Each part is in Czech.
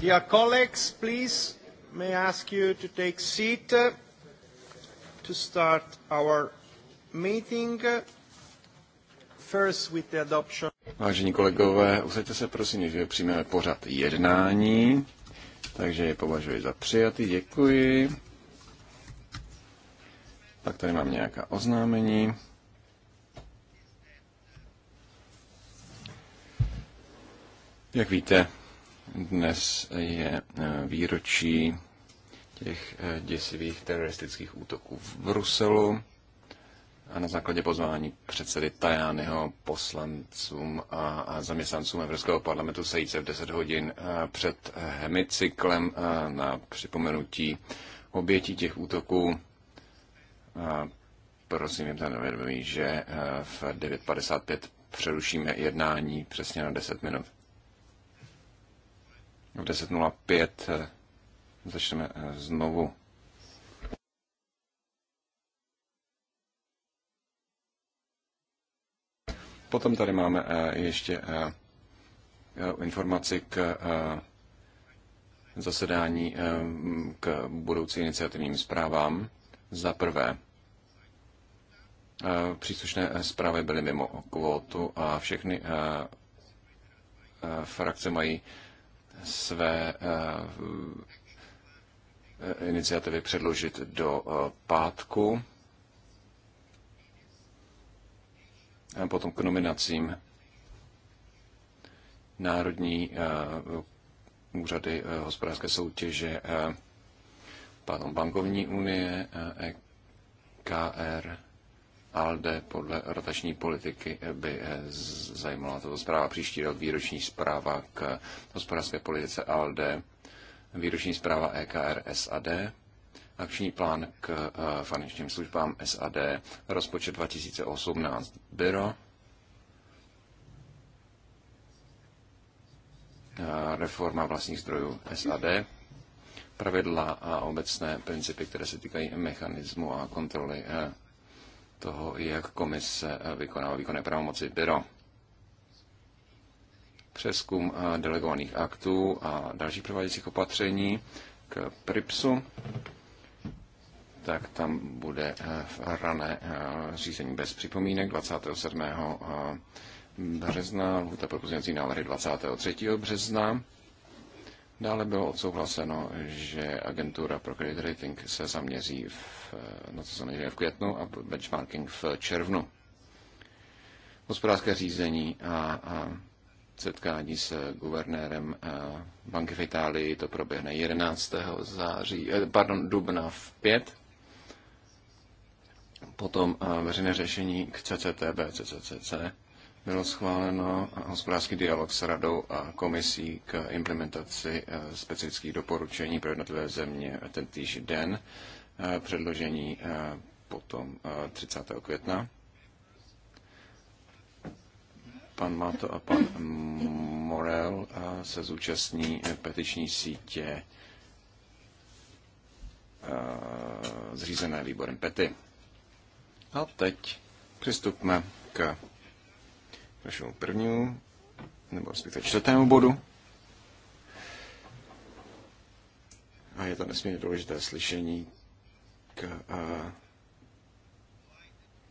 Dear colleagues, please, may I ask you to take seat uh, to start our meeting. Uh, first with the adoption. Vážení kolegové, usaďte se prosím, že přijmeme pořad jednání, takže je považuji za přijatý, děkuji. Tak tady mám nějaká oznámení. Jak víte, dnes je e, výročí těch e, děsivých teroristických útoků v Bruselu a na základě pozvání předsedy Tajányho poslancům a, zaměstnancům Evropského parlamentu sejít se v 10 hodin e, před hemicyklem na připomenutí obětí těch útoků. A prosím, jim vědomí, že v 9.55 přerušíme jednání přesně na 10 minut v 10.05 eh, začneme eh, znovu. Potom tady máme eh, ještě informaci k zasedání k budoucí iniciativním zprávám. Za prvé, příslušné zprávy byly mimo kvótu a všechny frakce mají své eh, eh, iniciativy předložit do eh, pátku. A potom k nominacím Národní úřady hospodářské soutěže, potom bankovní unie, EKR, e ALDE podle rotační politiky by eh, zajímala tato zpráva příští rok, výroční zpráva k hospodářské politice ALDE, výroční zpráva EKR SAD, akční plán k eh, finančním službám SAD, rozpočet 2018 Byro, eh, reforma vlastních zdrojů SAD, pravidla a obecné principy, které se týkají mechanismu a kontroly toho, jak komise vykonává výkonné pravomoci byro. Přeskum eh, delegovaných aktů a dalších prováděcích opatření k PRIPSu, tak tam bude eh, v rané eh, řízení bez připomínek 27. března, lhuta pro návrhy 23. března Dále bylo odsouhlaseno, že agentura pro credit rating se zaměří v, na to zaměřuje v květnu a benchmarking v červnu. Hospodářské řízení a, a setkání s guvernérem banky v Itálii to proběhne 11. září, eh, pardon, dubna v 5. Potom veřejné řešení k CCTB, CCCC bylo schváleno hospodářský dialog s radou a komisí k implementaci eh, specifických doporučení pro jednotlivé země ten týž den eh, předložení eh, potom 30. května. Pan Mato a pan Morel se zúčastní petiční sítě zřízené výborem PETY. A teď přistupme k našemu prvnímu, nebo respektive čtvrtému bodu. A je to nesmírně důležité slyšení k uh, eh,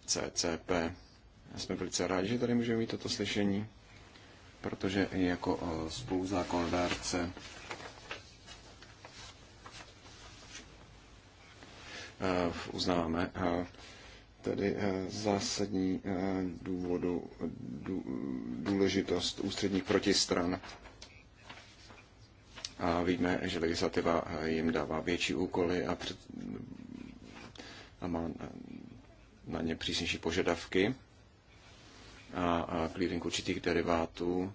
CCP. Já jsme velice rádi, že tady můžeme mít toto slyšení, protože i jako uh, spoluzákonodárce eh, uznáváme tedy eh, zásadní eh, důvodu, důležitost ústředních protistran. A víme, že legislativa eh, jim dává větší úkoly a, před, a má na ně přísnější požadavky a, a clearing určitých derivátů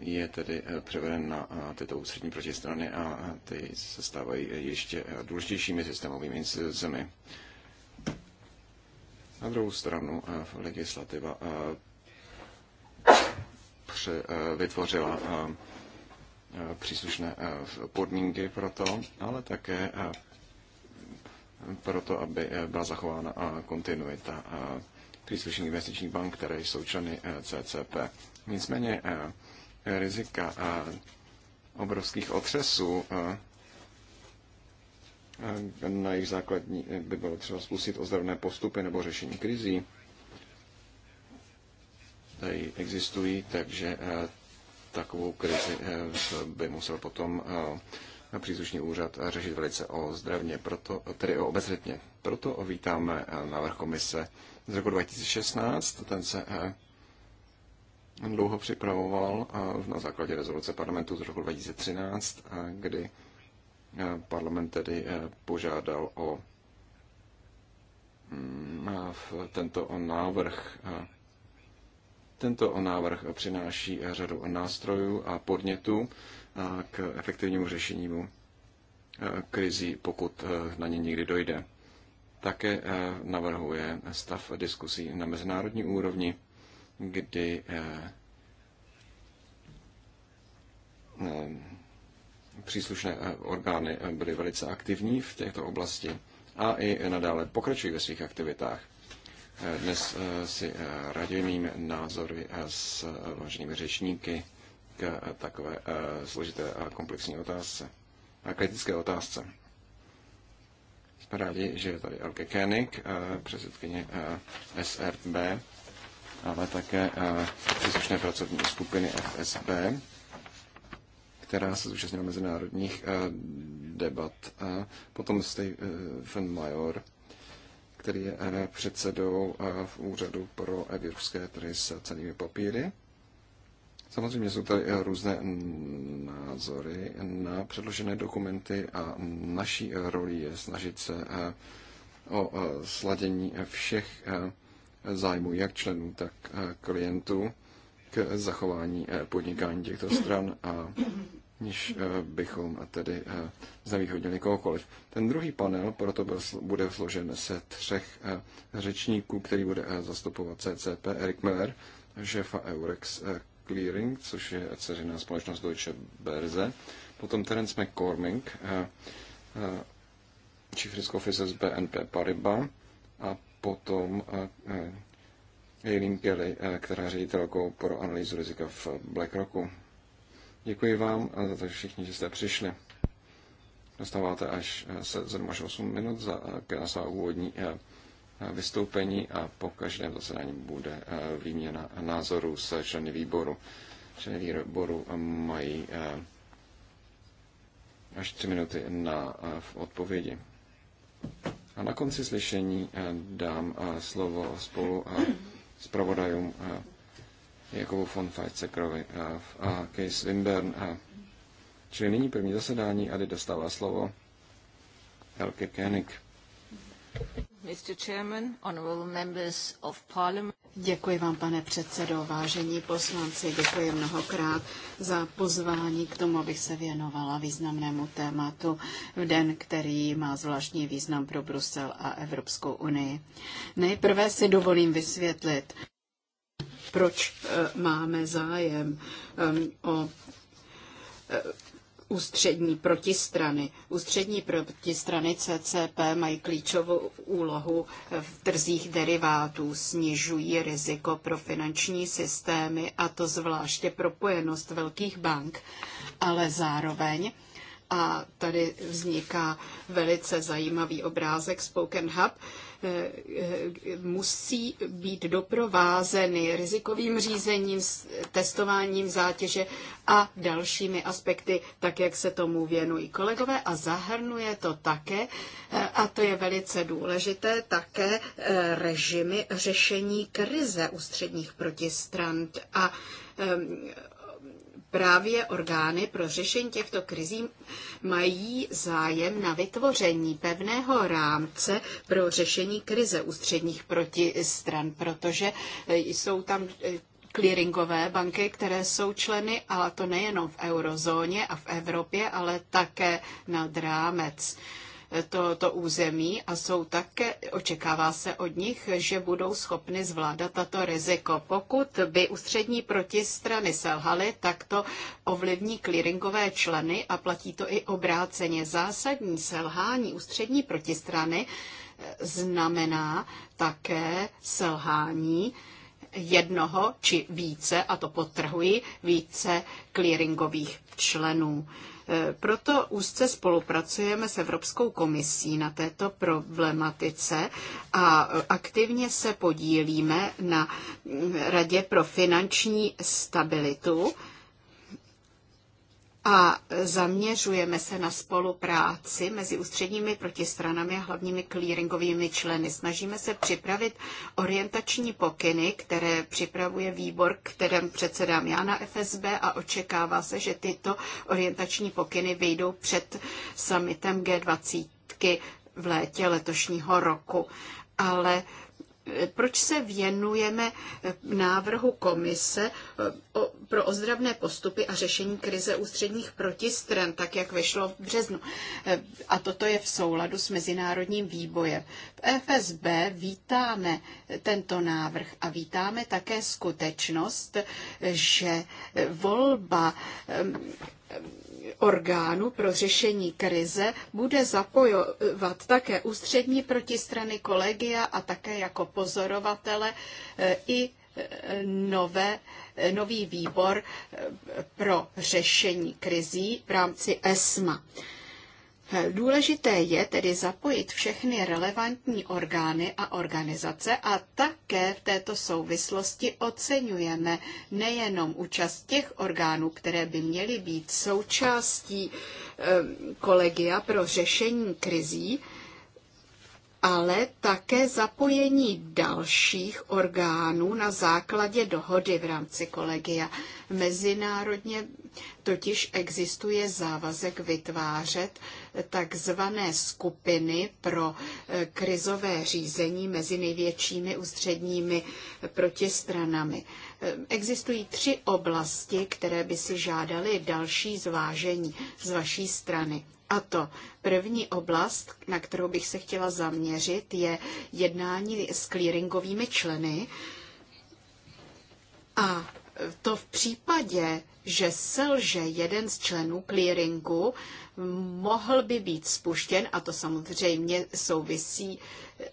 je tedy převeden na tyto ústřední protistrany a ty se stávají ještě důležitějšími systémovými institucemi. Na druhou stranu eh, legislativa eh, eh, vytvořila příslušné podmínky pro to, ale také proto, aby byla zachována kontinuita příslušných investičních bank, které jsou členy CCP. Nicméně rizika obrovských otřesů na jejich základní eh, by bylo třeba spustit ozdravné postupy nebo řešení krizí. Tady existují, takže eh, takovou krizi eh, by musel potom příslušný úřad řešit velice zdravně, proto, tedy obezřetně. Proto vítáme návrh komise z roku 2016, ten se dlouho připravoval na základě rezoluce parlamentu z roku 2013, kdy Eh, parlament tedy eh, požádal o mm, tento návrh. Eh, tento návrh přináší řadu nástrojů a podnětů k efektivnímu řešení krizí, pokud na ně někdy dojde. Také navrhuje stav diskusí na mezinárodní úrovni, kdy příslušné eh, orgány eh, byly velice aktivní v těchto oblasti a i nadále pokračují ve svých aktivitách. Eh, dnes si radím názory s váženými řečníky k takové složité a komplexní otázce a kritické otázce. Jsme rádi, že je tady Elke Koenig, předsedkyně SRB, ale také příslušné pracovní skupiny FSB která se zúčastnila mezinárodních eh, debat. A potom Stephen eh, Major, který je eh, předsedou v úřadu pro evropské trhy s cenými papíry. Samozřejmě jsou tady různé názory na předložené dokumenty a naší roli je snažit se o sladění všech zájmů, jak členů, tak klientů k zachování podnikání těchto stran a než eh, bychom tedy eh, znevýhodnili kohokoliv. Ten druhý panel proto bude složen se třech eh, řečníků, který bude zastupovat CCP, Erik Miller, šéfa Eurex Clearing, což je dceřiná společnost Deutsche Börse, potom Terence McCormick, Chief Risk Officer z BNP Paribas a potom Eileen Kelly, která je ředitelkou pro analýzu rizika v BlackRocku. Děkuji vám a za to, všichni, že jste přišli. Dostáváte až 7 eh, až 8 minut za, eh, krásná úvodní eh, vystoupení a po každém zasedání bude výměna názorů se členy výboru. Členy výboru mají až 3 minuty na odpovědi. A na konci slyšení dám slovo spolu s pravodajům Jakobu von Feitzekrovi eh, a Case A, eh. Čili nyní první zasedání, Ady dostává slovo Elke Koenig. Mr. Chairman, honorable members of parliament. Děkuji vám, pane předsedo, vážení poslanci, děkuji mnohokrát za pozvání k tomu, abych se věnovala významnému tématu v den, který má zvláštní význam pro Brusel a Evropskou unii. Nejprve si dovolím vysvětlit, proč eh, máme zájem ehm, o eh, ústřední protistrany. Ústřední protistrany CCP mají klíčovou úlohu eh, v trzích derivátů, snižují riziko pro finanční systémy a to zvláště propojenost velkých bank, ale zároveň a tady vzniká velice zajímavý obrázek Spoken Hub, musí být doprovázeny rizikovým řízením, testováním zátěže a dalšími aspekty, tak jak se tomu věnují kolegové a zahrnuje to také, a to je velice důležité, také e, režimy řešení krize ústředních protistran a právě orgány pro řešení těchto krizí mají zájem na vytvoření pevného rámce pro řešení krize ústředních protistran, protože e, jsou tam e, clearingové banky, které jsou členy, ale to nejenom v eurozóně a v Evropě, ale také nad rámec to, to území a jsou také, očekává se od nich, že budou schopny zvládat tato riziko. Pokud by ústřední protistrany selhaly, tak to ovlivní clearingové členy a platí to i obráceně. Zásadní selhání ústřední protistrany eh, znamená také selhání jednoho či více, a to potrhuji, více clearingových členů. Proto úzce spolupracujeme s Evropskou komisí na této problematice a aktivně se podílíme na Radě pro finanční stabilitu a zaměřujeme se na spolupráci mezi ústředními protistranami a hlavními clearingovými členy. Snažíme se připravit orientační pokyny, které připravuje výbor, kterém předsedám já na FSB a očekává se, že tyto orientační pokyny vyjdou před summitem G20 v létě letošního roku. Ale proč se věnujeme návrhu komise eh, pro ozdravné postupy a řešení krize ústředních protistran, tak jak vyšlo v březnu. Eh, a toto je v souladu s mezinárodním výbojem. V FSB vítáme tento návrh a vítáme také skutečnost, že volba eh, orgánu pro řešení krize bude zapojovat také ústřední protistrany kolegia a také jako pozorovatele eh, i eh, nové, eh, nový výbor pro řešení krizí v rámci ESMA. Důležité je tedy zapojit všechny relevantní orgány a organizace a také v této souvislosti oceňujeme nejenom účast těch orgánů, které by měly být součástí eh, kolegia pro řešení krizí, ale také zapojení dalších orgánů na základě dohody v rámci kolegia. Mezinárodně totiž existuje závazek vytvářet takzvané skupiny pro eh, krizové řízení mezi největšími ústředními protistranami. Eh, existují tři oblasti, které by si žádaly další zvážení z vaší strany. A to první oblast, na kterou bych se chtěla zaměřit, je jednání s clearingovými členy. A to v případě, že selže jeden z členů clearingu, mohl by být spuštěn, a to samozřejmě souvisí eh,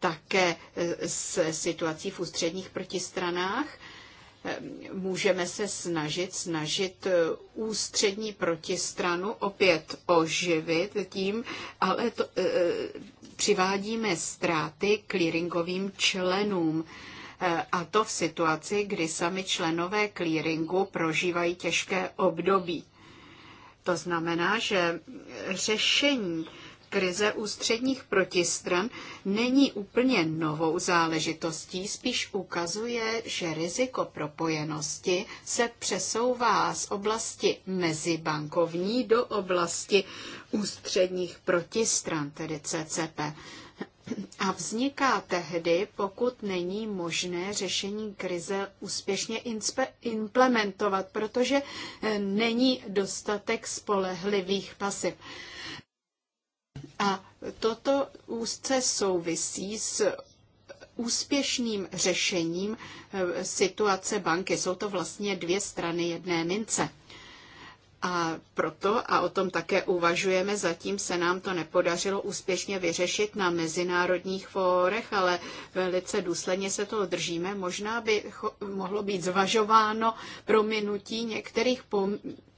také eh, s situací v ústředních protistranách, můžeme se snažit, snažit eh, ústřední protistranu opět oživit tím, ale to, e, přivádíme ztráty clearingovým členům. E, a to v situaci, kdy sami členové clearingu prožívají těžké období. To znamená, že řešení Krize středních protistran není úplně novou záležitostí, spíš ukazuje, že riziko propojenosti se přesouvá z oblasti mezibankovní do oblasti ústředních protistran, tedy CCP. A vzniká tehdy, pokud není možné řešení krize úspěšně implementovat, protože eh, není dostatek spolehlivých pasiv. A toto úzce souvisí s úspěšným řešením eh, situace banky. Jsou to vlastně dvě strany jedné mince. A proto, a o tom také uvažujeme, zatím se nám to nepodařilo úspěšně vyřešit na mezinárodních fórech, ale velice důsledně se to držíme. Možná by mohlo být zvažováno prominutí některých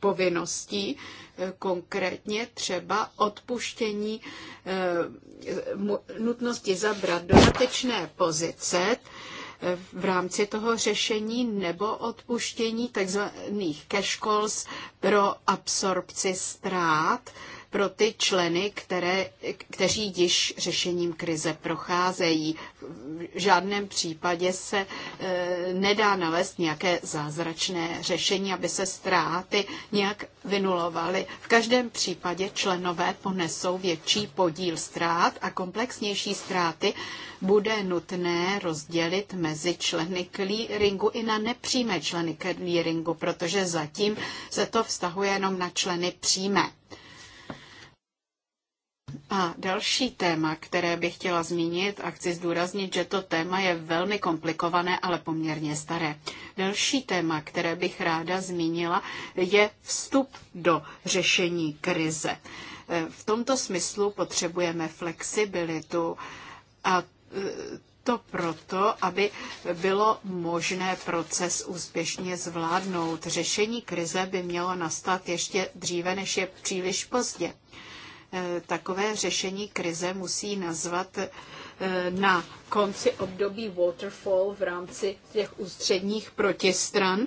povinností, eh, konkrétně třeba odpuštění eh, nutnosti zabrat dodatečné pozice, v rámci toho řešení nebo odpuštění takzvaných cash calls pro absorpci ztrát pro ty členy, které, kteří již řešením krize procházejí. V žádném případě se e, nedá nalézt nějaké zázračné řešení, aby se ztráty nějak vynulovaly. V každém případě členové ponesou větší podíl ztrát a komplexnější ztráty bude nutné rozdělit mezi členy clearingu i na nepřímé členy clearingu, protože zatím se to vztahuje jenom na členy přímé. A další téma, které bych chtěla zmínit a chci zdůraznit, že to téma je velmi komplikované, ale poměrně staré. Další téma, které bych ráda zmínila, je vstup do řešení krize. E, v tomto smyslu potřebujeme flexibilitu a e, to proto, aby bylo možné proces úspěšně zvládnout. Řešení krize by mělo nastat ještě dříve, než je příliš pozdě. Eh, takové řešení krize musí nazvat eh, na konci období waterfall v rámci těch ústředních protistran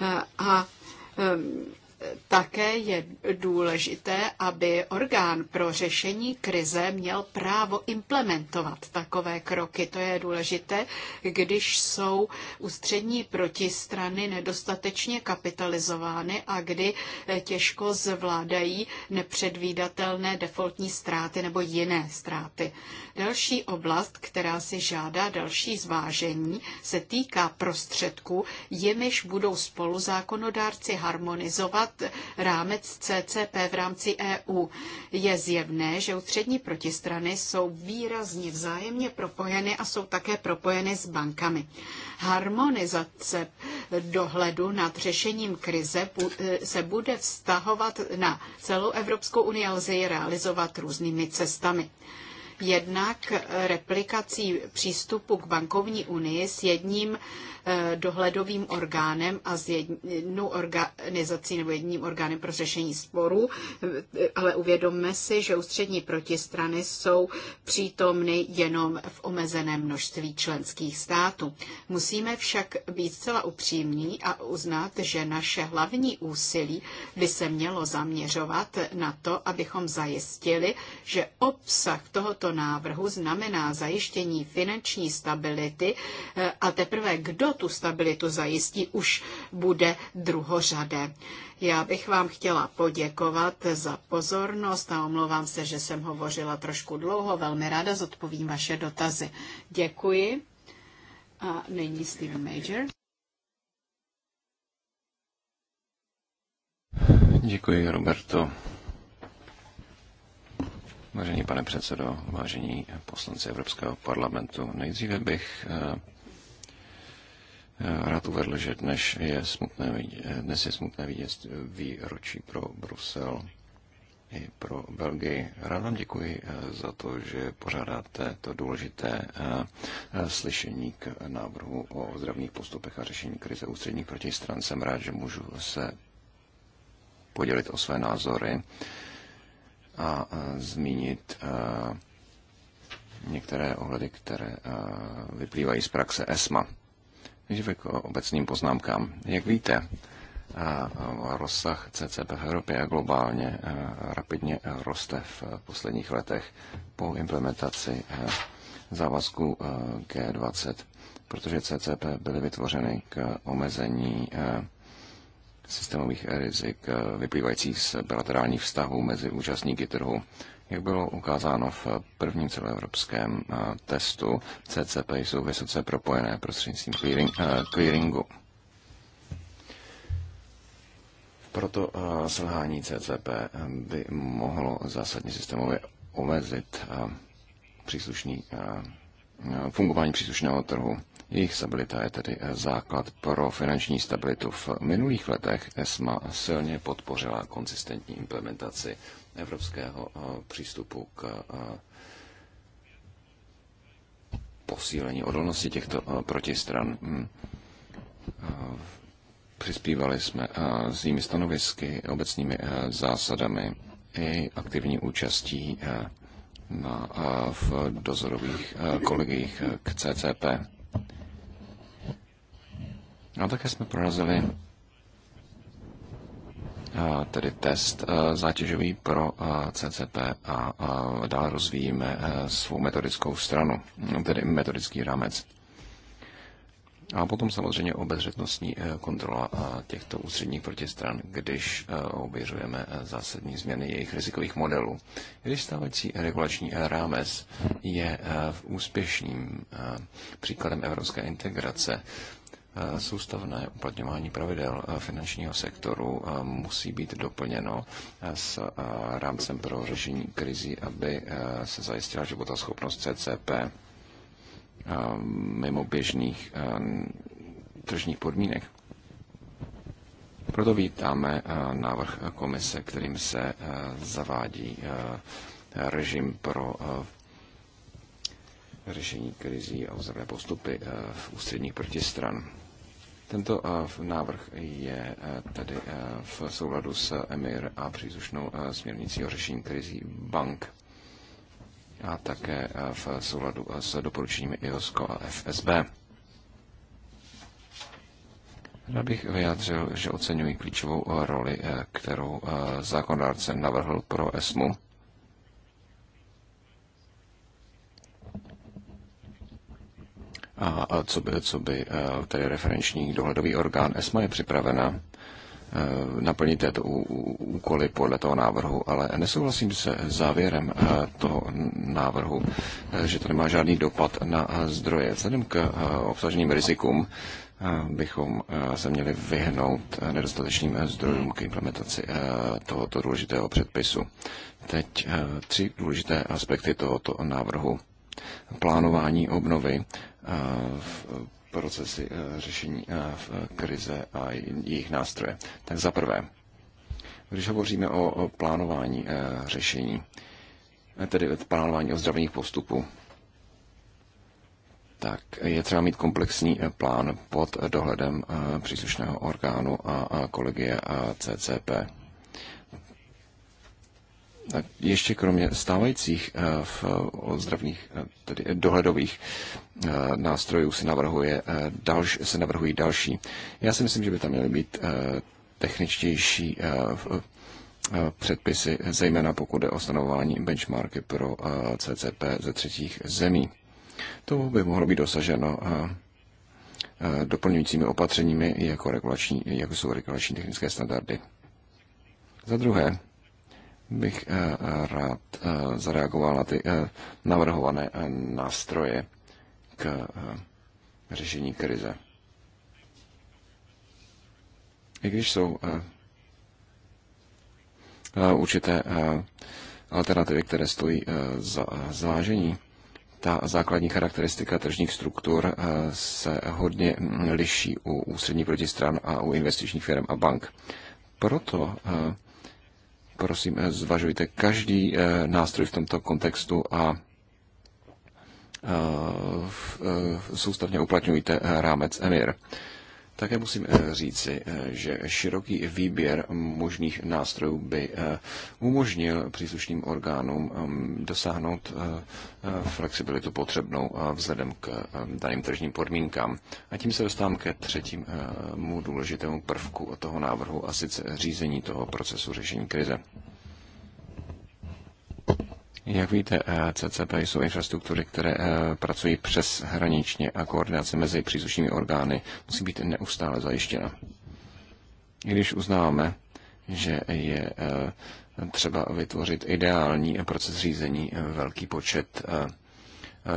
eh, a také je důležité, aby orgán pro řešení krize měl právo implementovat takové kroky. To je důležité, když jsou ústřední protistrany nedostatečně kapitalizovány a kdy eh, těžko zvládají nepředvídatelné defaultní ztráty nebo jiné ztráty. Další oblast, která si žádá další zvážení, se týká prostředků, jimiž budou spolu zákonodárci harmonizovat nad rámec CCP v rámci EU. Je zjevné, že ústřední protistrany jsou výrazně vzájemně propojeny a jsou také propojeny s bankami. Harmonizace dohledu nad řešením krize e, se bude vztahovat na celou Evropskou unii a lze ji realizovat různými cestami jednak replikací přístupu k bankovní unii s jedním Eh, dohledovým orgánem a s jednou organizací nebo jedním orgánem pro řešení sporů, eh, ale uvědomme si, že ústřední protistrany jsou přítomny jenom v omezeném množství členských států. Musíme však být zcela upřímní a uznat, že naše hlavní úsilí by se mělo zaměřovat na to, abychom zajistili, že obsah tohoto návrhu znamená zajištění finanční stability eh, a teprve kdo tu stabilitu zajistí, už bude druhořadé. Já bych vám chtěla poděkovat za pozornost a omlouvám se, že jsem hovořila trošku dlouho. Velmi ráda zodpovím vaše dotazy. Děkuji. A nyní Steven Major. Děkuji, Roberto. Vážený pane předsedo, vážení poslanci Evropského parlamentu, nejdříve bych eh, rád uvedl, že dnes je smutné, dnes je smutné vidět výročí pro Brusel i pro Belgii. Rád vám děkuji eh, za to, že pořádáte to důležité eh, eh, slyšení k návrhu o zdravných postupech a řešení krize ústředních protistran. Jsem rád, že můžu se podělit o své názory a zmínit některé ohledy, které vyplývají z praxe ESMA. Nejdříve k obecným poznámkám. Jak víte, rozsah CCP v Evropě a globálně rapidně roste v posledních letech po implementaci závazku G20, protože CCP byly vytvořeny k omezení systémových rizik vyplývajících z bilaterálních vztahů mezi účastníky trhu jak bylo ukázáno v prvním celoevropském eh, testu, CCP jsou vysoce propojené prostřednictvím clearing, eh, clearingu. Proto eh, selhání CCP by mohlo zásadně systémově omezit příslušný, fungování příslušného trhu. Jejich stabilita je tedy základ pro finanční stabilitu. V minulých letech ESMA silně podpořila konsistentní implementaci evropského eh, přístupu k eh, posílení odolnosti těchto eh, protistran. Mm. Přispívali jsme jimi stanovisky, obecnými zásadami i aktivní účastí na, v dozorových kolegích k CCP. A také jsme prorazili tedy test eh, zátěžový pro eh, CCP a eh, dále rozvíjíme svou metodickou stranu, no, tedy metodický rámec. A potom samozřejmě obezřetnostní kontrola těchto ústředních protistran, když ověřujeme zásadní změny jejich rizikových modelů. Když stávající regulační rámec je úspěšným příkladem evropské integrace, Eh, soustavné uplatňování pravidel eh, finančního sektoru eh, musí být doplněno s rámcem pro řešení krizi, aby se zajistila životoschopnost CCP mimo běžných tržních podmínek. Proto vítáme návrh komise, kterým se zavádí režim pro řešení krizí a ozdravné postupy v ústředních protistran. Tento eh, návrh je eh, tedy eh, v souladu s EMIR a příslušnou směrnicí o řešení krizí bank a také v souladu s doporučeními IOSCO a FSB. Já bych vyjádřil, že oceňuji klíčovou roli, kterou zákonodárce navrhl pro ESMU a, a co by, co by eh, tedy referenční dohledový orgán ESMA je připravena eh, naplnit této úkoly podle toho návrhu, ale nesouhlasím se závěrem eh, toho návrhu, že to nemá žádný dopad na zdroje. Vzhledem k obsaženým rizikům bychom se měli vyhnout nedostatečným zdrojům k implementaci tohoto důležitého předpisu. Teď tři důležité aspekty tohoto návrhu plánování obnovy, v procesy e, řešení e, v e, krize a jejich nástroje. Tak za prvé, když hovoříme o plánování řešení, tedy plánování ozdravných postupů, tak je třeba mít komplexní plán pod dohledem příslušného orgánu a kolegie CCP ještě kromě stávajících eh, v eh, ozdravných, eh, tedy dohledových nástrojů se, navrhuje další, se navrhují další. Já si myslím, že by tam měly být techničtější předpisy, zejména pokud je o stanovování benchmarky pro CCP ze třetích zemí. To by mohlo být dosaženo doplňujícími opatřeními, jako, regulační, jako jsou regulační technické standardy. Za druhé, bych eh, rád eh, zareagoval na ty eh, navrhované nástroje k řešení krize. I když jsou určité alternativy, které stojí za zvážení, ta základní charakteristika tržních struktur se hodně mm, liší u ústředních protistran a u investičních firm a bank. Proto prosím, eh, zvažujte každý eh, nástroj v tomto kontextu a eh, soustavně uplatňujte rámec EMIR. Také musím eh, říci, eh, že široký výběr možných nástrojů by eh, umožnil příslušným orgánům ehm, dosáhnout flexibilitu potřebnou vzhledem k ehm, daným tržním podmínkám. A tím se dostávám ke třetímu důležitému prvku toho návrhu, a sice řízení toho procesu řešení krize. Jak víte, eh, CCP jsou infrastruktury, které eh, pracují přes hraničně a koordinace mezi příslušnými orgány musí být neustále zajištěna. I když uznáváme, že je eh, třeba vytvořit ideální proces řízení velký počet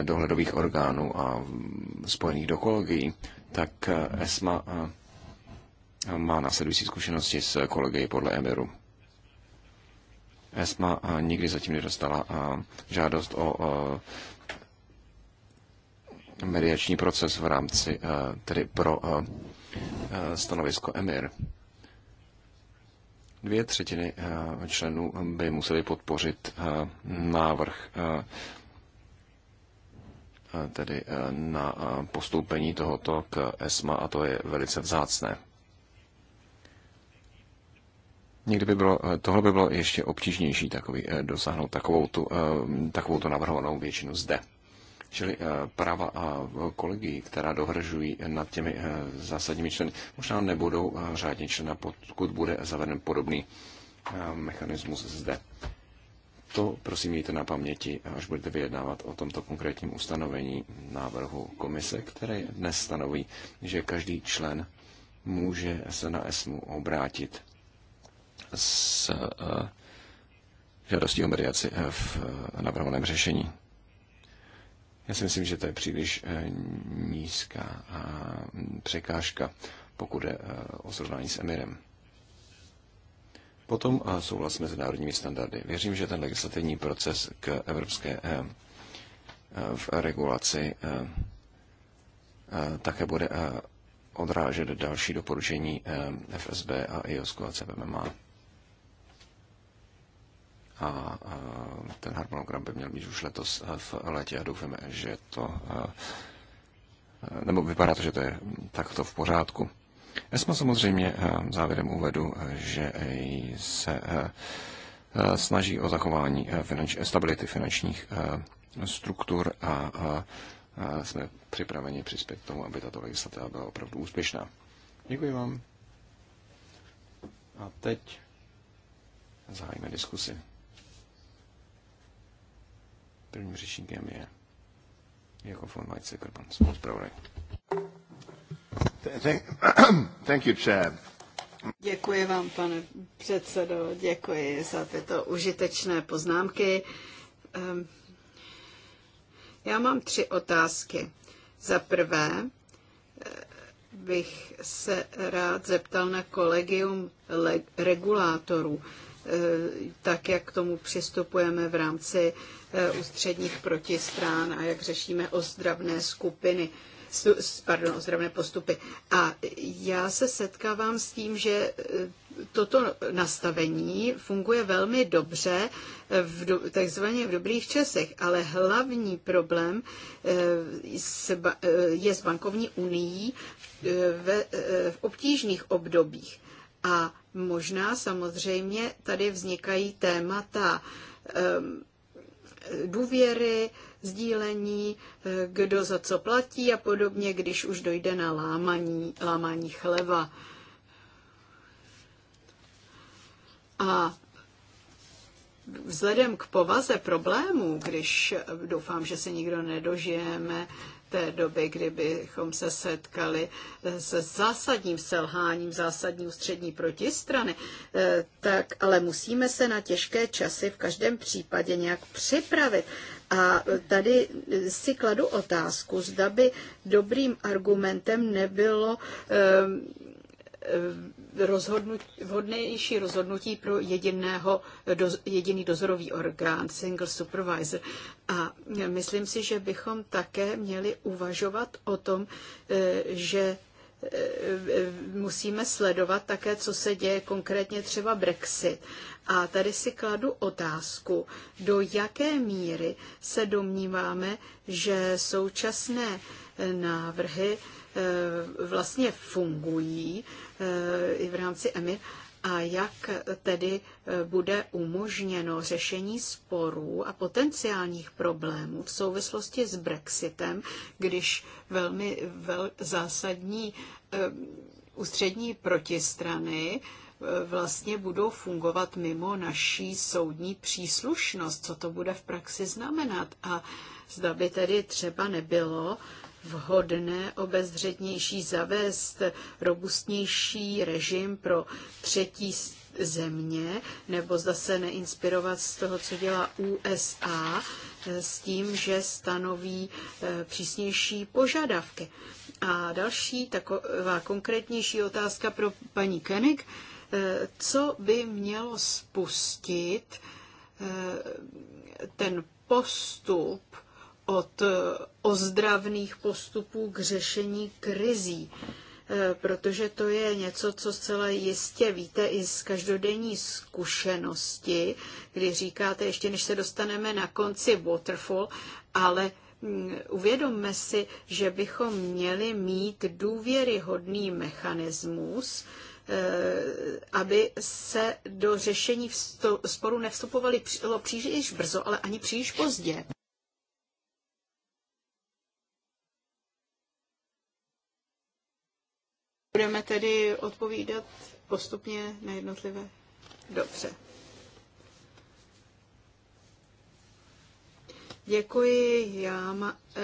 dohledových orgánů a mm, spojených dokologií, tak ESMA má následující zkušenosti s kolegy podle Emiru. ESMA nikdy zatím nedostala žádost o mediační proces v rámci, e, tedy pro e, e, stanovisko EMIR. Dvě třetiny členů by museli podpořit návrh tedy na postoupení tohoto k ESMA a to je velice vzácné. Někdy by bylo, eh, tohle by bylo ještě obtížnější takový, eh, dosáhnout takovou tu, eh, takovou tu navrhovanou většinu zde. Čili práva a kolegy, která dohržují nad těmi zásadními členy, možná nebudou řádně člena, pokud bude zaveden podobný mechanismus zde. To prosím mějte na paměti, až budete vyjednávat o tomto konkrétním ustanovení návrhu komise, které dnes stanoví, že každý člen může se na ESMU obrátit s eh, žádostí o mediaci eh, v eh, navrhovaném řešení. Já si myslím, že to je příliš nízká hm, překážka, pokud je o srovnání s Emirem. Potom souhlas s mezinárodními standardy. Věřím, že ten legislativní proces k evropské v regulaci také bude odrážet další doporučení FSB a IOSCO a CBMMA a ten harmonogram by měl být už letos eh, v létě a doufáme, že to eh, nebo vypadá to, že to je takto v pořádku. ESMA samozřejmě eh, závěrem uvedu, že se snaží o zachování finanč, stability finančních struktur a jsme připraveni přispět k tomu, aby tato legislativa byla opravdu úspěšná. Děkuji vám. A teď zahájíme diskusi. Prvním řečníkem je jako von Weizsäcker, pan spoluzpravodaj. Thank you, Chair. Děkuji vám, pane předsedo, děkuji za tyto užitečné poznámky. Ehm, já mám tři otázky. Za prvé eh, bych se rád zeptal na kolegium regulátorů. Eh, tak jak k tomu přistupujeme v rámci eh, ústředních protistrán a jak řešíme ozdravné skupiny pardon, ozdravné postupy. A já se setkávám s tím, že eh, toto nastavení funguje velmi dobře v do, takzvaně v dobrých časech, ale hlavní problém je s bankovní unii v obtížných obdobích. A možná. Samozřejmě tady vznikají témata ehm, důvěry, sdílení, eh, kdo za co platí a podobně, když už dojde na lámaní, lámání chleva. A vzhledem k povaze problémů, když eh, doufám, že se nikdo nedožijeme té doby, kdybychom se setkali eh, se zásadním selháním, zásadní ústřední protistrany, eh, tak ale musíme se na těžké časy v každém případě nějak připravit. A tady si kladu otázku, zda by dobrým argumentem nebylo um, Eh, rozhodnutí, vhodnější rozhodnutí pro jediného, do, jediný dozorový orgán, single supervisor. A myslím si, že bychom také měli uvažovat o tom, eh, že eh, musíme sledovat také, co se děje konkrétně třeba Brexit. A tady si kladu otázku, do jaké míry se domníváme, že současné návrhy Eh, vlastně fungují eh, i v rámci EMIR a jak tedy eh, bude umožněno řešení sporů a potenciálních problémů v souvislosti s Brexitem, když velmi vel, zásadní ústřední protistrany vlastně budou fungovat mimo naší soudní příslušnost, co to bude v praxi znamenat a zda by tedy třeba nebylo vhodné obezřetnější zavést robustnější režim pro třetí země, nebo zda se neinspirovat z toho, co dělá USA, eh, s tím, že stanoví eh, přísnější požadavky. A další taková konkrétnější otázka pro paní Kenik. Eh, co by mělo spustit ten postup od eh, ozdravných postupů k řešení krizí, eh, protože to je něco, co zcela jistě víte i z každodenní zkušenosti, kdy říkáte, ještě než se dostaneme na konci waterfall, ale mm, uvědomme si, že bychom měli mít důvěryhodný mechanismus, eh, aby se do řešení sporu nevstupovali příliš brzo, ale ani příliš pozdě. Budeme tedy odpovídat postupně na jednotlivé. Dobře. Děkuji. Já ma, eh,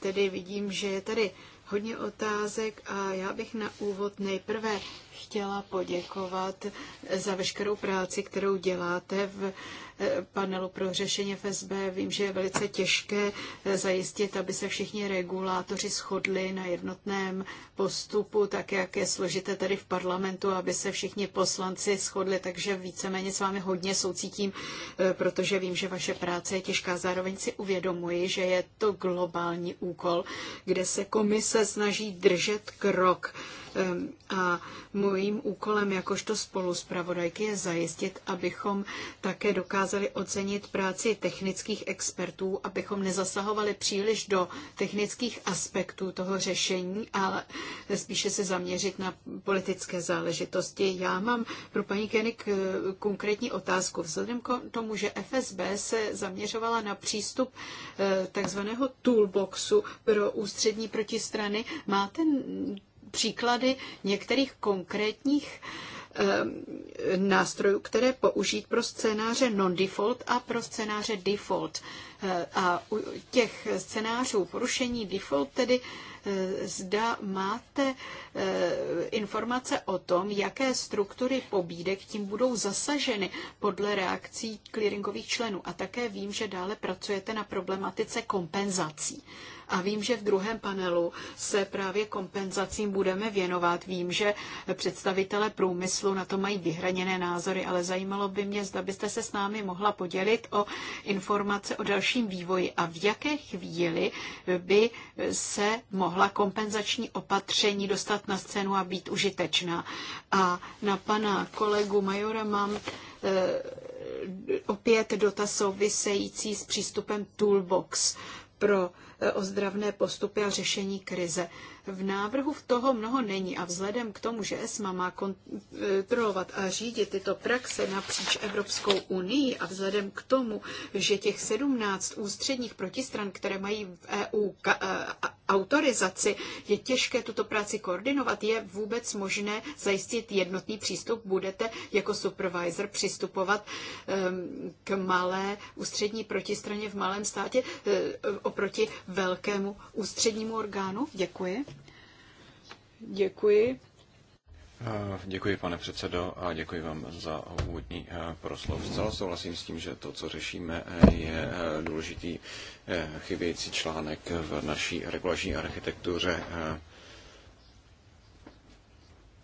tedy vidím, že je tady hodně otázek a já bych na úvod nejprve chtěla poděkovat za veškerou práci, kterou děláte v eh, panelu pro řešení FSB. Vím, že je velice těžké eh, zajistit, aby se všichni regulátoři shodli na jednotném postupu, tak jak je složité tady v parlamentu, aby se všichni poslanci shodli, takže víceméně s vámi hodně soucítím, eh, protože vím, že vaše práce je těžká. Zároveň si uvědomuji, že je to globální úkol, kde se komise snaží držet krok Ehm, a mým úkolem jakožto spolu zpravodajky je zajistit, abychom také dokázali ocenit práci technických expertů, abychom nezasahovali příliš do technických aspektů toho řešení, ale spíše se zaměřit na politické záležitosti. Já mám pro paní Kenik eh, konkrétní otázku. Vzhledem k tomu, že FSB se zaměřovala na přístup eh, takzvaného toolboxu pro ústřední protistrany, máte příklady některých konkrétních eh, nástrojů, které použít pro scénáře non-default a pro scénáře default. A u těch scénářů porušení default tedy e, zda máte e, informace o tom, jaké struktury pobídek tím budou zasaženy podle reakcí clearingových členů. A také vím, že dále pracujete na problematice kompenzací. A vím, že v druhém panelu se právě kompenzacím budeme věnovat. Vím, že představitele průmyslu na to mají vyhraněné názory, ale zajímalo by mě, zda byste se s námi mohla podělit o informace o dalších dalším vývoji a v jaké chvíli by se mohla kompenzační opatření dostat na scénu a být užitečná. A na pana kolegu Majora mám eh, opět dotaz související s přístupem Toolbox pro eh, ozdravné postupy a řešení krize. V návrhu v toho mnoho není a vzhledem k tomu, že ESMA má kontrolovat a řídit tyto praxe napříč Evropskou unii a vzhledem k tomu, že těch 17 ústředních protistran, které mají v EU autorizaci, je těžké tuto práci koordinovat, je vůbec možné zajistit jednotný přístup. Budete jako supervisor přistupovat ehm, k malé ústřední protistraně v malém státě eh, oproti velkému ústřednímu orgánu? Děkuji. Děkuji. Děkuji, pane předsedo, a děkuji vám za úvodní eh, proslov. Zcela souhlasím s tím, že to, co řešíme, eh, je eh, důležitý chybějící článek v naší regulační architektuře.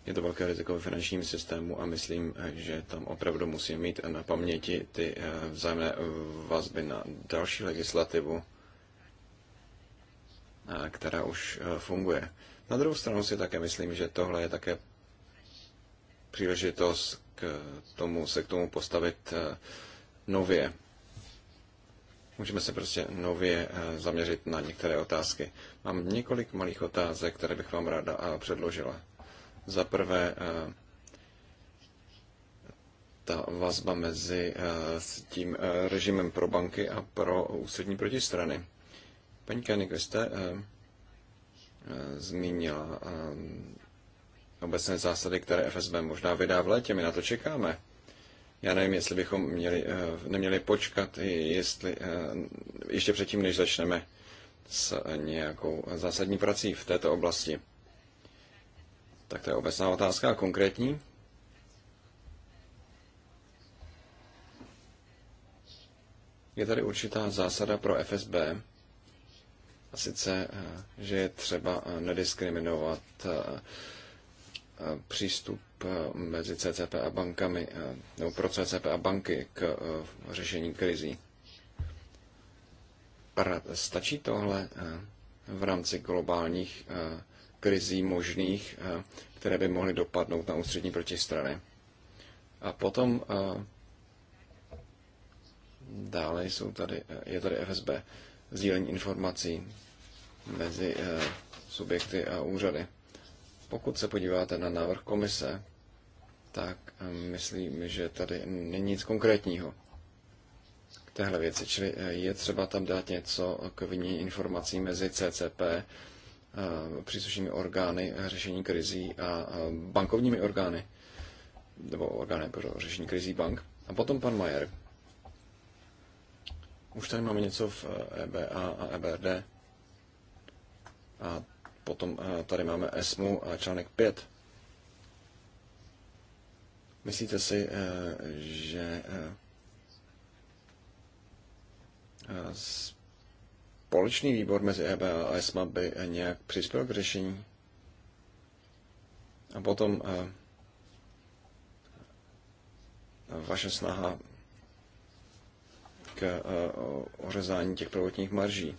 Je to velké riziko ve finančním systému a myslím, že tam opravdu musíme mít na paměti ty vzájemné vazby na další legislativu, která už funguje. Na druhou stranu si také myslím, že tohle je také příležitost k tomu, se k tomu postavit eh, nově. Můžeme se prostě nově eh, zaměřit na některé otázky. Mám několik malých otázek, které bych vám ráda eh, předložila. Za prvé, ta vazba mezi tím režimem pro banky a pro ústřední protistrany. Paní Kenny, vy jste Eh, zmínila eh, obecné zásady, které FSB možná vydá v létě. My na to čekáme. Já nevím, jestli bychom měli, eh, neměli počkat, jestli, ještě předtím, než začneme s nějakou zásadní prací v této oblasti. Tak to je obecná otázka a konkrétní. Je tady určitá zásada pro FSB, a sice, eh, že je třeba eh, nediskriminovat eh, přístup mezi CCP a bankami, nebo pro CCP a banky k řešení krizí. Stačí tohle v rámci globálních krizí možných, které by mohly dopadnout na ústřední protistrany. A potom dále jsou tady, je tady FSB, sdílení informací, mezi eh, subjekty a úřady. Pokud se podíváte na návrh komise, tak eh, myslím, že tady není nic konkrétního k téhle věci. Čili eh, je třeba tam dát něco k vyní informací mezi CCP, příslušnými orgány řešení krizí a bankovními orgány, nebo orgány pro jako řešení krizí bank. A potom pan Majer. Už tady máme něco v EBA e a EBRD. A potom eh, tady máme ESMU a článek 5. Myslíte si, eh, že eh, společný výbor mezi EB a ESMA by nějak přispěl k řešení? A potom vaše snaha k ořezání těch prvotních marží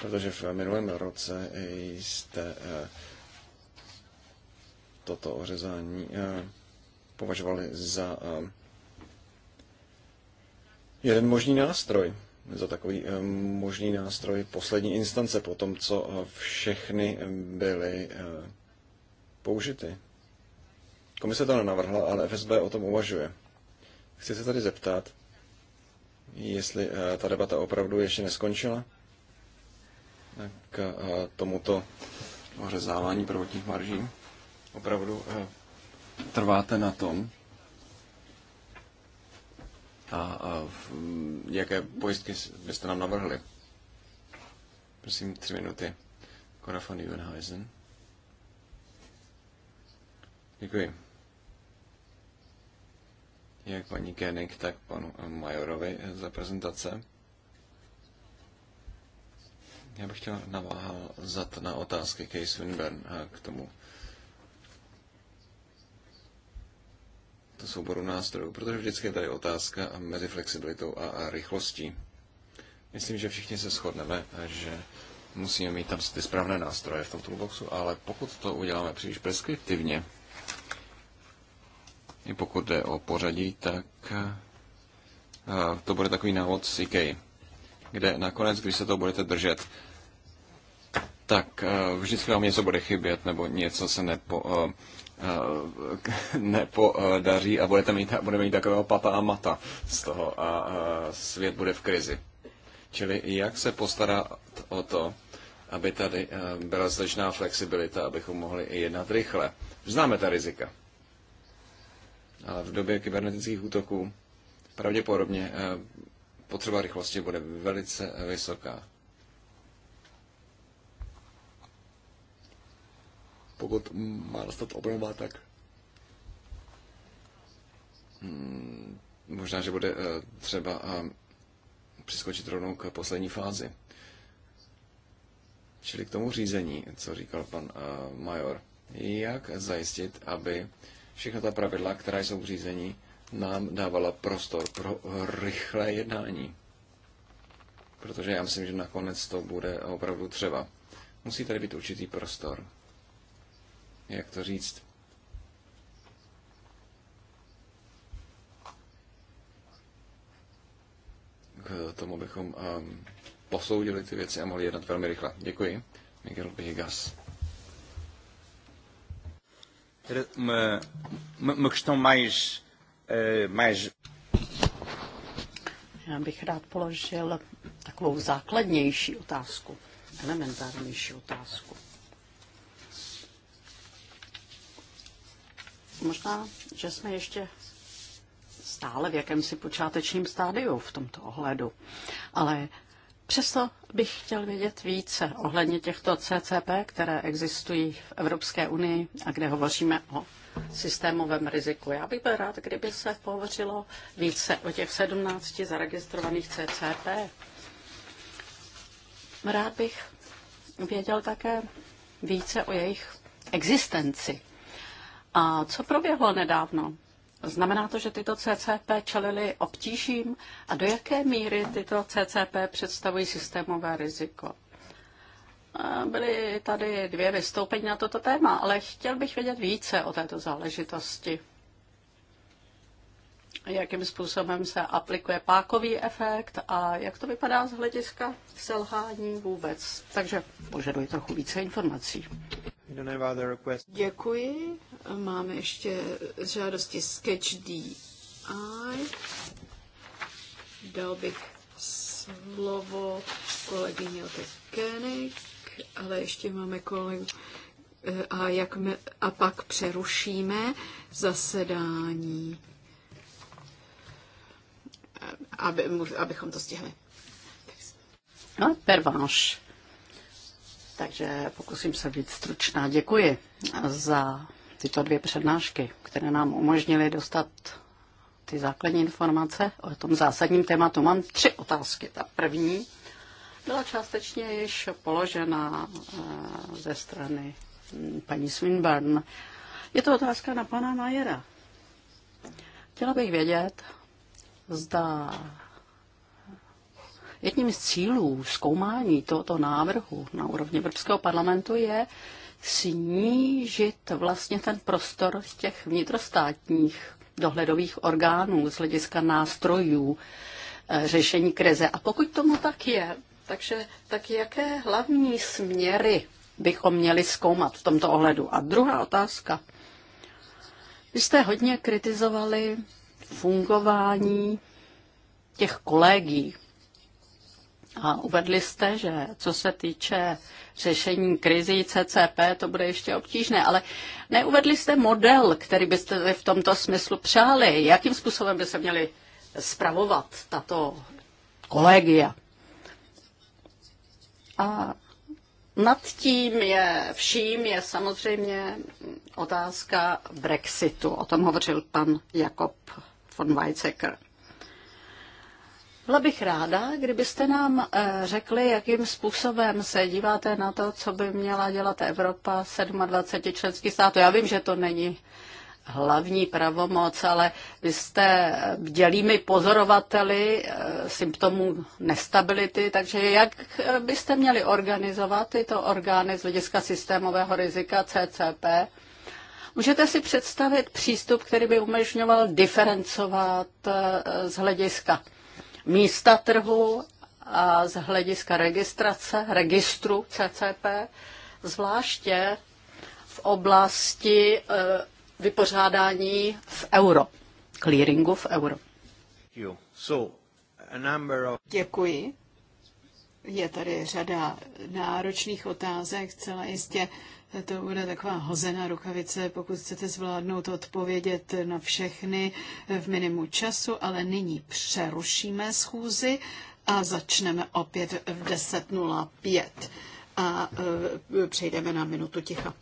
protože v minulém roce jste eh, toto ořezání eh, považovali za eh, jeden možný nástroj, za takový možný nástroj poslední instance po tom, co všechny byly použity. Komise to nenavrhla, ale FSB o tom uvažuje. Chci se tady zeptat, jestli ta debata opravdu ještě neskončila k eh, tomuto ořezávání prvotních marží. Opravdu eh, trváte na tom? A, eh, jaké pojistky byste nám navrhli? Prosím, tři minuty. Cora von Juvenhuizen. Děkuji. Jak paní Koenig, tak panu Majorovi za prezentace. Já bych chtěl naváhal zat na otázky Kay a k tomu to souboru nástrojů, protože vždycky je tady otázka mezi flexibilitou a rychlostí. Myslím, že všichni se shodneme, že musíme mít tam ty správné nástroje v tom toolboxu, ale pokud to uděláme příliš preskriptivně, i pokud jde o pořadí, tak eh, to bude takový návod CK, kde nakonec, když se to budete držet, tak eh, vždycky vám něco bude chybět nebo něco se nepo, eh, eh, nepodaří a budete mít, budeme mít takového pata a mata z toho a svět bude v krizi. Čili jak se postarat o to, aby tady byla značná flexibilita, abychom mohli i jednat rychle. Známe ta rizika. Ale v době kybernetických útoků pravděpodobně potřeba rychlosti bude velice vysoká. pokud má dostat obnova, tak hmm, možná, že bude eh, třeba eh, přeskočit rovnou k poslední fázi. Čili k tomu řízení, co říkal pan eh, Major. Jak zajistit, aby všechna ta pravidla, která jsou v řízení, nám dávala prostor pro rychlé jednání. Protože já myslím, že nakonec to bude opravdu třeba. Musí tady být určitý prostor jak to říct, k tomu, bychom um, posoudili ty věci a mohli jednat velmi rychle. Děkuji. Miguel Bigas. Uma, uma questão mais, uh, mais... Já bych rád položil takovou základnější otázku, elementárnější otázku. Možná, že jsme ještě stále v jakémsi počátečním stádiu v tomto ohledu, ale přesto bych chtěl vědět více ohledně těchto CCP, které existují v Evropské unii a kde hovoříme o systémovém riziku. Já bych byl rád, kdyby se pohovořilo více o těch 17 zaregistrovaných CCP. Rád bych věděl také více o jejich existenci. A co proběhlo nedávno? Znamená to, že tyto CCP čelili obtížím a do jaké míry tyto CCP představují systémové riziko? Byly tady dvě vystoupení na toto téma, ale chtěl bych vědět více o této záležitosti. Jakým způsobem se aplikuje pákový efekt a jak to vypadá z hlediska selhání vůbec. Takže požaduji trochu více informací. Děkuji. Máme ještě žádosti Sketch DI. Dal bych slovo kolegyně Ote Koenig, ale ještě máme kolegu eh, a, jak me, a pak přerušíme zasedání, eh, aby, abychom to stihli. No, pervanš. Takže pokusím se být stručná. Děkuji za tyto dvě přednášky, které nám umožnily dostat ty základní informace o tom zásadním tématu. Mám tři otázky. Ta první byla částečně již položena eh, ze strany mm, paní Swinburne. Je to otázka na pana Majera. Chtěla bych vědět, zda jedním z cílů zkoumání tohoto návrhu na úrovni Evropského parlamentu je snížit vlastně ten prostor těch vnitrostátních dohledových orgánů z hlediska nástrojů eh, řešení krize. A pokud tomu tak je, takže tak jaké hlavní směry bychom měli zkoumat v tomto ohledu? A druhá otázka. Vy jste hodně kritizovali fungování těch kolegí a uvedli jste, že co se týče řešení krizí CCP, to bude ještě obtížné, ale neuvedli jste model, který byste v tomto smyslu přáli. Jakým způsobem by se měly zpravovat tato kolegia? A nad tím je vším je samozřejmě otázka Brexitu. O tom hovořil pan Jakob von Weizsäcker. Byla bych ráda, kdybyste nám eh, řekli, jakým způsobem se díváte na to, co by měla dělat Evropa 27 členských států. Já vím, že to není hlavní pravomoc, ale vy jste dělými pozorovateli eh, symptomů nestability, takže jak eh, byste měli organizovat tyto orgány z hlediska systémového rizika CCP? Můžete si představit přístup, který by umožňoval diferencovat z hlediska místa trhu a z hlediska registrace, registru CCP, zvláště v oblasti eh, vypořádání v euro, clearingu v euro. Děkuji. Je tady řada náročných otázek, celé jistě to bude taková hozená rukavice, pokud chcete zvládnout odpovědět na všechny v minimu času, ale nyní přerušíme schůzi a začneme opět v 10.05 a e, přejdeme na minutu ticha.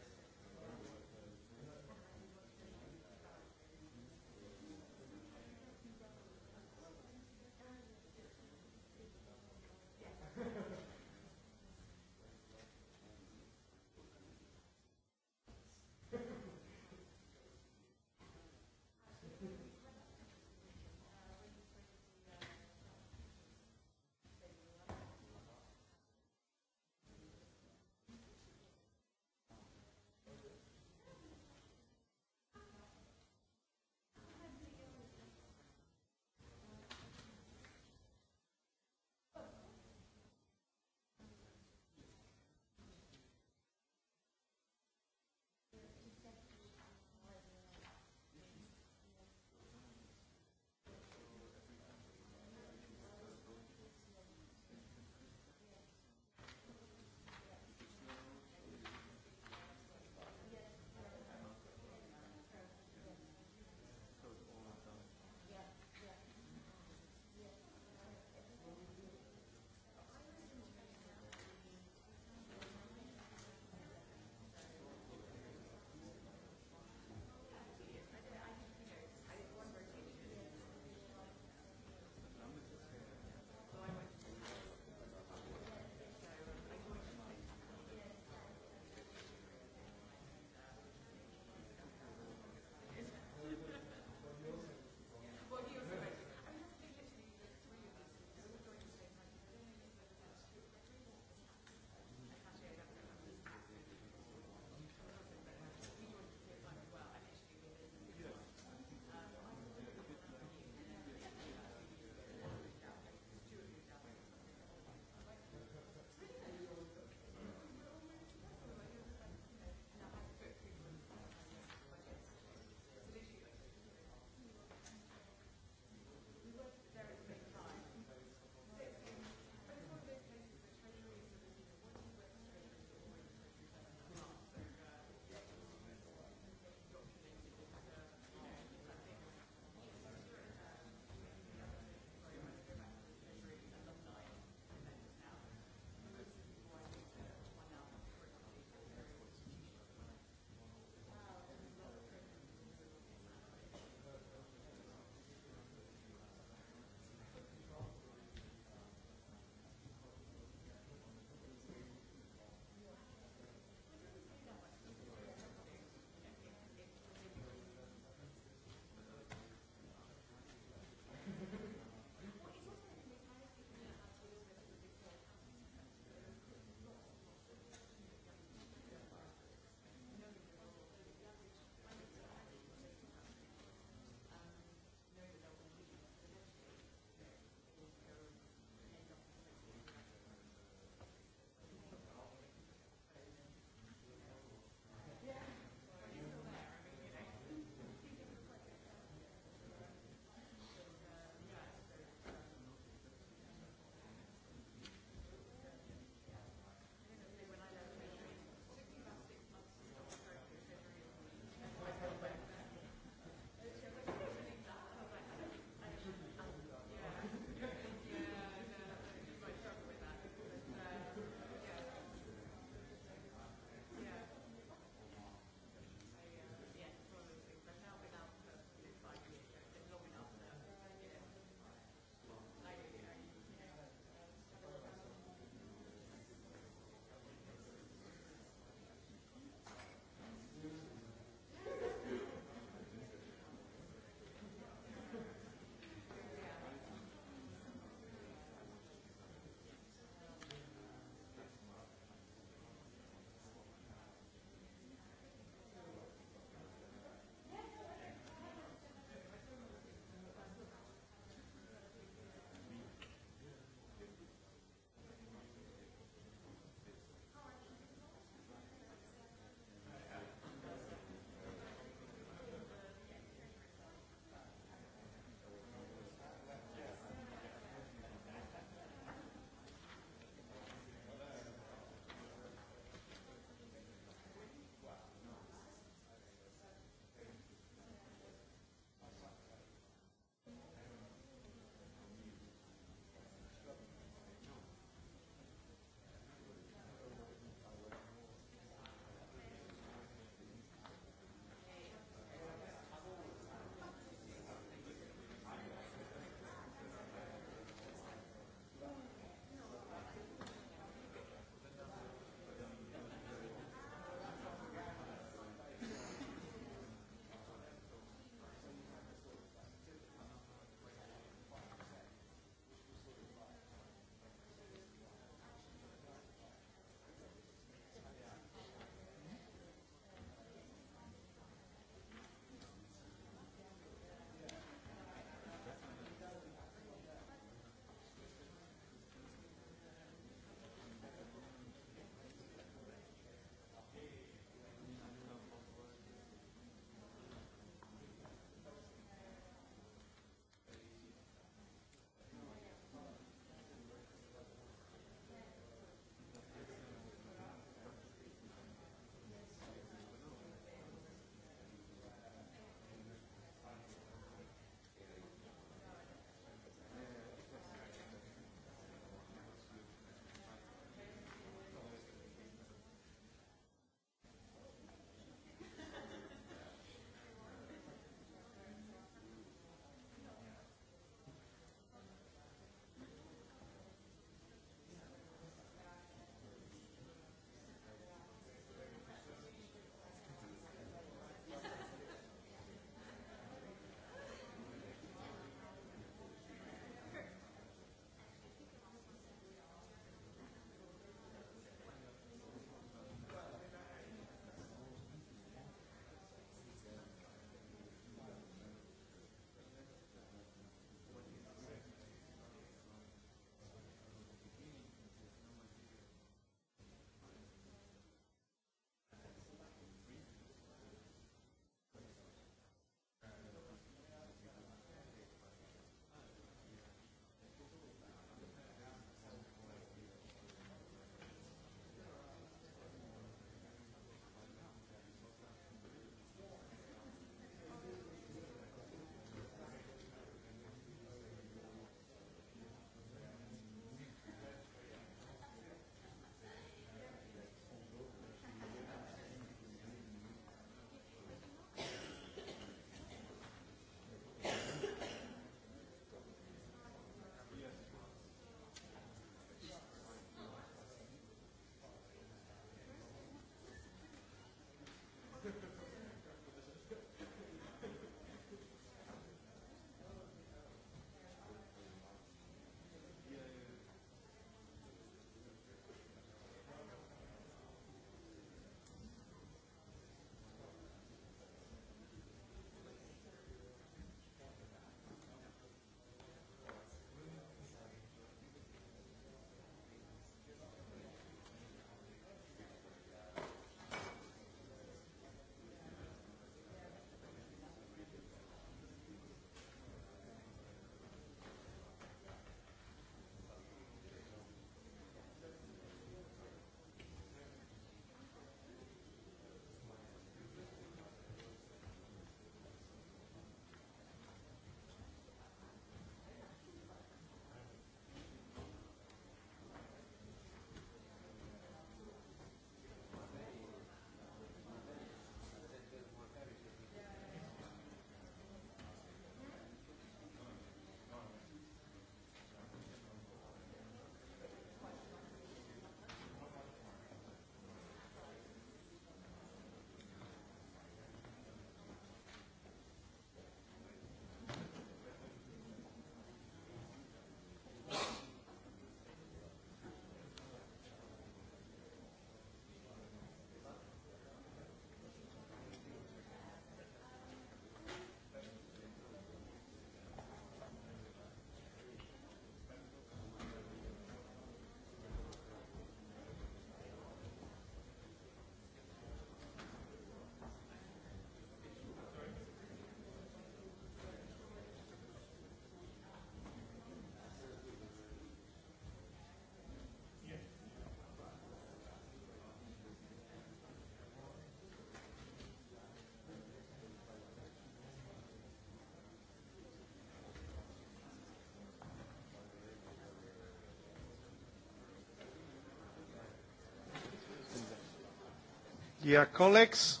Dear colleagues,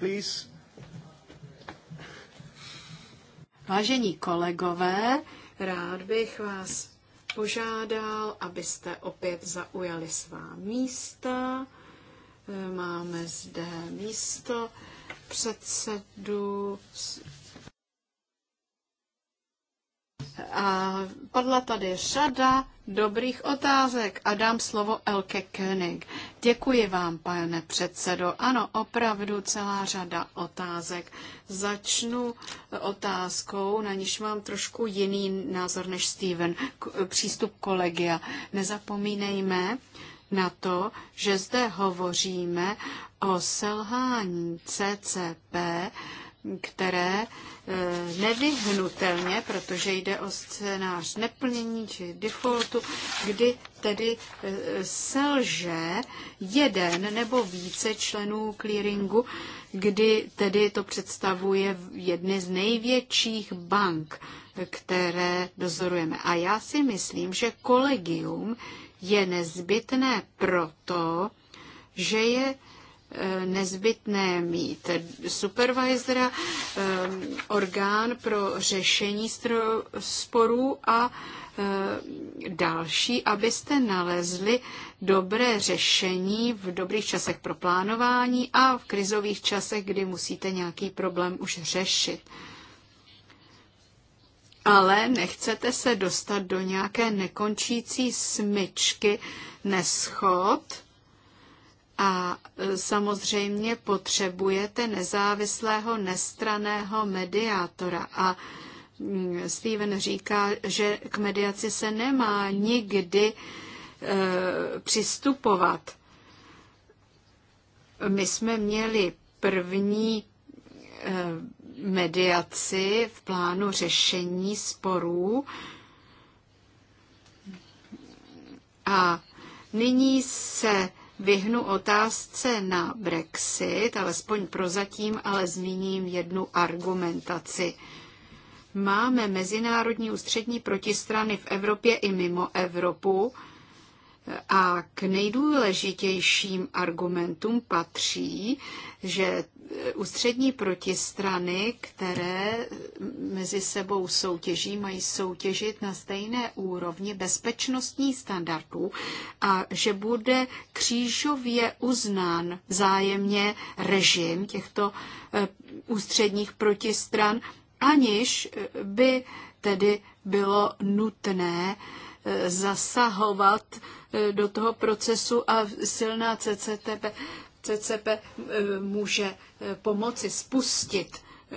please. Vážení kolegové, rád bych vás požádal, abyste opět zaujali svá místa. Máme zde místo předsedu a padla tady řada dobrých otázek a dám slovo Elke König. Děkuji vám, pane předsedo. Ano, opravdu celá řada otázek. Začnu eh, otázkou, na níž mám trošku jiný názor než Steven, k, eh, přístup kolegia. Nezapomínejme na to, že zde hovoříme o selhání CCP, které e, nevyhnutelně, protože jde o scénář neplnění či defaultu, kdy tedy e, selže jeden nebo více členů clearingu, kdy tedy to představuje jedny z největších bank, které dozorujeme. A já si myslím, že kolegium je nezbytné proto, že je nezbytné mít supervisora, eh, orgán pro řešení sporů a eh, další, abyste nalezli dobré řešení v dobrých časech pro plánování a v krizových časech, kdy musíte nějaký problém už řešit. Ale nechcete se dostat do nějaké nekončící smyčky neschod, a e, samozřejmě potřebujete nezávislého, nestraného mediátora. A mm, Steven říká, že k mediaci se nemá nikdy e, přistupovat. My jsme měli první e, mediaci v plánu řešení sporů a nyní se vyhnu otázce na Brexit, alespoň prozatím, ale zmíním jednu argumentaci. Máme mezinárodní ústřední protistrany v Evropě i mimo Evropu a k nejdůležitějším argumentům patří, že ústřední protistrany, které mezi sebou soutěží, mají soutěžit na stejné úrovni bezpečnostní standardů a že bude křížově uznán zájemně režim těchto ústředních eh, protistran, aniž by tedy bylo nutné eh, zasahovat eh, do toho procesu a silná CCTB CCP eh, může eh, pomoci spustit eh,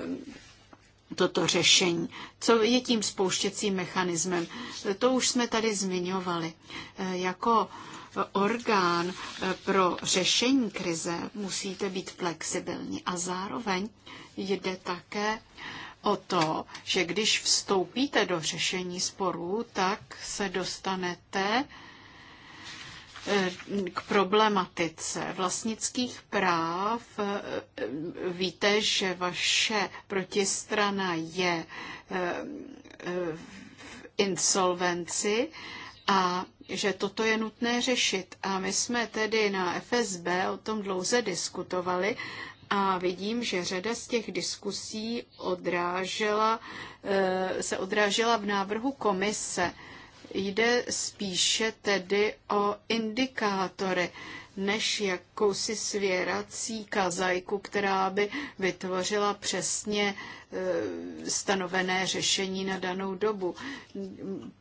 toto řešení. Co je tím spouštěcím mechanismem? To už jsme tady zmiňovali. Jako orgán pro řešení krize musíte být flexibilní a zároveň jde také o to, že když vstoupíte do řešení sporů, tak se dostanete Eh, k problematice vlastnických práv. Eh, víte, že vaše protistrana je eh, v insolvenci a že toto je nutné řešit. A my jsme tedy na FSB o tom dlouze diskutovali a vidím, že řada z těch diskusí odrážela, se odrážela v návrhu komise. Jde spíše tedy o indikátory než jakousi svěrací kazajku, která by vytvořila přesně e, stanovené řešení na danou dobu.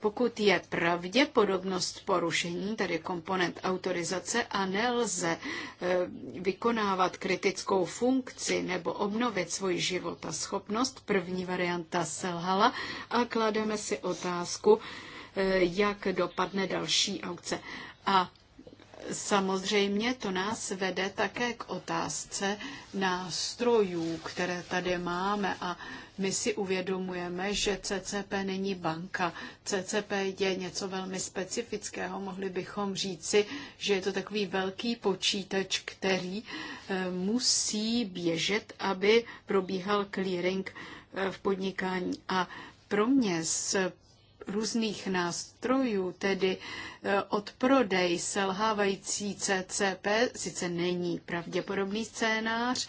Pokud je pravděpodobnost porušení, tedy komponent autorizace, a nelze e, vykonávat kritickou funkci nebo obnovit svůj život a schopnost, první varianta selhala a klademe si otázku, jak dopadne další aukce. A Samozřejmě to nás vede také k otázce nástrojů, které tady máme a my si uvědomujeme, že CCP není banka. CCP je něco velmi specifického. Mohli bychom říci, že je to takový velký počítač, který eh, musí běžet, aby probíhal clearing eh, v podnikání. A pro mě z různých nástrojů, tedy eh, od prodej selhávající CCP, sice není pravděpodobný scénář,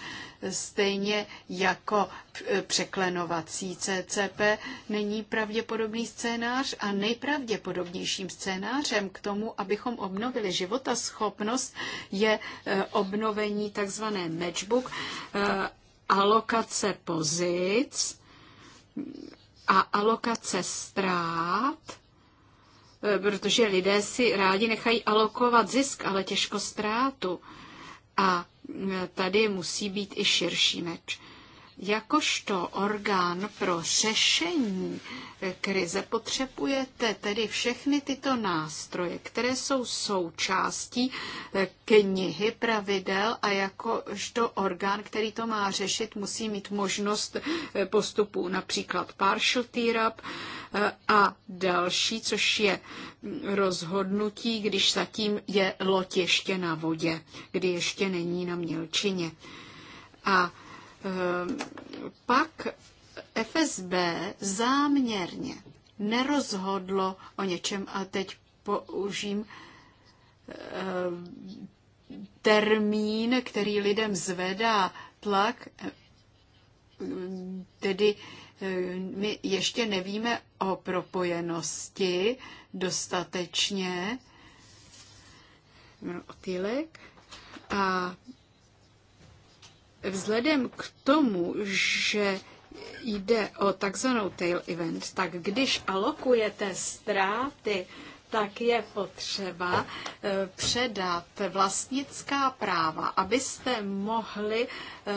stejně jako eh, překlenovací CCP není pravděpodobný scénář a nejpravděpodobnějším scénářem k tomu, abychom obnovili života schopnost, je eh, obnovení tzv. matchbook, alokace pozic, a alokace ztrát, e, protože lidé si rádi nechají alokovat zisk, ale těžko ztrátu. A e, tady musí být i širší meč. Jakožto orgán pro řešení krize potřebujete tedy všechny tyto nástroje, které jsou součástí eh, knihy pravidel a jakožto orgán, který to má řešit, musí mít možnost eh, postupu, například partial tear up eh, a další, což je mm, rozhodnutí, když zatím je loď ještě na vodě, kdy ještě není na mělčině. A Eh, pak FSB záměrně nerozhodlo o něčem a teď použím eh, termín, který lidem zvedá tlak, eh, tedy my ještě nevíme o propojenosti dostatečně, otýlek, a Vzhledem k tomu, že jde o takzvanou tail event, tak když alokujete ztráty tak je potřeba eh, předat vlastnická práva, abyste mohli eh,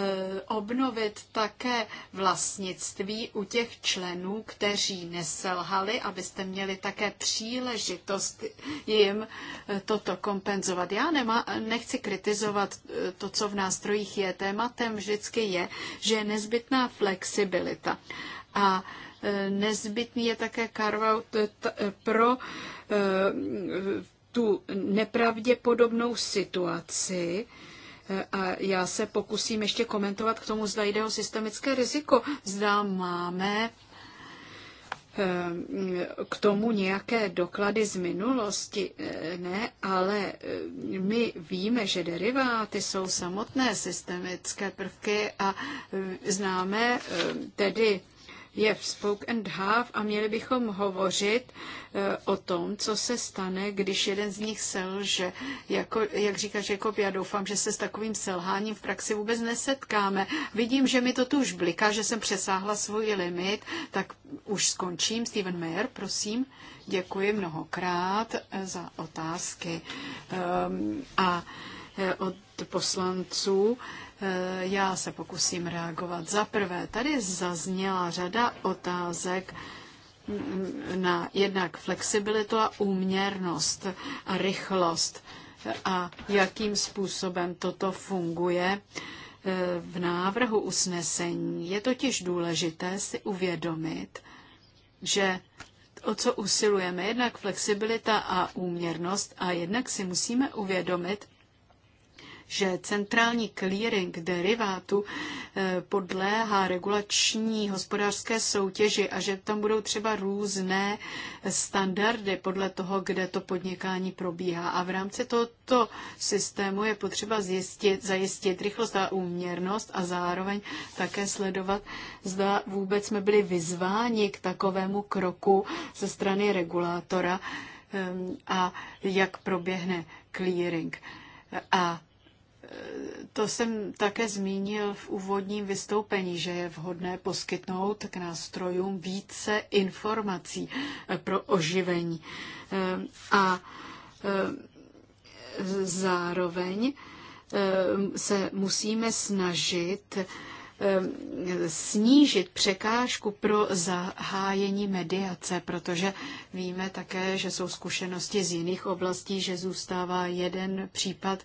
obnovit také vlastnictví u těch členů, kteří neselhali, abyste měli také příležitost jim eh, toto kompenzovat. Já nemá, nechci kritizovat to, co v nástrojích je. Tématem vždycky je, že je nezbytná flexibilita. A nezbytný je také karvaut pro Eh, tu nepravděpodobnou situaci, eh, a já se pokusím ještě komentovat k tomu, zda jde o systemické riziko. Zda máme eh, k tomu nějaké doklady z minulosti, ne, ale my víme, že deriváty jsou samotné systemické prvky a známe tedy je v Spoke and Half a měli bychom hovořit eh, o tom, co se stane, když jeden z nich selže. Jako, jak říká Jacob, já doufám, že se s takovým selháním v praxi vůbec nesetkáme. Vidím, že mi to tu už bliká, že jsem přesáhla svůj limit, tak už skončím. Steven Mayer, prosím. Děkuji mnohokrát eh, za otázky. Ehm, a eh, od poslanců Eh, já se pokusím reagovat. Za prvé, tady zazněla řada otázek mm, na jednak flexibilitu a úměrnost a rychlost a jakým způsobem toto funguje eh, v návrhu usnesení. Je totiž důležité si uvědomit, že o co usilujeme, jednak flexibilita a úměrnost, a jednak si musíme uvědomit, že centrální clearing derivátu eh, podléhá regulační hospodářské soutěži a že tam budou třeba různé standardy podle toho, kde to podnikání probíhá. A v rámci tohoto systému je potřeba zjistit, zajistit rychlost a úměrnost a zároveň také sledovat, zda vůbec jsme byli vyzváni k takovému kroku ze strany regulátora ehm, a jak proběhne clearing. A to jsem také zmínil v úvodním vystoupení, že je vhodné poskytnout k nástrojům více informací eh, pro oživení. Eh, a eh, zároveň se musíme snažit Ehm, snížit překážku pro zahájení mediace, protože víme také, že jsou zkušenosti z jiných oblastí, že zůstává jeden případ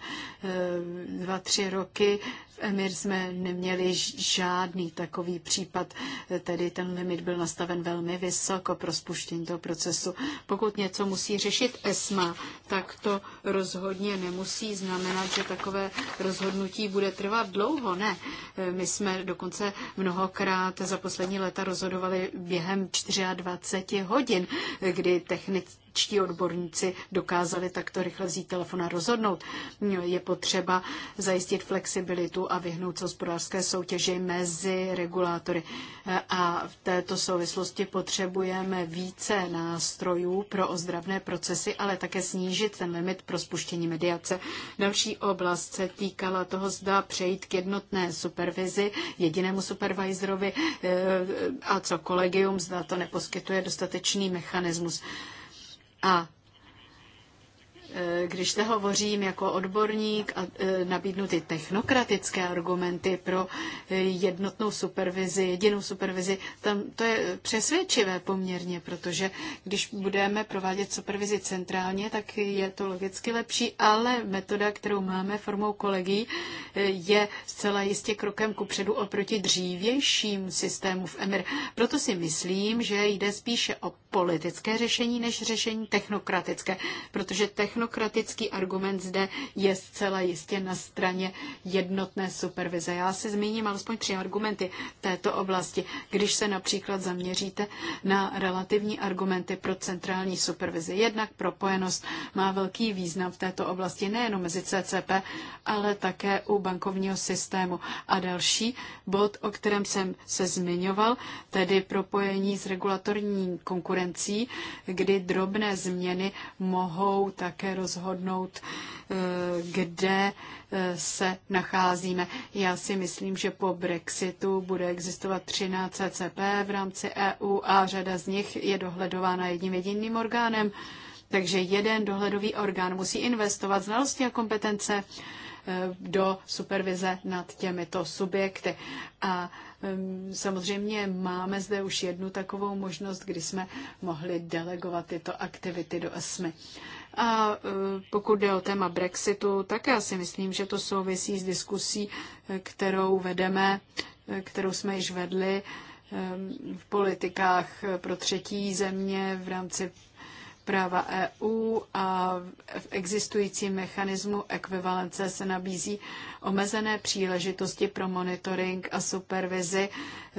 ehm, dva, tři roky v Emir jsme neměli žádný takový případ, eh, tedy ten limit byl nastaven velmi vysoko pro spuštění toho procesu. Pokud něco musí řešit ESMA, tak to rozhodně nemusí znamenat, že takové rozhodnutí bude trvat dlouho. Ne, eh, my jsme dokonce mnohokrát za poslední leta rozhodovali během 24 hodin, eh, kdy technici špičtí odborníci dokázali takto rychle vzít telefon a rozhodnout. Je potřeba zajistit flexibilitu a vyhnout se hospodářské soutěži mezi regulátory. A v této souvislosti potřebujeme více nástrojů pro ozdravné procesy, ale také snížit ten limit pro spuštění mediace. Další oblast se týkala toho, zda přejít k jednotné supervizi, jedinému supervisorovi eh, a co kolegium, zda to neposkytuje dostatečný mechanismus a Eh, když se hovořím jako odborník a eh, nabídnu ty technokratické argumenty pro eh, jednotnou supervizi, jedinou supervizi, tam to je přesvědčivé poměrně, protože když budeme provádět supervizi centrálně, tak je to logicky lepší, ale metoda, kterou máme formou kolegí, je zcela jistě krokem kupředu oproti dřívějším systému v EMIR. Proto si myslím, že jde spíše o politické řešení než řešení technokratické, protože technokratické technokratický argument zde je zcela jistě na straně jednotné supervize. Já si zmíním alespoň tři argumenty této oblasti. Když se například zaměříte na relativní argumenty pro centrální supervizi, jednak propojenost má velký význam v této oblasti nejenom mezi CCP, ale také u bankovního systému. A další bod, o kterém jsem se zmiňoval, tedy propojení s regulatorní konkurencí, kdy drobné změny mohou také rozhodnout, eh, kde eh, se nacházíme. Já si myslím, že po Brexitu bude existovat 13 CCP v rámci EU a řada z nich je dohledována jedním jediným orgánem. Takže jeden dohledový orgán musí investovat znalosti a kompetence eh, do supervize nad těmito subjekty. A samozřejmě máme zde už jednu takovou možnost, kdy jsme mohli delegovat tyto aktivity do ESMY. A e, pokud jde o téma Brexitu, tak já si myslím, že to souvisí s diskusí, e, kterou vedeme, e, kterou jsme již vedli v politikách pro třetí země v rámci práva EU a v existujícím mechanismu ekvivalence se nabízí omezené příležitosti pro monitoring a supervizi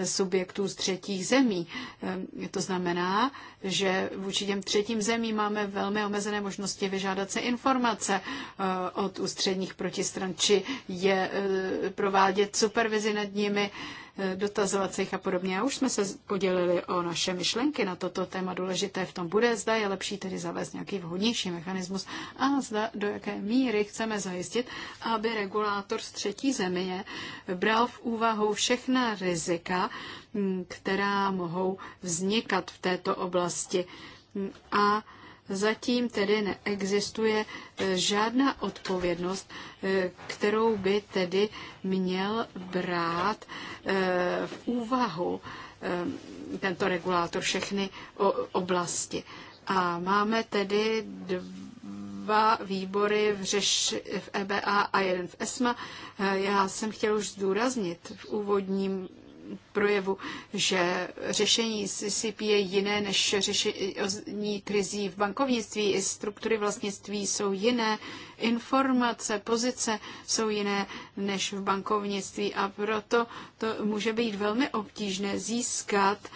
subjektů z třetích zemí. Ehm, to znamená, že vůči těm třetím zemím máme velmi omezené možnosti vyžádat se informace eh, od ústředních protistran, či je eh, provádět supervizi nad nimi Eh, dotazovacích a podobně. A už jsme se podělili o naše myšlenky na toto téma. Důležité v tom bude, zda je lepší tedy zavést nějaký vhodnější mechanismus a zda do jaké míry chceme zajistit, aby regulátor z třetí země bral v úvahu všechna rizika, mm, která mohou vznikat v této oblasti. A Zatím tedy neexistuje e, žádná odpovědnost, e, kterou by tedy měl brát e, v úvahu tento regulátor všechny oblasti. A máme tedy dva výbory v, řeš, v EBA a jeden v ESMA. Já jsem chtěl už zdůraznit v úvodním projevu, že řešení CCP je jiné než řešení krizí v bankovnictví. I struktury vlastnictví jsou jiné, informace, pozice jsou jiné než v bankovnictví a proto to může být velmi obtížné získat uh,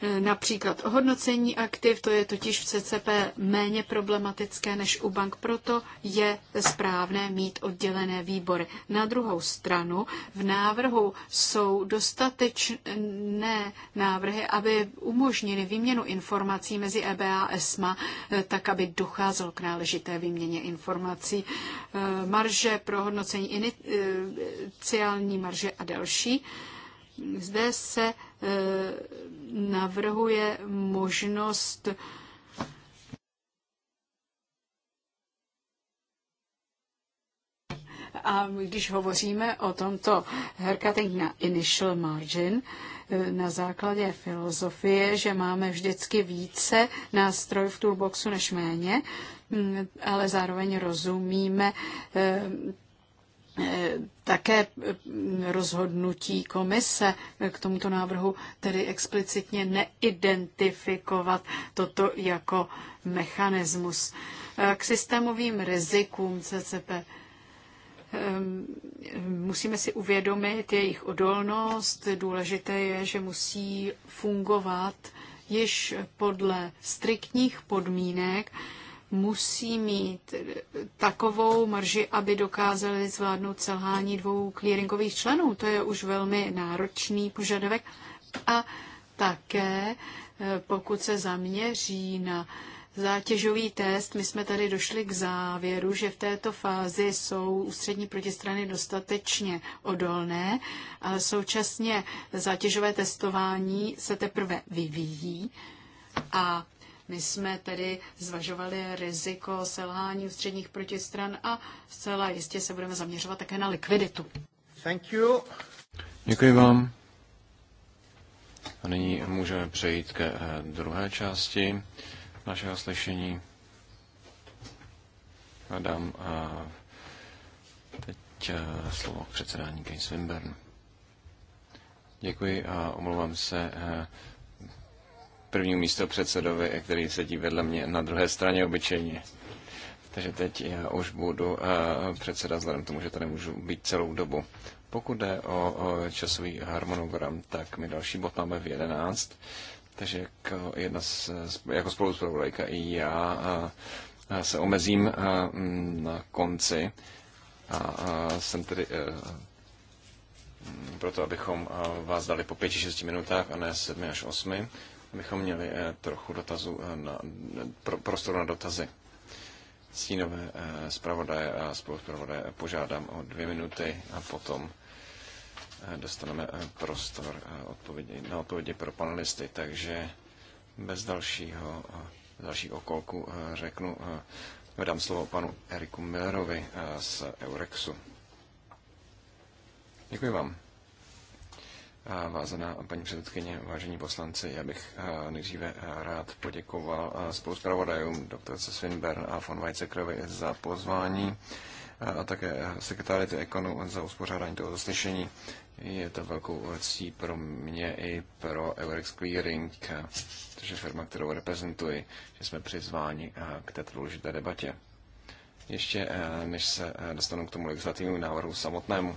Eh, například ohodnocení aktiv, to je totiž v CCP méně problematické než u bank, proto je správné mít oddělené výbory. Na druhou stranu v návrhu jsou dostatečné návrhy, aby umožnili výměnu informací mezi EBA a ESMA, eh, tak aby docházelo k náležité výměně informací. Eh, marže pro hodnocení iniciální marže a další. Zde se navrhuje možnost A když hovoříme o tomto haircutting na initial margin, e, na základě filozofie, že máme vždycky více nástrojů v toolboxu než méně, ale zároveň rozumíme e, také rozhodnutí komise k tomuto návrhu, tedy explicitně neidentifikovat toto jako mechanismus. E, k systémovým rizikům CCP e, musíme si uvědomit jejich odolnost. Důležité je, že musí fungovat již podle striktních podmínek, musí mít takovou marži, aby dokázali zvládnout selhání dvou clearingových členů. To je už velmi náročný požadavek. A také, eh, pokud se zaměří na zátěžový test, my jsme tady došli k závěru, že v této fázi jsou ústřední protistrany dostatečně odolné, ale současně zátěžové testování se teprve vyvíjí a my jsme tedy zvažovali riziko selhání ústředních protistran a zcela jistě se budeme zaměřovat také na likviditu. Thank you. Děkuji vám. A nyní můžeme přejít ke eh, druhé části našeho slyšení. A dám a eh, teď eh, slovo k předsedání Kate Swinburne. Děkuji a omlouvám se. A prvnímu místo předsedovi, který sedí vedle mě na druhé straně obyčejně. Takže teď já už budu eh, předseda, vzhledem tomu, že tady můžu být celou dobu. Pokud jde o časový harmonogram, tak my další bod máme v 11. Takže jako, jedna z, jako spoluzpravodajka i já a, eh, a se omezím a, eh, na konci a a jsem tedy a, proto, abychom vás dali po 5-6 minutách a ne 7 až 8 bychom měli eh, trochu dotazu eh, na, prostoru na dotazy. Stínové eh, zpravodaje a spoluzpravodaje požádám o dvě minuty a potom dostaneme prostor odpovědi, na odpovědi pro panelisty, takže bez dalšího, další okolku řeknu, vedám slovo panu Eriku Millerovi z Eurexu. Děkuji vám. Vázená paní předsedkyně, vážení poslanci, já bych eh, nejdříve eh, rád poděkoval eh, spolu zpravodajům doktorce Svinber a von Weizsäckerovi za pozvání a také sekretáři Ekonu za uspořádání tohoto slyšení. Je to velkou věcí pro mě i pro Eurex Clearing, což je firma, kterou reprezentuji, že jsme přizváni k této důležité debatě. Ještě než se dostanu k tomu legislativnímu návrhu samotnému,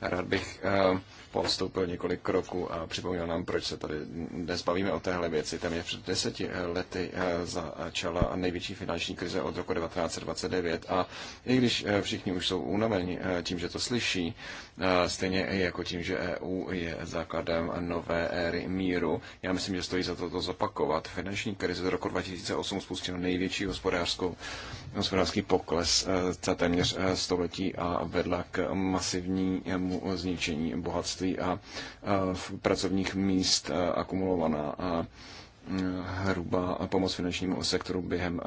Rád bych eh, postoupil několik kroků a připomněl nám, proč se tady dnes bavíme o téhle věci. Tam je před deseti eh, lety eh, začala největší finanční krize od roku 1929 a i když eh, všichni už jsou únaveni tím, že to slyší, stejně jako tím, že EU je základem nové éry míru, já myslím, že stojí za to, to zopakovat. Finanční krize z roku 2008 spustila největší hospodářskou, hospodářský pokles za téměř století a vedla k masivnímu zničení bohatství hospodářství a pracovních míst akumulovaná a hruba pomoc finančnímu sektoru během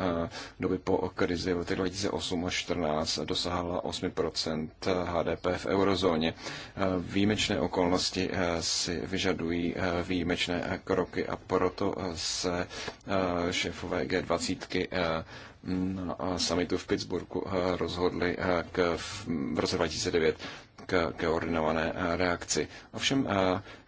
doby po krizi v roce 2008 až 2014 dosáhla 8% HDP v eurozóně. Výjimečné okolnosti si vyžadují výjimečné kroky a proto se šéfové G20 na summitu v Pittsburghu eh, rozhodli eh, k, v roce 2009 k koordinované eh, reakci. Ovšem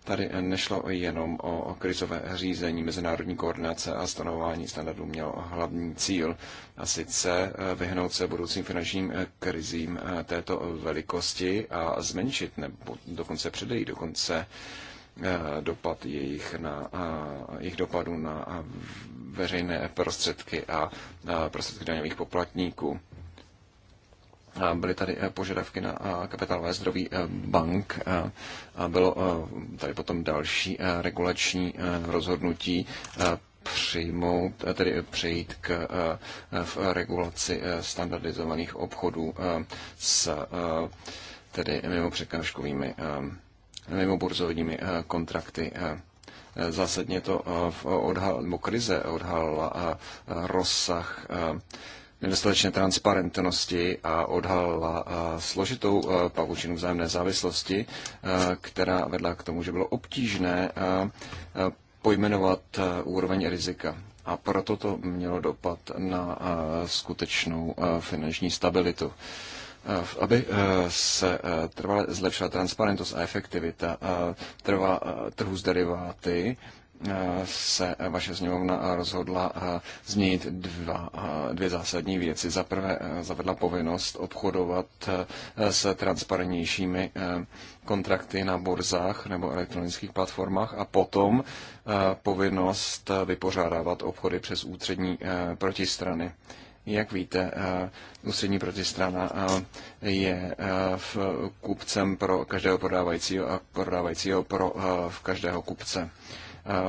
tady nešlo jenom o krizové řízení, mezinárodní koordinace a stanovování standardů mělo hlavní cíl, a sice vyhnout se budoucím finančním krizím této velikosti a zmenšit nebo dokonce předejít dokonce Eh, dopad jejich, na, eh, jejich dopadů na eh, veřejné prostředky a prostředky daňových poplatníků. Byly tady požadavky na kapitálové zdroví bank a bylo tady potom další regulační rozhodnutí přijmout, tedy přejít k v regulaci standardizovaných obchodů s tedy mimo překážkovými mimo burzovními eh, kontrakty. Eh, eh, zásadně to odhal, nebo krize odhalila rozsah nedostatečné transparentnosti a odhalila složitou pavučinu vzájemné závislosti, která vedla k tomu, že bylo obtížné pojmenovat úroveň rizika. A proto to mělo dopad na skutečnou finanční stabilitu. Eh, aby eh, se eh, trvale zlepšila transparentnost a efektivita trva, trhu s deriváty, se vaše sněmovna rozhodla změnit dva, dvě zásadní věci. Za prvé zavedla povinnost obchodovat s transparentnějšími kontrakty na burzách nebo elektronických platformách a potom povinnost vypořádávat obchody přes ústřední protistrany. Jak víte, eh, ústřední protistrana eh, je eh, v kupcem pro každého prodávajícího a prodávajícího pro v každého kupce.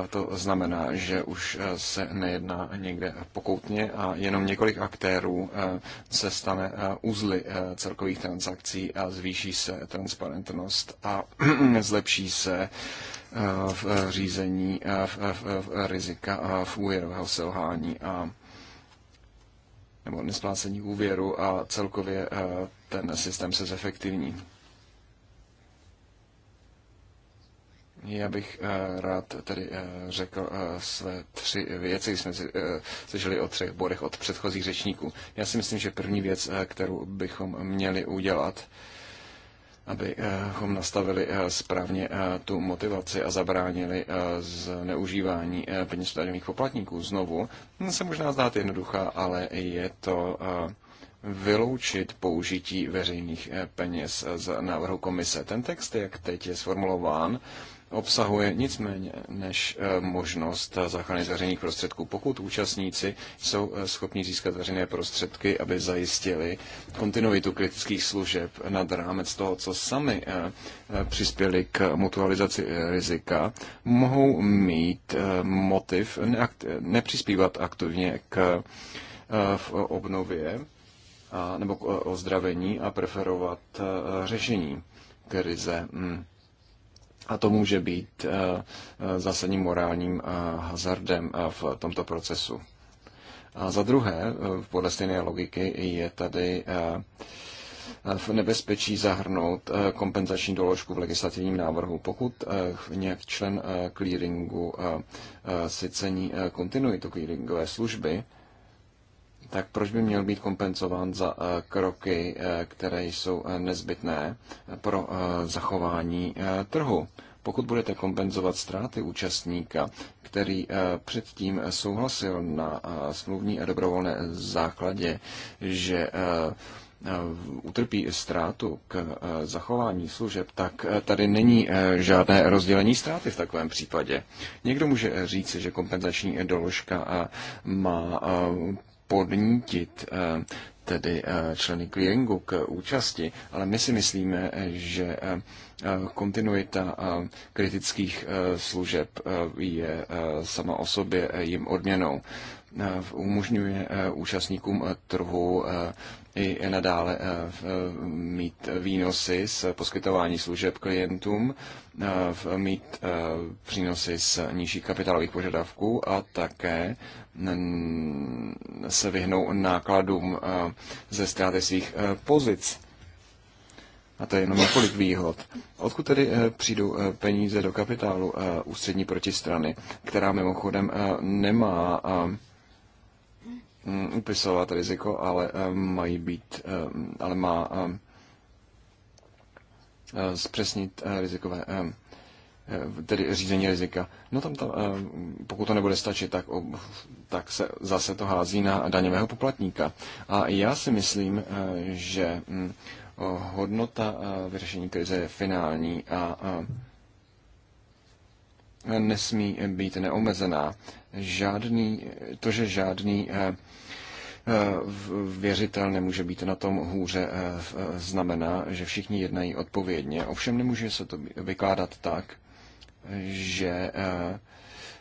To znamená, že už se nejedná někde pokoutně a jenom několik aktérů se stane uzly celkových transakcí a zvýší se transparentnost a zlepší se v řízení v, v, v rizika v úvěrového selhání a nebo nesplácení úvěru a celkově eh, ten systém se zefektivní. Já bych eh, rád tedy eh, řekl své tři věci, jsme slyšeli o třech bodech od předchozích řečníků. Já si myslím, že první věc, kterou bychom měli udělat, abychom nastavili eh, správně eh, tu motivaci a zabránili eh, zneužívání peněz daňových poplatníků. Znovu no, se možná zdát jednoduchá, ale je to vyloučit použití veřejných peněz z návrhu komise. Ten text, jak teď je sformulován, obsahuje nic méně než eh, možnost záchrany z veřejných prostředků, pokud účastníci jsou eh, schopni získat veřejné prostředky, aby zajistili kontinuitu kritických služeb nad rámec toho, co sami eh, přispěli k mutualizaci rizika, mohou mít motiv nepřispívat aktivně k v obnově a, nebo k ozdravení a preferovat řešení krize. Hmm a to může být eh, eh, zásadním morálním eh, hazardem v tomto procesu. A za druhé, podle stejné logiky, je tady v nebezpečí zahrnout kompenzační doložku v legislativním návrhu. Pokud nějak člen clearingu si cení kontinuitu clearingové služby, tak proč by měl být kompenzován za eh, kroky, eh, které jsou eh, nezbytné pro zachování trhu? Pokud budete kompenzovat ztráty účastníka, který předtím souhlasil na smluvní a dobrovolné základě, že utrpí ztrátu k zachování služeb, tak tady není žádné rozdělení ztráty v takovém případě. Někdo může říct, že kompenzační doložka má podnítit eh, tedy eh, členy klientů k účasti, ale my si myslíme, že eh, kontinuita kritických služeb je sama o sobě jim odměnou umožňuje účastníkům trhu i nadále eh, eh, mít výnosy z poskytování služeb klientům, eh, mít přínosy z nižších kapitálových požadavků a také se vyhnou nákladům ze ztráty svých pozic. A to je jenom několik výhod. Odkud tedy přijdou peníze do kapitálu ústřední protistrany, která mimochodem nemá Mm, upisovat riziko, ale eh, mají být, eh, ale má eh, zpřesnit rizikové tedy řízení rizika. No tam, tam pokud to nebude stačit, tak, tak se zase to hází na daňového poplatníka. A já si myslím, že mm, hodnota vyřešení krize je finální a nesmí být neomezená. Žádný, to, že žádný eh, eh, věřitel nemůže být na tom hůře, eh, znamená, že všichni jednají odpovědně. Ovšem nemůže se to vykládat tak, že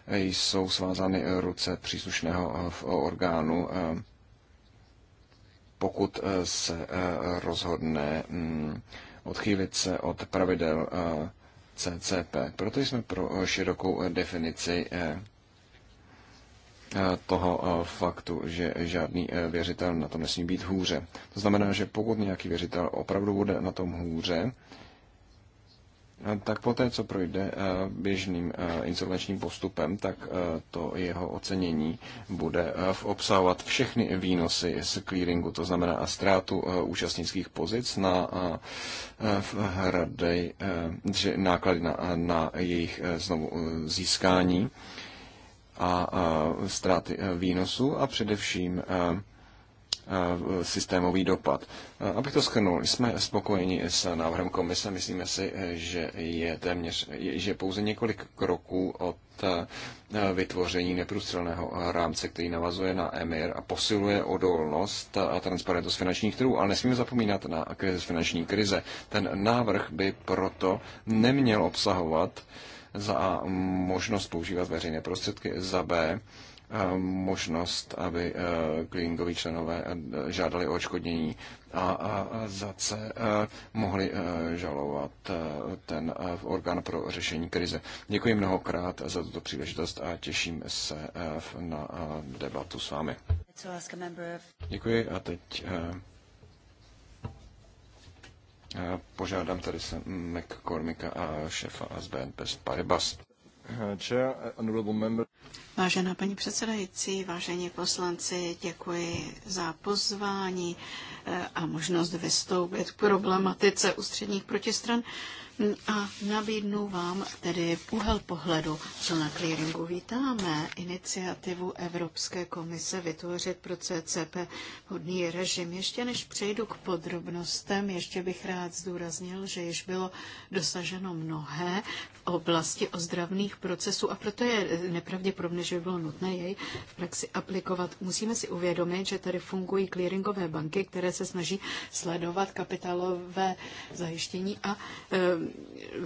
jsou svázány ruce příslušného orgánu, pokud se rozhodne mm, odchýlit se od pravidel CCP. Proto jsme pro eh, širokou eh, definici eh, toho faktu, že žádný věřitel na tom nesmí být hůře. To znamená, že pokud nějaký věřitel opravdu bude na tom hůře, tak poté, co projde eh, běžným eh, insolvenčním postupem, tak eh, to jeho ocenění bude obsahovat všechny výnosy z clearingu, to znamená a ztrátu účastnických pozic na hradej, náklady na, na jejich znovu získání a ztráty výnosu a především systémový dopad. Abych to schrnul, jsme spokojeni s návrhem komise. Myslíme si, že je téměř, že pouze několik kroků od vytvoření neprůstřelného rámce, který navazuje na EMIR a posiluje odolnost a transparentnost finančních trhů, ale nesmíme zapomínat na krize finanční krize. Ten návrh by proto neměl obsahovat za A možnost používat veřejné prostředky, za B Eh, možnost, aby eh, cleaningoví členové eh, žádali o odškodnění a za C mohli žalovat ten orgán pro řešení krize. Děkuji mnohokrát za tuto příležitost a těším se na debatu s vámi. Děkuji a teď požádám tady se McCormicka a šefa SBN bez Paribas. Uh, uh, Vážená paní předsedající, vážení poslanci, děkuji za pozvání uh, a možnost vystoupit k problematice ústředních protistran a nabídnu vám tedy úhel pohledu, co na clearingu vítáme, iniciativu Evropské komise vytvořit pro CCP hodný režim. Ještě než přejdu k podrobnostem, ještě bych rád zdůraznil, že již bylo dosaženo mnohé v oblasti ozdravných procesů a proto je nepravděpodobné, že by bylo nutné jej v praxi aplikovat. Musíme si uvědomit, že tady fungují clearingové banky, které se snaží sledovat kapitálové zajištění a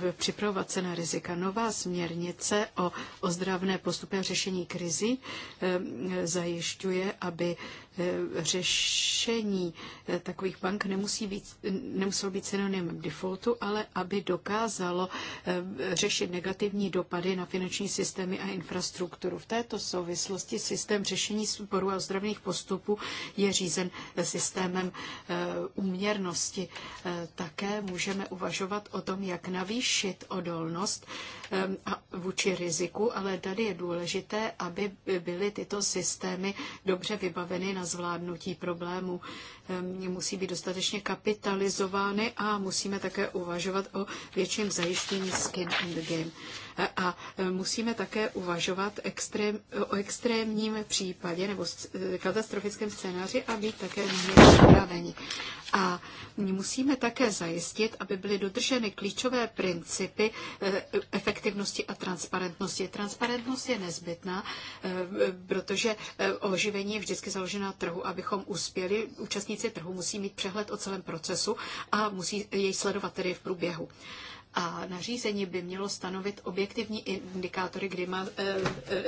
Eh, připravovat se na rizika. Nová směrnice o ozdravné postupné řešení krizi eh, zajišťuje, aby Eh, řešení eh, takových bank nemusí být, nemuselo být synonymem defaultu, ale aby dokázalo eh, řešit negativní dopady na finanční systémy a infrastrukturu. V této souvislosti systém řešení sporů a zdravných postupů je řízen systémem uměrnosti. Také můžeme uvažovat o tom, jak navýšit odolnost a vůči riziku, ale tady je důležité, aby byly tyto systémy dobře vybaveny na zvládnutí problému. Musí být dostatečně kapitalizovány a musíme také uvažovat o větším zajištění skin in the game. A musíme také uvažovat extrém, o extrémním případě nebo eh, katastrofickém scénáři a být také připraveni. A musíme také zajistit, aby byly dodrženy klíčové principy eh, efektivnosti a transparentnosti. Transparentnost je nezbytná, eh, protože oživení je vždycky založená trhu. Abychom uspěli, účastníci trhu musí mít přehled o celém procesu a musí jej sledovat tedy v průběhu. A nařízení by mělo stanovit objektivní indikátory, kdy má e,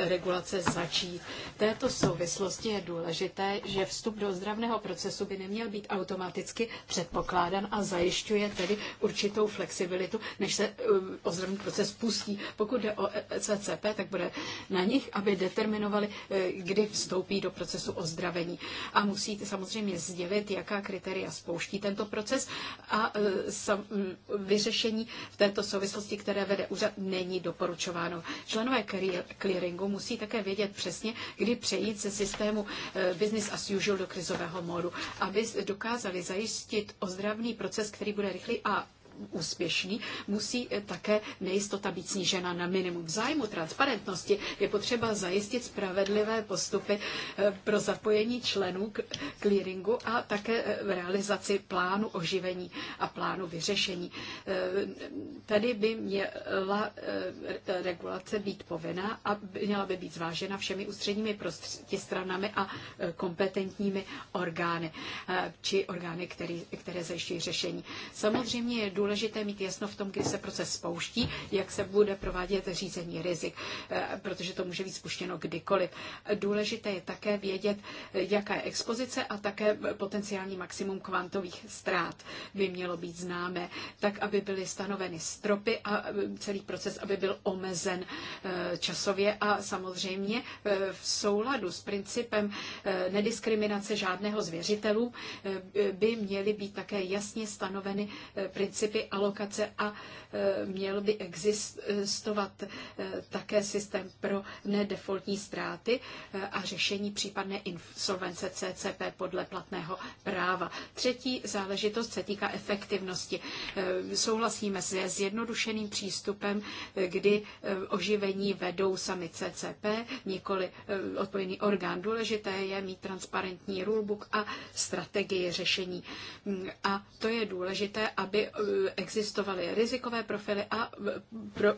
regulace začít. V této souvislosti je důležité, že vstup do zdravného procesu by neměl být automaticky předpokládan a zajišťuje tedy určitou flexibilitu, než se e, ozdravný proces pustí. Pokud jde o e CCP, tak bude na nich, aby determinovali, e, kdy vstoupí do procesu ozdravení. A musíte samozřejmě sdělit, jaká kritéria spouští tento proces a e, sam, mm, vyřešení v této souvislosti, které vede úřad, není doporučováno. Členové clearingu musí také vědět přesně, kdy přejít ze systému eh, business as usual do krizového módu, aby dokázali zajistit ozdravný proces, který bude rychlý a úspěšný, musí eh, také nejistota být snížena na minimum. V zájmu transparentnosti je potřeba zajistit spravedlivé postupy eh, pro zapojení členů k clearingu a také eh, v realizaci plánu oživení a plánu vyřešení. Tady by měla regulace být povinná a měla by být zvážena všemi ústředními prostředky stranami a kompetentními orgány či orgány, které, které zajišťují řešení. Samozřejmě je důležité důležité mít jasno v tom, kdy se proces spouští, jak se bude provádět řízení rizik, eh, protože to může být spuštěno kdykoliv. Důležité je také vědět, eh, jaká je expozice a také potenciální maximum kvantových ztrát by mělo být známé, tak aby byly stanoveny stropy a eh, celý proces, aby byl omezen časově a samozřejmě v souladu s principem nediskriminace žádného z věřitelů by měly být také jasně stanoveny principy otázky alokace a e, měl by existovat e, také systém pro nedefaultní ztráty e, a řešení případné insolvence CCP podle platného práva. Třetí záležitost se týká efektivnosti. Souhlasíme se zjednodušeným přístupem, kdy oživení vedou sami CCP, nikoli odpovědný orgán. Důležité je mít transparentní rulebook a strategii řešení. Mm, a to je důležité, aby existovaly rizikové profily a eh, pro, eh,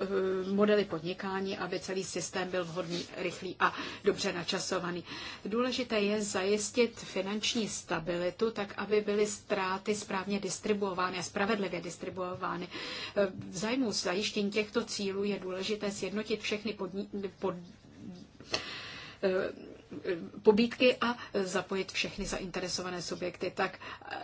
modely podnikání, aby celý systém byl vhodný, rychlý a dobře načasovaný. Důležité je zajistit finanční stabilitu, tak aby byly ztráty správně distribuovány a spravedlivě distribuovány. Eh, v zájmu zajištění těchto cílů je důležité sjednotit všechny podnik, pod, pobídky a zapojit všechny zainteresované subjekty. Tak eh,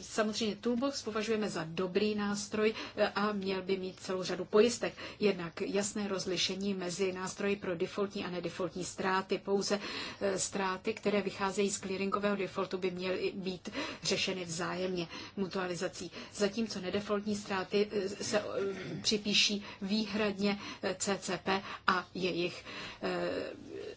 samozřejmě Toolbox považujeme za dobrý nástroj eh, a měl by mít celou řadu pojistek. Jednak jasné rozlišení mezi nástroji pro defaultní a nedefaultní ztráty. Pouze eh, ztráty, které vycházejí z clearingového defaultu, by měly být řešeny vzájemně mutualizací. Zatímco nedefaultní ztráty se připíší výhradně CCP a jejich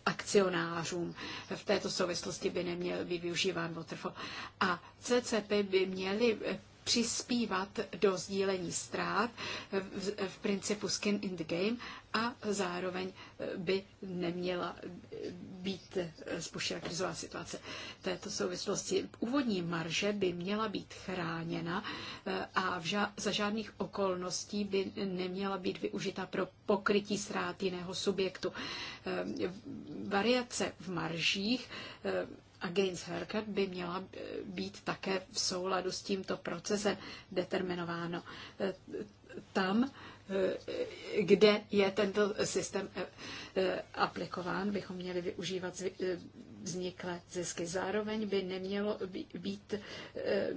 akcionářům novinářům. V této souvislosti by neměl být využíván waterfall. A CCP by měly přispívat do sdílení ztrát v principu skin in the game a zároveň by neměla být spuštěna krizová situace. V této souvislosti úvodní marže by měla být chráněna eh, a ža- za žádných okolností by neměla být využita pro pokrytí ztrát jiného subjektu. Eh, variace v maržích eh, a Gaines Haircut by měla být také v souladu s tímto procesem determinováno. E, tam, e, kde je tento systém e, aplikován, bychom měli využívat vzniklé zisky. Zároveň by nemělo být,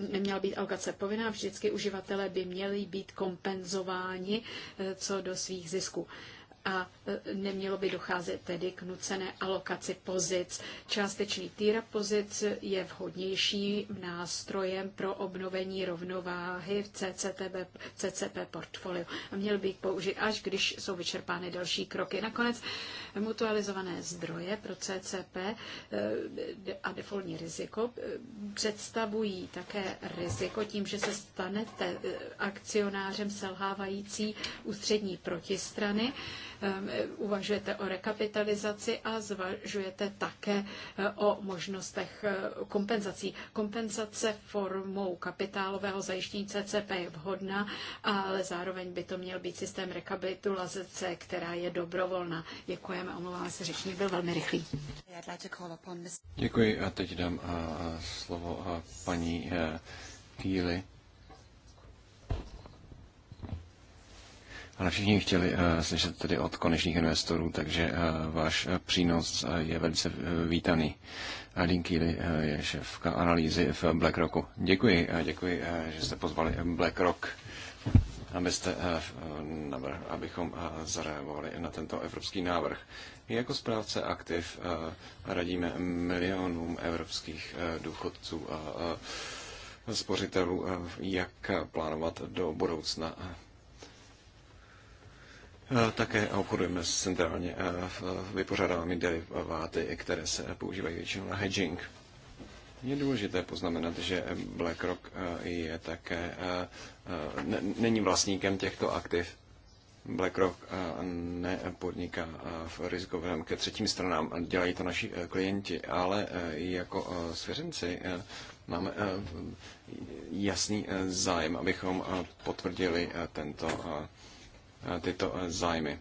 neměla být alokace povinná, vždycky uživatelé by měli být kompenzováni co do svých zisků a e, nemělo by docházet tedy k nucené alokaci pozic. Částečný týra pozic je vhodnější nástrojem pro obnovení rovnováhy v CCTB, CCP portfoliu a měl by použít, až když jsou vyčerpány další kroky. Nakonec mutualizované zdroje pro CCP e, a defaultní riziko e, představují také riziko tím, že se stanete akcionářem selhávající ústřední protistrany, Ehm, uvažujete o rekapitalizaci a zvažujete také eh, o možnostech eh, kompenzací. Kompenzace formou kapitálového zajištění CCP je vhodná, ale zároveň by to měl být systém rekapitulace, která je dobrovolná. Děkujeme, omlouvám se, řečník byl velmi rychlý. Děkuji a teď dám a, eh, a slovo a paní Kýli Ale všichni chtěli eh, slyšet tedy od konečných investorů, takže eh, váš eh, přínos je velice vítaný. Aline Keely je šéfka analýzy v BlackRocku. Děkuji děkuji, že jste pozvali BlackRock, abyste, abychom zareagovali na tento evropský návrh. Jako správce aktiv radíme milionům evropských důchodců a spořitelů, jak plánovat do budoucna Eh, také obchodujeme s centrálně eh, vypořádáváme deriváty, které se používají většinou na hedging. Je důležité poznamenat, že BlackRock eh, je také, není vlastníkem těchto aktiv. BlackRock nepodniká v rizikovém ke třetím stranám, dělají to naši klienti, ale jako svěřenci máme jasný zájem, abychom potvrdili tento Eh, tyto eh, zájmy.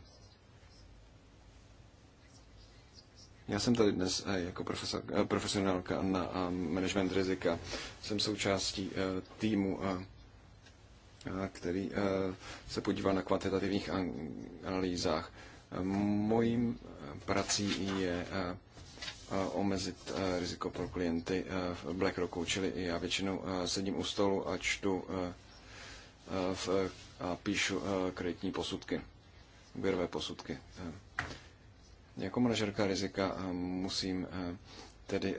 Já jsem tady dnes eh, jako profesor, profesionálka na management rizika. Jsem součástí týmu, který se podívá na kvantitativních analýzách. Mojím prací je omezit riziko pro klienty v BlackRocku, čili já většinou sedím u stolu a čtu v a píšu eh, kreditní posudky, úvěrové posudky. Eh, jako manažerka rizika eh, musím tedy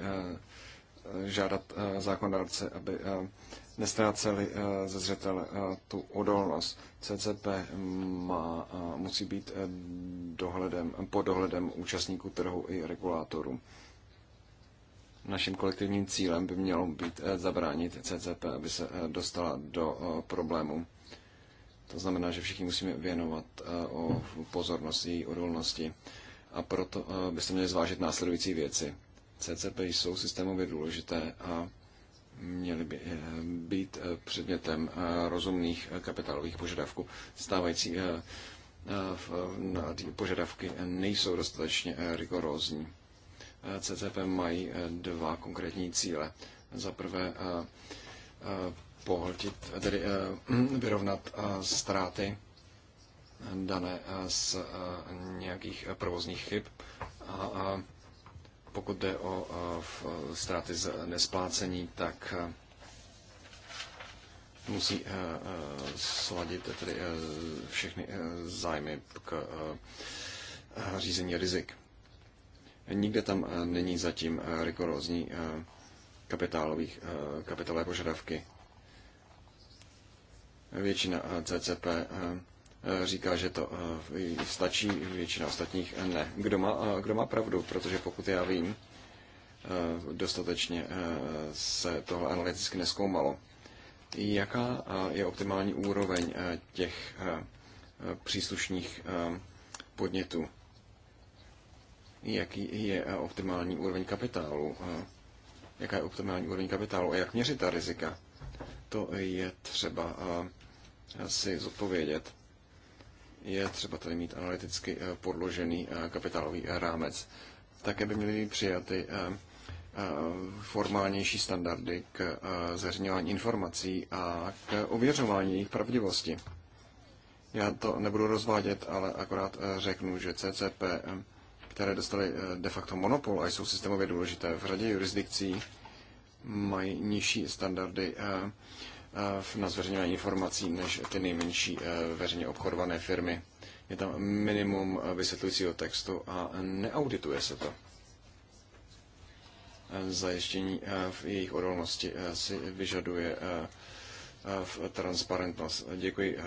žádat zákonodárce, aby nestráceli ze zřetele tu odolnost. CCP má, musí být dohledem, pod dohledem účastníků trhu i regulátorů. Naším kolektivním cílem by mělo být zabránit CCP, aby se dostala do problémů to znamená, že všichni musíme věnovat eh, o pozornost její odolnosti. A proto eh, byste měli zvážit následující věci. CCP jsou systémově důležité a měly by eh, být předmětem rozumných kapitálových požadavků. Stávající požadavky nejsou dostatečně rigorózní. CCP mají dva konkrétní cíle. Za prvé pohltit, eh, tedy eh, vyrovnat eh, ztráty dané z nějakých provozních chyb. A pokud jde o ztráty z nesplácení, tak musí sladit tedy všechny zájmy k řízení rizik. Nikde tam není zatím rigorózní kapitálových, kapitálové požadavky. Většina eh, CCP eh, eh, říká, že to stačí, většina ostatních ne. Kdo má, kdo má pravdu? Protože pokud já vím, dostatečně se tohle analyticky neskoumalo. Jaká je optimální úroveň těch příslušných podnětů? Jaký je optimální úroveň kapitálu? Jaká je optimální úroveň kapitálu a jak měřit ta rizika? To je třeba si zodpovědět, je třeba tady mít analyticky eh, podložený eh, kapitálový eh, rámec. Také by měly být přijaty formálnější standardy k zveřejňování informací a k ověřování jejich pravdivosti. Já to nebudu rozvádět, ale akorát řeknu, že CCP, které dostaly de facto monopol a jsou systémově důležité v řadě jurisdikcí, mají nižší standardy na zveřejňování informací než ty nejmenší eh, veřejně obchodované firmy. Je tam minimum eh, vysvětlujícího textu a neaudituje se to. Eh, zajištění v jejich odolnosti si vyžaduje v transparentnost. Děkuji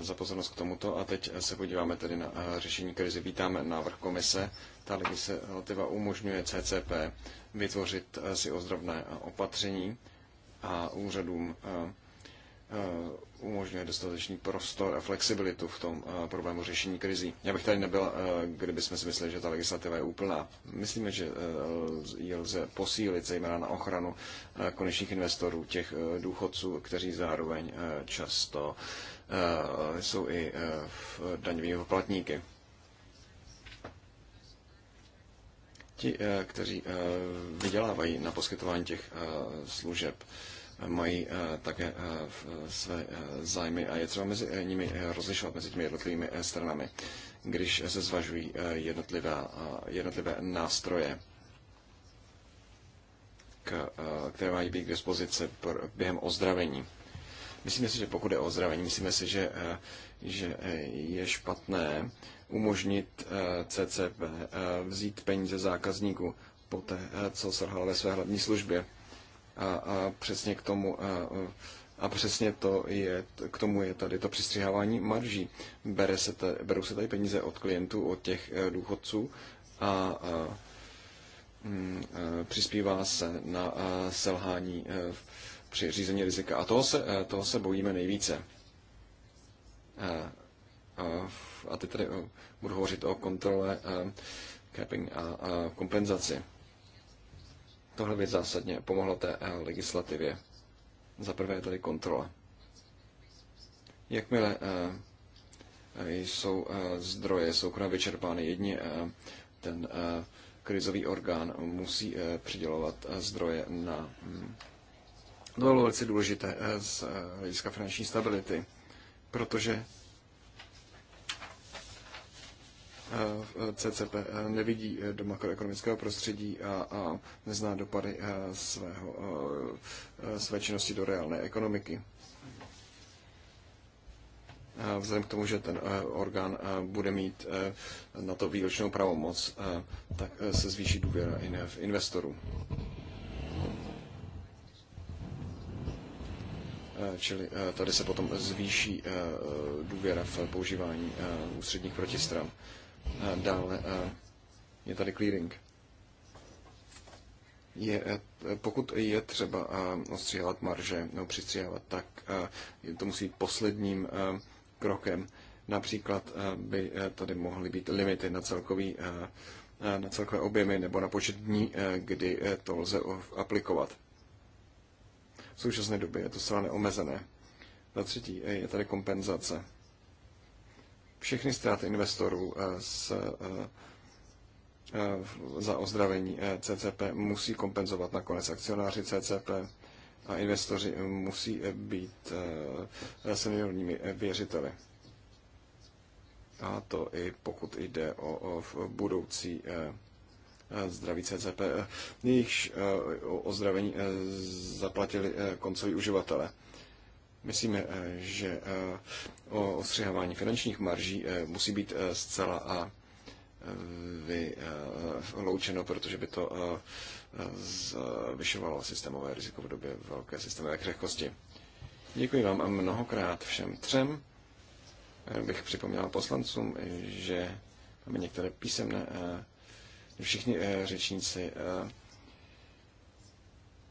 za pozornost k tomuto a teď se podíváme tedy na řešení krize. Vítáme návrh komise. Ta legislativa umožňuje CCP vytvořit si ozdravné opatření, a úřadům umožňuje dostatečný prostor a flexibilitu v tom problému řešení krizí. Já bych tady nebyl, jsme si mysleli, že ta legislativa je úplná. Myslíme, že ji lze posílit, zejména na ochranu konečných investorů, těch důchodců, kteří zároveň často jsou i daňovými poplatníky. Ti, kteří vydělávají na poskytování těch služeb mají eh, také eh, své eh, zájmy a je třeba mezi nimi rozlišovat mezi těmi jednotlivými stranami, když se zvažují jednotlivé, jednotlivé nástroje, k, které mají být k dispozici během ozdravení. Myslíme si, že pokud je o ozdravení, myslíme si, že, že je špatné umožnit CCP vzít peníze po poté, co se ve své hlavní službě a, a přesně k tomu a přesně to je, k tomu je tady to přistřihávání marží. Bere se t, berou se tady peníze od klientů, od těch e, důchodců a, a mm, e, přispívá se na e, selhání při řízení rizika. A toho se, toho se bojíme nejvíce. A teď tady budu hovořit o kontrole, capping a kompenzaci. Tohle by zásadně pomohlo té eh, legislativě. Za prvé je tady kontrola. Jakmile eh, jsou eh, zdroje soukromé vyčerpány, jedně ten krizový orgán musí přidělovat zdroje na. Hm, to bylo velice důležité z hlediska finanční stability, protože Eh, CCP eh, nevidí eh, do makroekonomického prostředí a, a nezná dopady svého, své činnosti do reálné ekonomiky. Vzhledem k tomu, že ten orgán bude mít na to výročnou pravomoc, tak se zvýší důvěra investorů. čili tady se potom zvýší důvěra v používání ústředních protistran. Dále je tady clearing. Je, e, pokud je třeba ostříhávat marže nebo přistříhávat, tak e, to musí být posledním e, krokem. Například by tady mohly být limity na celkový na celkové objemy nebo na počet dní, kdy to lze aplikovat. V současné době je to zcela neomezené. Za třetí je tady kompenzace všechny ztráty investorů z, eh, eh, eh, za ozdravení CCP musí kompenzovat nakonec akcionáři CCP a investoři musí být seniorními věřiteli. A to i pokud jde o, o budoucí zdraví CCP, jejichž ozdravení zaplatili koncoví uživatelé. Myslíme, eh, že eh, o ostřihávání finančních marží eh, musí být zcela a vyloučeno, protože by to zvyšovalo systémové riziko v době velké systémové křehkosti. Děkuji vám a mnohokrát všem třem. Bych připomněl poslancům, že máme některé písemné, všichni řečníci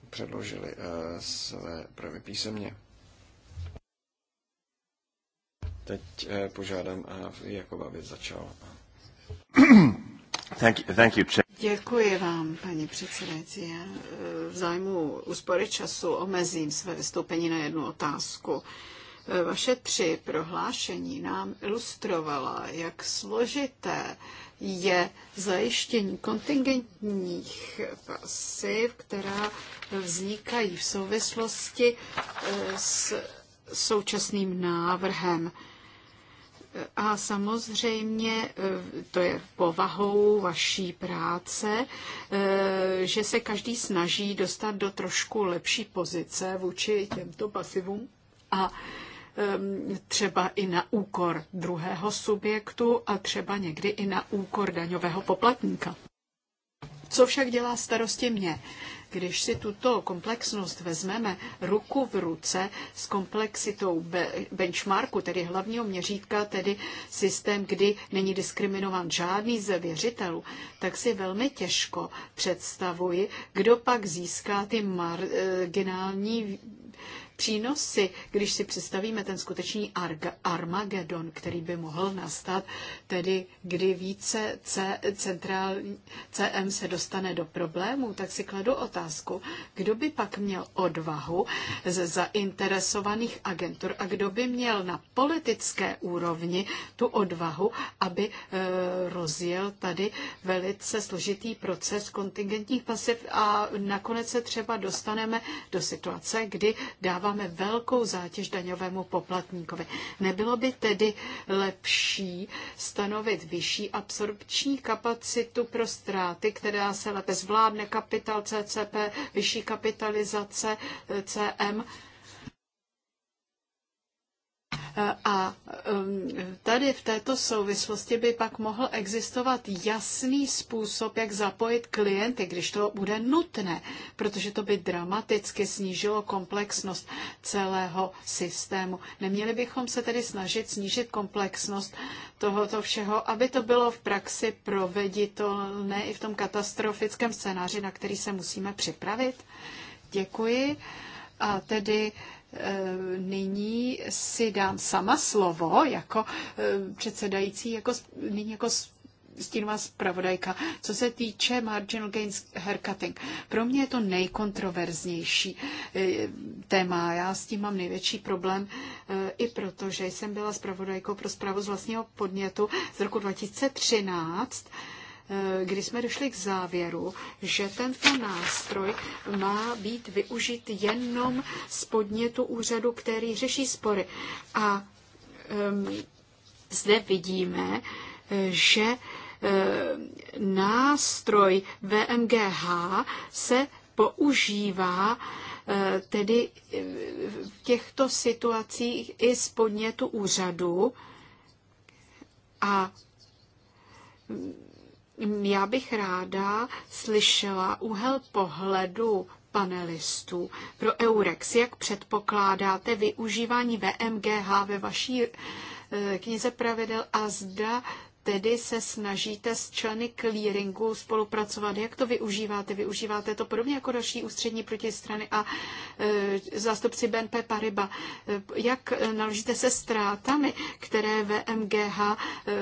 předložili své projevy písemně. Teď eh, požádám eh, Jakoba, aby začal. Thank you, thank you. Děkuji vám, paní předsedající. Já eh, v zájmu úspory času omezím své vystoupení na jednu otázku. Vaše tři prohlášení nám ilustrovala, jak složité je zajištění kontingentních pasiv, která vznikají v souvislosti s současným návrhem a samozřejmě e, to je povahou vaší práce, e, že se každý snaží dostat do trošku lepší pozice vůči těmto pasivům a třeba i na úkor druhého subjektu a třeba někdy i na úkor daňového poplatníka. Co však dělá starosti mě? Když si tuto komplexnost vezmeme ruku v ruce s komplexitou benchmarku, tedy hlavního měřítka, tedy systém, kdy není diskriminován žádný ze věřitelů, tak si velmi těžko představuji, kdo pak získá ty marginální přínosy, když si představíme ten skutečný Armagedon, který by mohl nastat, tedy kdy více C, centrál, CM se dostane do problémů, tak si kladu otázku, kdo by pak měl odvahu z zainteresovaných agentur a kdo by měl na politické úrovni tu odvahu, aby e, rozjel tady velice složitý proces kontingentních pasiv a nakonec se třeba dostaneme do situace, kdy dává dáváme velkou zátěž daňovému poplatníkovi. Nebylo by tedy lepší stanovit vyšší absorpční kapacitu pro ztráty, která se lépe zvládne kapital CCP, vyšší kapitalizace eh, CM, a um, tady v této souvislosti by pak mohl existovat jasný způsob, jak zapojit klienty, když to bude nutné, protože to by dramaticky snížilo komplexnost celého systému. Neměli bychom se tedy snažit snížit komplexnost tohoto všeho, aby to bylo v praxi proveditelné i v tom katastrofickém scénáři, na který se musíme připravit. Děkuji. A tedy Ehm, nyní si dám sama slovo jako ehm, předsedající, jako, nyní jako stínová zpravodajka. Co se týče marginal gains haircutting, pro mě je to nejkontroverznější ehm, téma. Já s tím mám největší problém i proto, že jsem byla zpravodajkou pro zprávu z vlastního podnětu z roku 2013 Eh, kdy jsme došli k závěru, že tento nástroj má být využit jenom z podnětu úřadu, který řeší spory. A um, zde vidíme, eh, že eh, nástroj VMGH se používá tedy v těchto situacích i z podnětu úřadu a já bych ráda slyšela úhel pohledu panelistů pro Eurex. Jak předpokládáte využívání VMGH ve vaší eh, knize pravidel a zda tedy se snažíte s členy clearingu spolupracovat. Jak to využíváte? Využíváte to podobně jako další ústřední protistrany a e, zástupci BNP E, Jak naložíte se ztrátami, které VMGH e,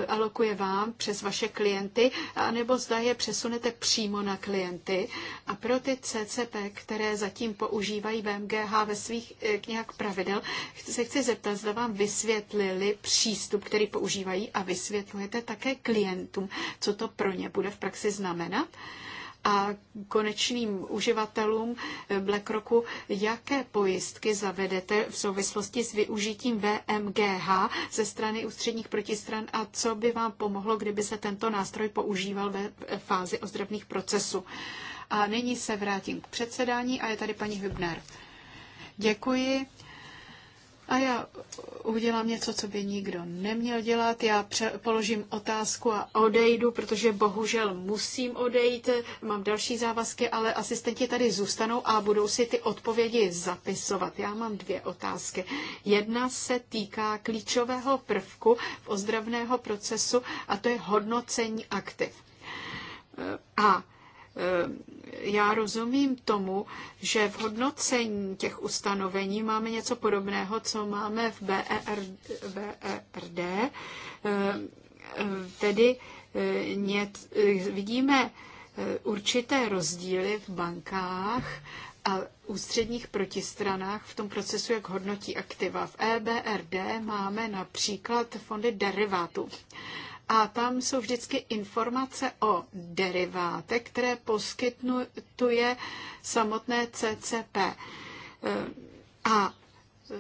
alokuje vám přes vaše klienty, anebo zda je přesunete přímo na klienty? A pro ty CCP, které zatím používají VMGH ve svých e, knihách pravidel, se chci zeptat, zda vám vysvětlili přístup, který používají a vysvětlujete také klientům, co to pro ně bude v praxi znamenat a konečným uživatelům BlackRocku, jaké pojistky zavedete v souvislosti s využitím VMGH ze strany ústředních protistran a co by vám pomohlo, kdyby se tento nástroj používal ve fázi ozdravných procesů. A nyní se vrátím k předsedání a je tady paní Hübner. Děkuji a já udělám něco, co by nikdo neměl dělat. Já pře- položím otázku a odejdu, protože bohužel musím odejít, mám další závazky, ale asistenti tady zůstanou a budou si ty odpovědi zapisovat. Já mám dvě otázky. Jedna se týká klíčového prvku v ozdravného procesu a to je hodnocení aktiv. E, a já rozumím tomu, že v hodnocení těch ustanovení máme něco podobného, co máme v BERD, e eh, tedy eh, eh, vidíme určité rozdíly v bankách a ústředních protistranách v tom procesu, jak hodnotí aktiva. V EBRD e máme například fondy derivátu a tam jsou vždycky informace o derivátech, které poskytuje samotné CCP. E, a e,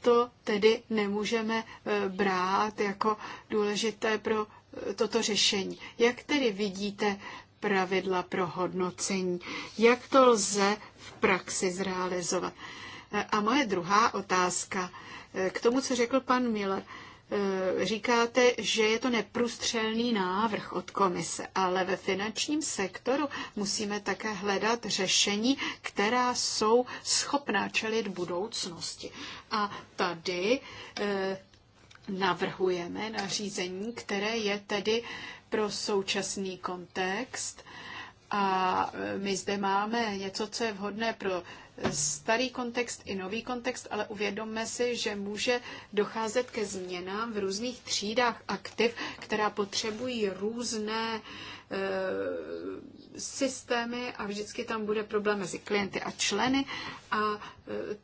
to tedy nemůžeme e, brát jako důležité pro toto řešení. Jak tedy vidíte pravidla pro hodnocení? Jak to lze v praxi zrealizovat? A moje druhá otázka k tomu, co řekl pan Miller. Eh, říkáte, že je to neprůstřelný návrh od komise, ale ve finančním sektoru musíme také hledat řešení, která jsou schopná čelit budoucnosti. A tady eh, navrhujeme nařízení, které je tedy pro současný kontext. A eh, my zde máme něco, co je vhodné pro starý kontext i nový kontext, ale uvědomme si, že může docházet ke změnám v různých třídách aktiv, která potřebují různé eh, systémy a vždycky tam bude problém mezi klienty a členy. A e,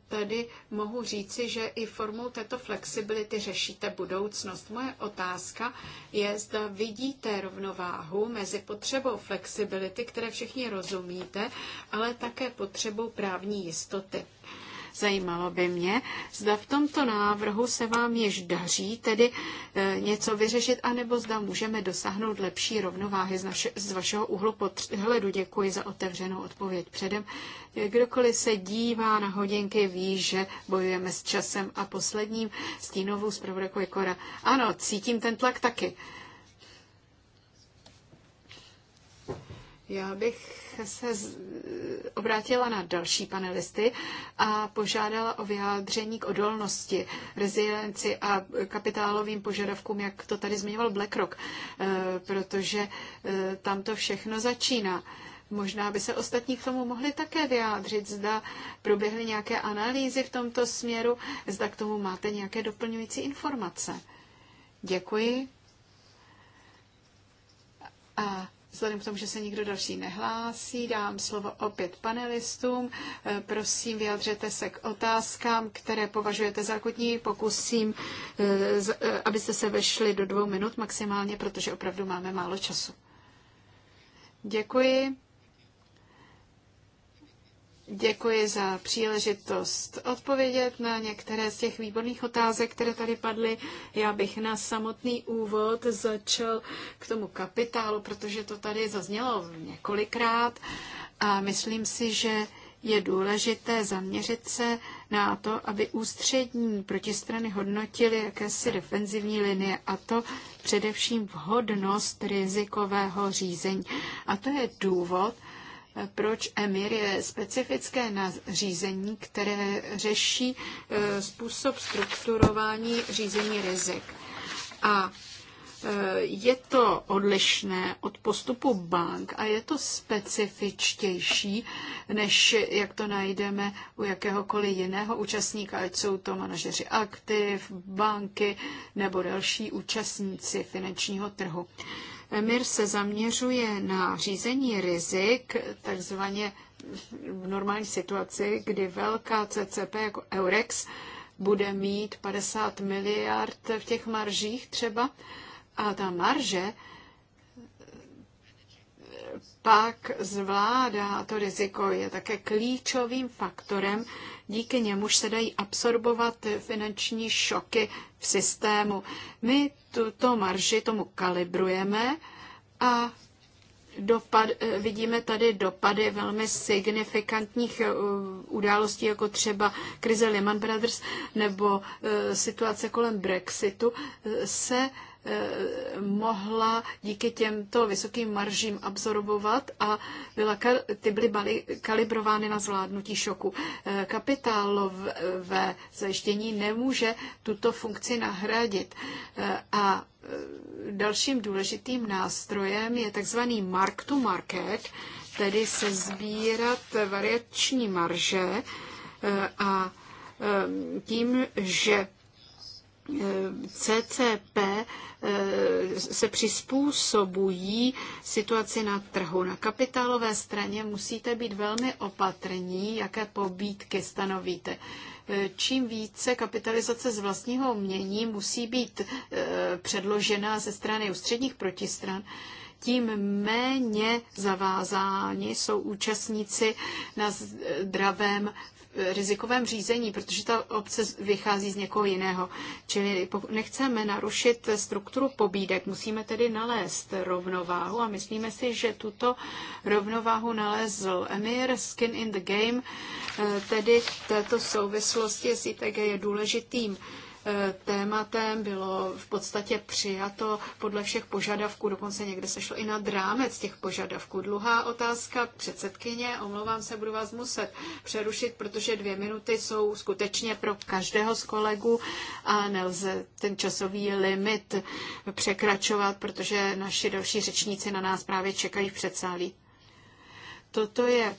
tady mohu říci, že i formou této flexibility řešíte budoucnost. Moje otázka je, zda vidíte rovnováhu mezi potřebou flexibility, které všichni rozumíte, ale také potřebou právní jistoty. Zajímalo by mě, zda v tomto návrhu se vám již daří tedy eh, něco vyřešit, anebo zda můžeme dosáhnout lepší rovnováhy z, naše, z vašeho úhlu pohledu. Děkuji za otevřenou odpověď předem. Eh, kdokoliv se dívá na hodinky, ví, že bojujeme s časem a posledním stínovou zpravodajku je Kora. Ano, cítím ten tlak taky. Já bych bych se obrátila na další panelisty a požádala o vyjádření k odolnosti, rezilienci a kapitálovým požadavkům, jak to tady zmiňoval BlackRock, e, protože e, tam to všechno začíná. Možná by se ostatní k tomu mohli také vyjádřit, zda proběhly nějaké analýzy v tomto směru, zda k tomu máte nějaké doplňující informace. Děkuji. A Vzhledem k tomu, že se nikdo další nehlásí, dám slovo opět panelistům. Eh, prosím, vyjadřete se k otázkám, které považujete za akutní. Pokusím, eh, eh, abyste se vešli do dvou minut maximálně, protože opravdu máme málo času. Děkuji. Děkuji za příležitost odpovědět na některé z těch výborných otázek, které tady padly. Já bych na samotný úvod začal k tomu kapitálu, protože to tady zaznělo několikrát a myslím si, že je důležité zaměřit se na to, aby ústřední protistrany hodnotily jakési defenzivní linie a to především vhodnost rizikového řízení. A to je důvod, proč EMIR je specifické řízení, které řeší e, způsob strukturování řízení rizik. A e, je to odlišné od postupu bank a je to specifičtější, než jak to najdeme u jakéhokoliv jiného účastníka, ať jsou to manažeři aktiv, banky nebo další účastníci finančního trhu. Emir se zaměřuje na řízení rizik, takzvaně v normální situaci, kdy velká CCP jako Eurex bude mít 50 miliard v těch maržích třeba a ta marže pak zvládá to riziko, je také klíčovým faktorem, díky němuž se dají absorbovat finanční šoky v systému. My tuto marži tomu kalibrujeme a dopad, vidíme tady dopady velmi signifikantních eh, událostí, jako třeba krize Lehman Brothers nebo eh, situace kolem Brexitu, eh, se Eh, mohla díky těmto vysokým maržím absorbovat a byla, ty byly bali, kalibrovány na zvládnutí šoku. Eh, kapitálové zajištění nemůže tuto funkci nahradit. Eh, a dalším důležitým nástrojem je takzvaný mark to market, tedy se sbírat variační marže a tím, že CCP eh, se přizpůsobují situaci na trhu. Na kapitálové straně musíte být velmi opatrní, jaké pobídky stanovíte. Eh, čím více kapitalizace z vlastního umění musí být eh, předložena ze strany ústředních protistran, tím méně zavázáni jsou účastníci na zdravém rizikovém řízení, protože ta obce vychází z někoho jiného. Čili nechceme narušit strukturu pobídek, musíme tedy nalézt rovnováhu a myslíme si, že tuto rovnováhu nalezl Emir, Skin in the Game, eh, tedy v této souvislosti s ITG je důležitým Eh, tématem, bylo v podstatě přijato podle všech požadavků, dokonce někde se šlo i nad rámec těch požadavků. Dluhá otázka předsedkyně, omlouvám se, budu vás muset přerušit, protože dvě minuty jsou skutečně pro každého z kolegů a nelze ten časový limit překračovat, protože naši další řečníci na nás právě čekají v předsálí. Toto je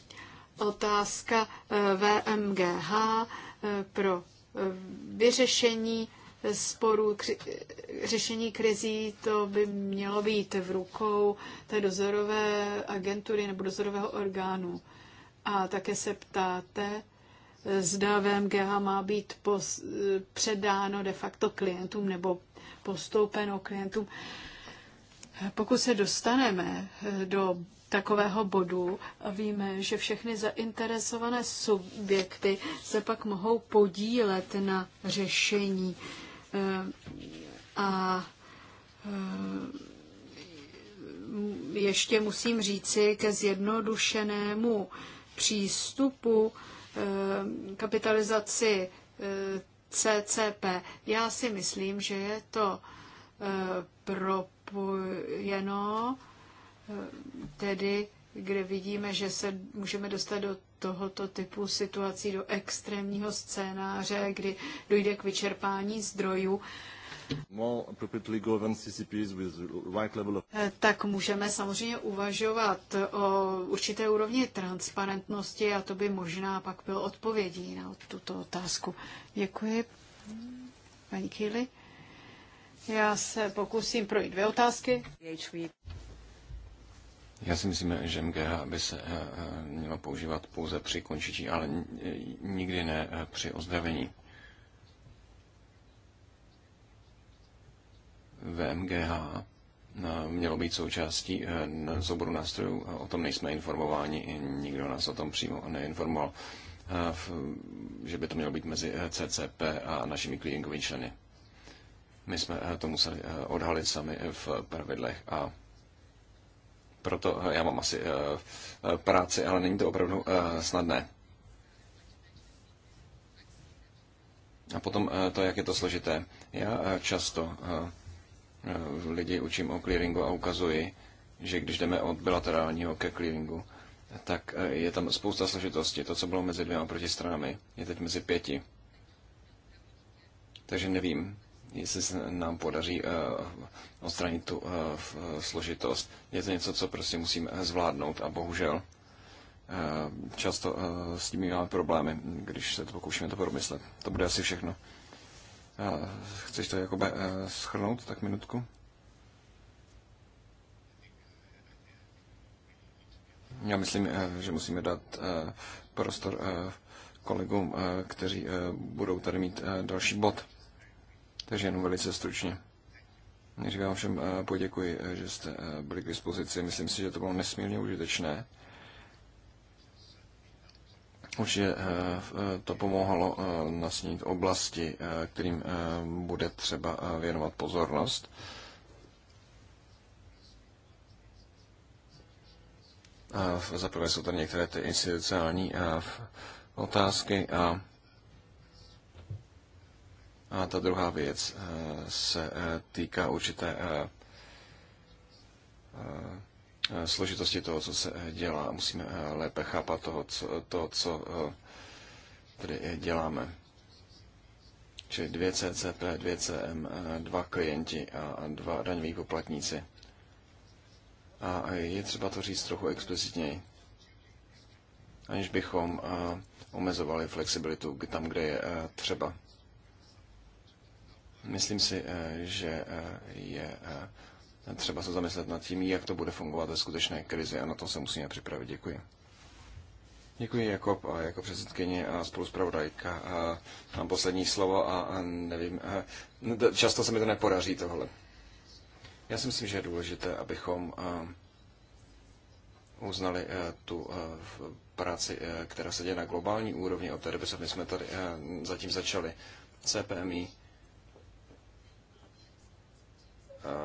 otázka VMGH eh, eh, pro vyřešení sporů, kři, řešení krizí, to by mělo být v rukou té dozorové agentury nebo dozorového orgánu. A také se ptáte, zda VMGH má být pos, předáno de facto klientům nebo postoupeno klientům. Pokud se dostaneme do takového bodu a víme, že všechny zainteresované subjekty se pak mohou podílet na řešení. Eh, a eh, ještě musím říci ke zjednodušenému přístupu eh, kapitalizaci CCP. Já si myslím, že je to propojeno tedy kde vidíme, že se můžeme dostat do tohoto typu situací, do extrémního scénáře, kdy dojde k vyčerpání zdrojů, eh, tak můžeme samozřejmě uvažovat o určité úrovni transparentnosti a to by možná pak byl odpovědí na tuto otázku. Děkuji, paní Kýli. Já se pokusím projít dvě otázky. Já si myslím, že MGH by se eh, eh, mělo používat pouze při končití, ale eh, nikdy ne při ozdravení. MGH mělo být součástí souboru nástrojů. O tom nejsme informováni, nikdo nás o tom přímo neinformoval, že by to mělo být mezi CCP a našimi klientovými členy. My jsme to museli odhalit sami v pravidlech a proto eh, já mám asi eh, eh, práci, ale není to opravdu snadné. A potom to, jak je to složité. Já často lidi učím o clearingu a ukazuji, že když jdeme od bilaterálního ke clearingu, tak je tam spousta složitostí. To, co bylo mezi dvěma protistranami, je teď mezi pěti. Takže nevím, jestli se nám podaří eh, odstranit tu eh, eh, složitost. Je to něco, co prostě musíme zvládnout a bohužel často s tím máme problémy, když se to pokoušíme to promyslet. To bude asi všechno. Chceš to jakoby schrnout, tak minutku? Já myslím, že musíme dát prostor kolegům, kteří budou tady mít další bod. Takže jenom velice stručně. Než vám všem eh, poděkuji, eh, že jste eh, byli k dispozici. Myslím si, že to bylo nesmírně užitečné. Určitě to pomohlo nasnít oblasti, kterým bude třeba věnovat pozornost. Za prvé jsou tady některé ty institucionální otázky a a ta druhá věc eh, se eh, týká určité eh, složitosti toho, co se dělá. Musíme lépe chápat toho, co, to, co tedy děláme. Čili dvě CCP, dvě CM, dva klienti a dva daňoví poplatníci. A je třeba to říct trochu explicitněji, aniž bychom omezovali flexibilitu tam, kde je třeba. Myslím si, eh, že eh, je eh, třeba se zamyslet nad tím, jak to bude fungovat ve skutečné krizi a na to se musíme připravit. Děkuji. Děkuji Jakob a jako předsedkyně a spoluzpravodajka. A mám poslední slovo a, nevím, často se mi to nepodaří tohle. Já si myslím, že je důležité, abychom uznali tu práci, která se děje na globální úrovni od té doby, co my jsme tady zatím začali. CPMI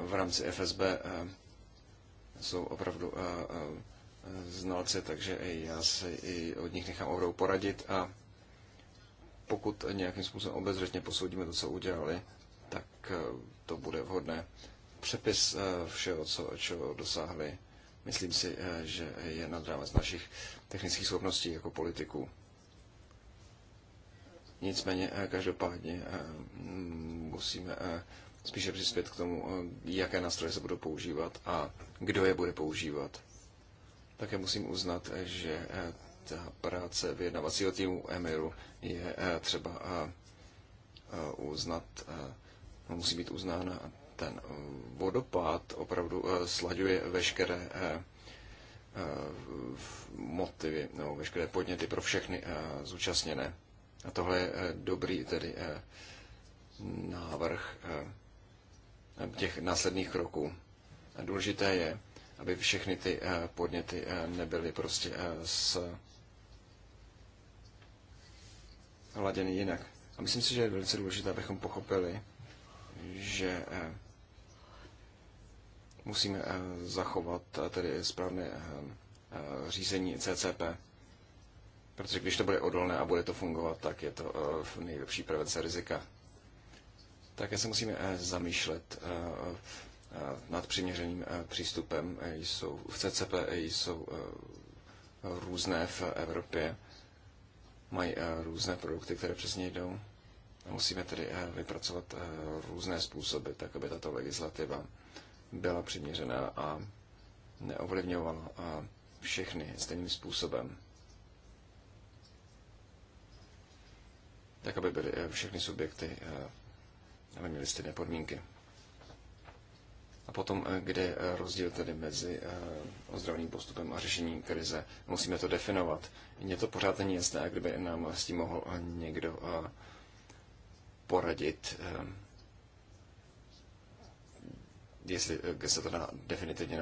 v rámci FSB eh, jsou opravdu eh, eh, znalci, takže já se i od nich nechám ohrou poradit a pokud nějakým způsobem obezřetně posoudíme to, co udělali, tak to bude vhodné. Přepis všeho, co, čeho dosáhli, myslím si, že je nad rámec našich technických schopností jako politiků. Nicméně každopádně musíme spíše přispět k tomu, eh, jaké nástroje se budou používat a kdo je bude používat. Také musím uznat, eh, že eh, ta práce vyjednavacího týmu Emiru je třeba uznat, musí být uznána. Ten vodopád opravdu slaďuje veškeré motivy nebo veškeré podněty pro všechny zúčastněné. A tohle je dobrý tedy návrh těch následných kroků. Důležité je, aby všechny ty eh, podněty eh, nebyly prostě eh, s hladěny jinak. A myslím si, že je velice důležité, abychom pochopili, že musíme zachovat tedy správné řízení CCP. Protože když to bude odolné a bude to fungovat, tak je to nejlepší prevence rizika také se musíme eh, zamýšlet eh, eh, nad přiměřeným přístupem. Jsou, v CCP jsou různé v Evropě, mají různé produkty, které přesně jdou. musíme tedy vypracovat různé způsoby, tak aby tato legislativa byla přiměřená a neovlivňovala všechny stejným způsobem. Tak, aby byly všechny subjekty aby měli stejné podmínky. A potom, eh, kde je eh, rozdíl tedy mezi eh, ozdravným postupem a řešením krize, musíme to definovat. Mně to pořád není jasné, a kdyby nám s tím mohl někdo poradit, jestli se to dá definitivně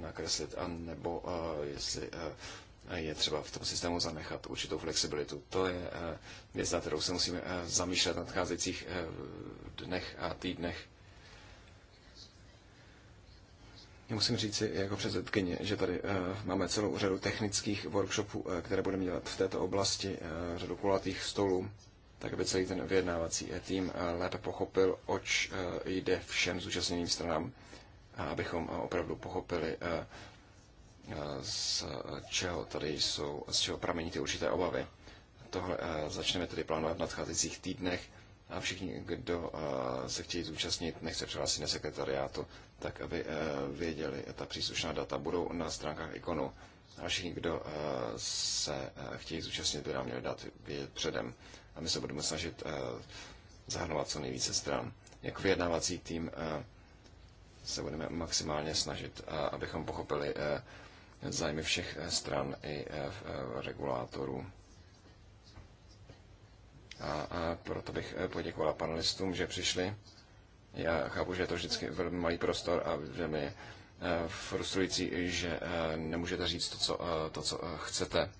nakreslit, a nebo jestli je třeba v tom systému zanechat určitou flexibilitu. To je eh, věc, na kterou se musíme eh, zamýšlet v nadcházejících eh, dnech a týdnech. Já musím říct si jako předsedkyně, že tady máme celou řadu technických workshopů, které budeme dělat v této oblasti, řadu kulatých stolů, tak aby celý ten vyjednávací tým lépe pochopil, oč jde všem zúčastněným stranám, abychom opravdu pochopili z čeho tady jsou, z čeho pramení ty určité obavy. Tohle eh, začneme tedy plánovat v nadcházejících týdnech a všichni, kdo eh, se chtějí zúčastnit, nechce přihlásit na sekretariátu, tak aby eh, věděli, ta příslušná data budou na stránkách ikonu. A všichni, kdo se chtějí zúčastnit, by nám měli dát vědět předem. A my se budeme snažit zahrnovat co nejvíce stran. Jako vyjednávací tým se budeme maximálně snažit, abychom pochopili zájmy všech eh, stran i eh, eh, regulátorů. A, proto bych poděkovala panelistům, že přišli. Já chápu, že je to vždycky velmi malý prostor a mi je frustrující, že nemůžete říct to, co, to, co chcete.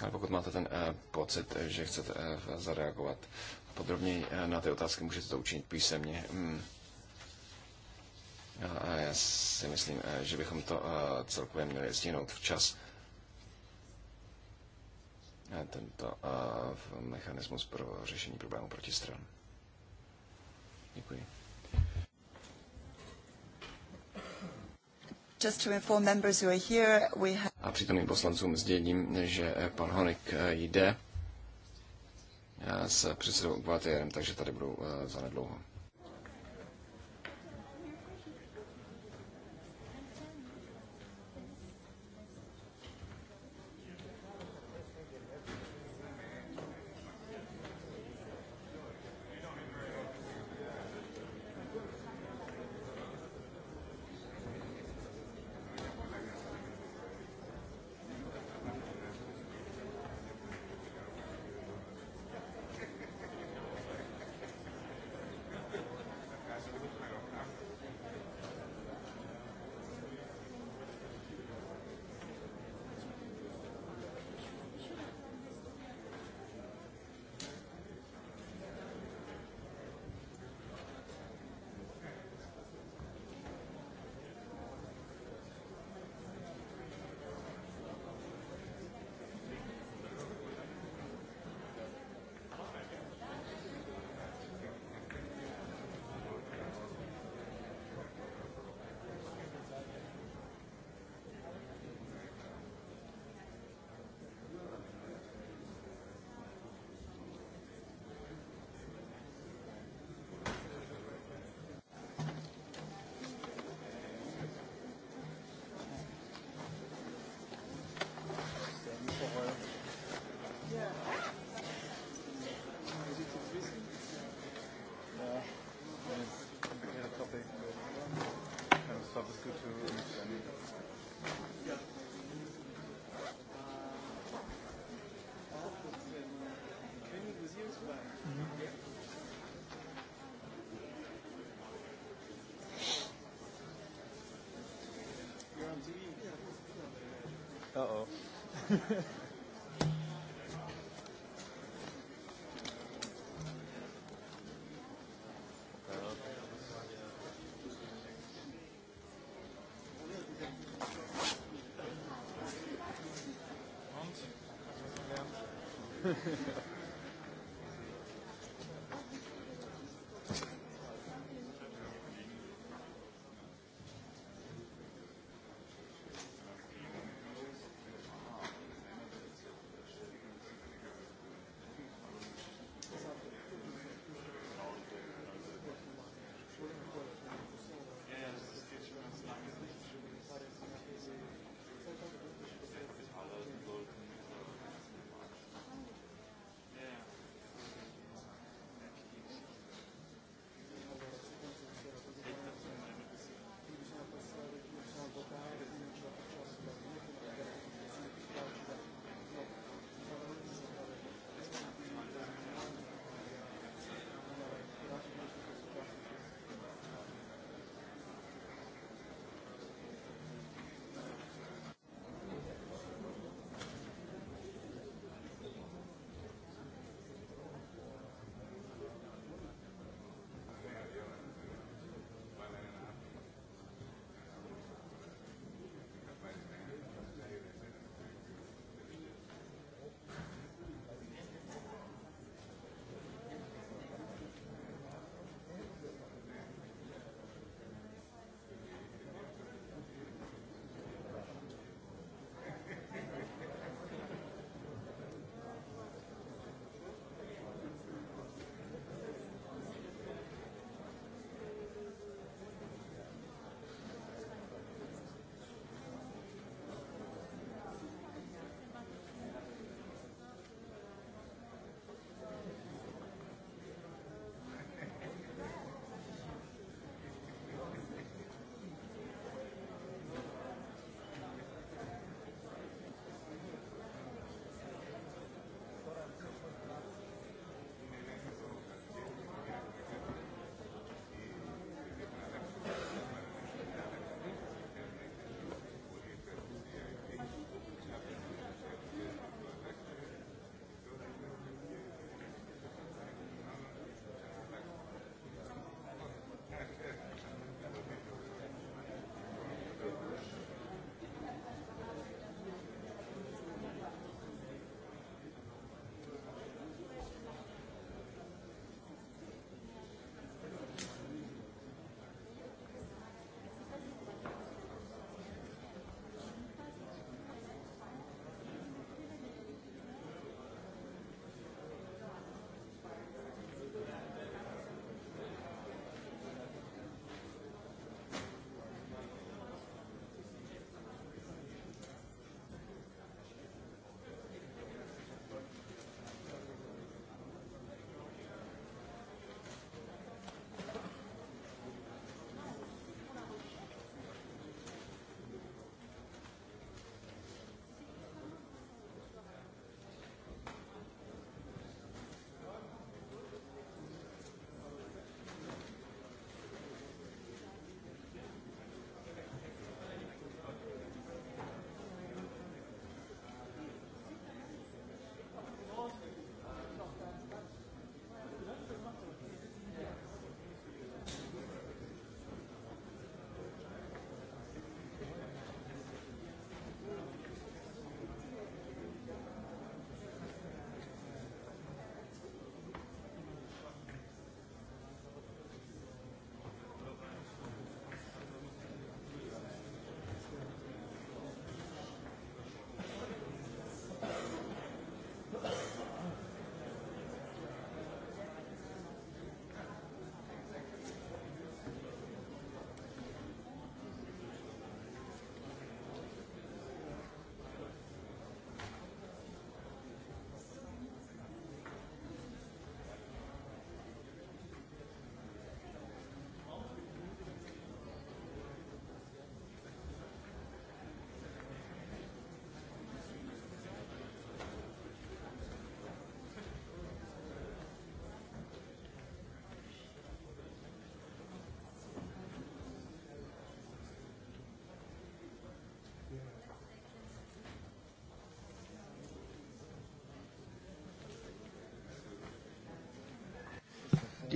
Ale pokud máte ten pocit, že chcete zareagovat podrobněji na ty otázky, můžete to učinit písemně. Hmm. A já si myslím, eh, že bychom to eh, celkově měli stihnout včas. Tento eh, mechanismus pro řešení problémů proti stran. Děkuji. A přítomným poslancům sdělím, že pan Honik jde s předsedou Guatierem, takže tady budou zanedlouho. Uh-oh.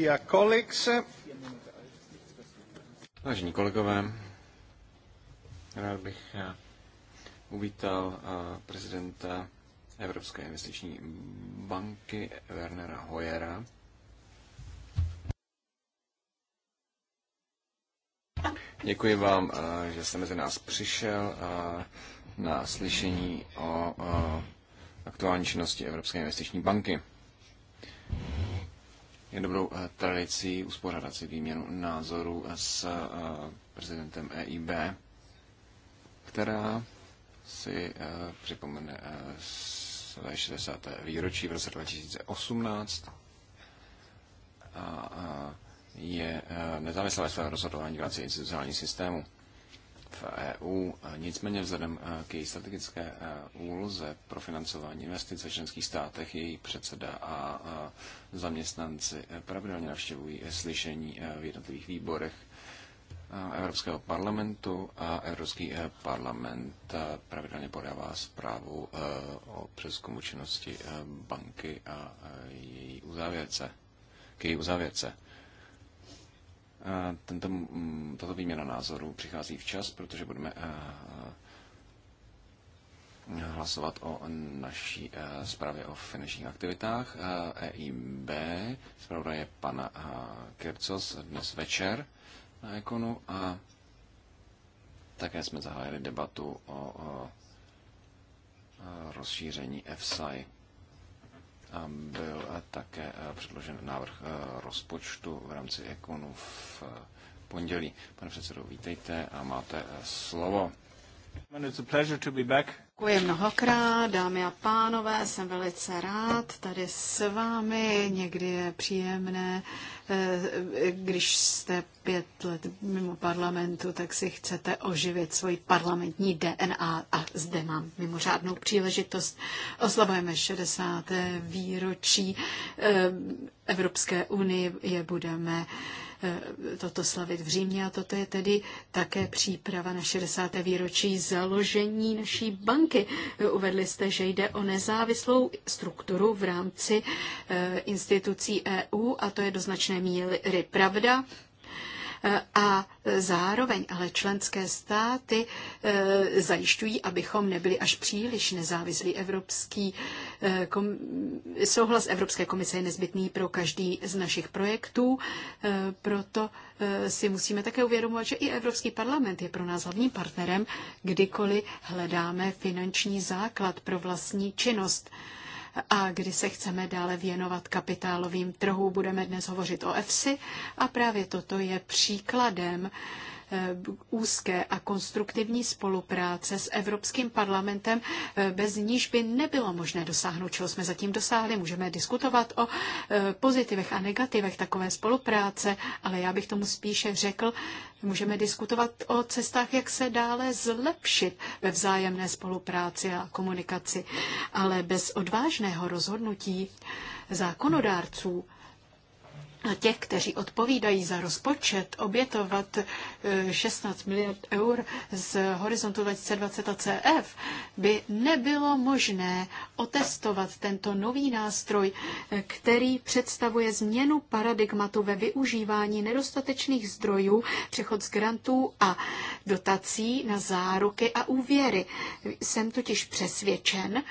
Dear colleagues. Vážení kolegové, rád bych eh, uvítal eh, prezidenta Evropské investiční banky Wernera Hoyera. Děkuji vám, eh, že jste mezi nás přišel na slyšení o aktuální činnosti Evropské investiční banky. předsedající uspořádat si výměnu názorů s eh, prezidentem EIB, která si eh, připomene eh, své 60. výročí v roce 2018 a je nezávislé své rozhodování v rámci institucionálního systému. EU. Nicméně vzhledem eh, k její strategické eh, úloze pro financování investic ve členských státech její předseda a eh, zaměstnanci pravidelně navštěvují slyšení v jednotlivých výborech Evropského parlamentu a Evropský parlament pravidelně podává zprávu o přeskumu činnosti banky a její uzávěrce, k její uzávěrce tento, tato výměna názorů přichází včas, protože budeme eh, eh, hlasovat o naší eh, zprávě o finančních aktivitách EIB. E Zpravda je pana Kircos dnes večer na Ekonu a také jsme zahájili debatu o rozšíření EFSAI a byl eh, také eh, předložen návrh eh, rozpočtu v rámci ekonu v pondělí. Pane předsedo, vítejte a máte slovo. It's a pleasure to be back. Děkuji mnohokrát, dámy a pánové, jsem velice rád tady s vámi. Někdy je příjemné, eh, když jste pět let mimo parlamentu, tak si chcete oživit svoji parlamentní DNA a zde mám mimořádnou příležitost. Oslavujeme 60. výročí eh, Evropské unie, je budeme Eh, toto slavit v Římě a toto je tedy také příprava na 60. výročí založení naší banky. Eh, uvedli jste, že jde o nezávislou strukturu v rámci eh, institucí EU a to je do značné míry pravda a zároveň ale členské státy e, zajišťují, abychom nebyli až příliš nezávislí. Evropský e, kom... souhlas Evropské komise je nezbytný pro každý z našich projektů, e, proto si musíme také uvědomovat, že i Evropský parlament je pro nás hlavním partnerem, kdykoliv hledáme finanční základ pro vlastní činnost a kdy se chceme dále věnovat kapitálovým trhům. Budeme dnes hovořit o EFSI a právě toto je příkladem Eh, úzké a konstruktivní spolupráce s Evropským parlamentem, eh, bez níž by nebylo možné dosáhnout, čeho jsme zatím dosáhli. Můžeme diskutovat o eh, pozitivech a negativech takové spolupráce, ale já bych tomu spíše řekl, můžeme diskutovat o cestách, jak se dále zlepšit ve vzájemné spolupráci a komunikaci. Ale bez odvážného rozhodnutí zákonodárců, a těch, kteří odpovídají za rozpočet, obětovat 16 eh, miliard eur z horizontu 2020 a CF, by nebylo možné otestovat tento nový nástroj, eh, který představuje změnu paradigmatu ve využívání nedostatečných zdrojů, přechod z grantů a dotací na záruky a úvěry. Jsem totiž přesvědčen,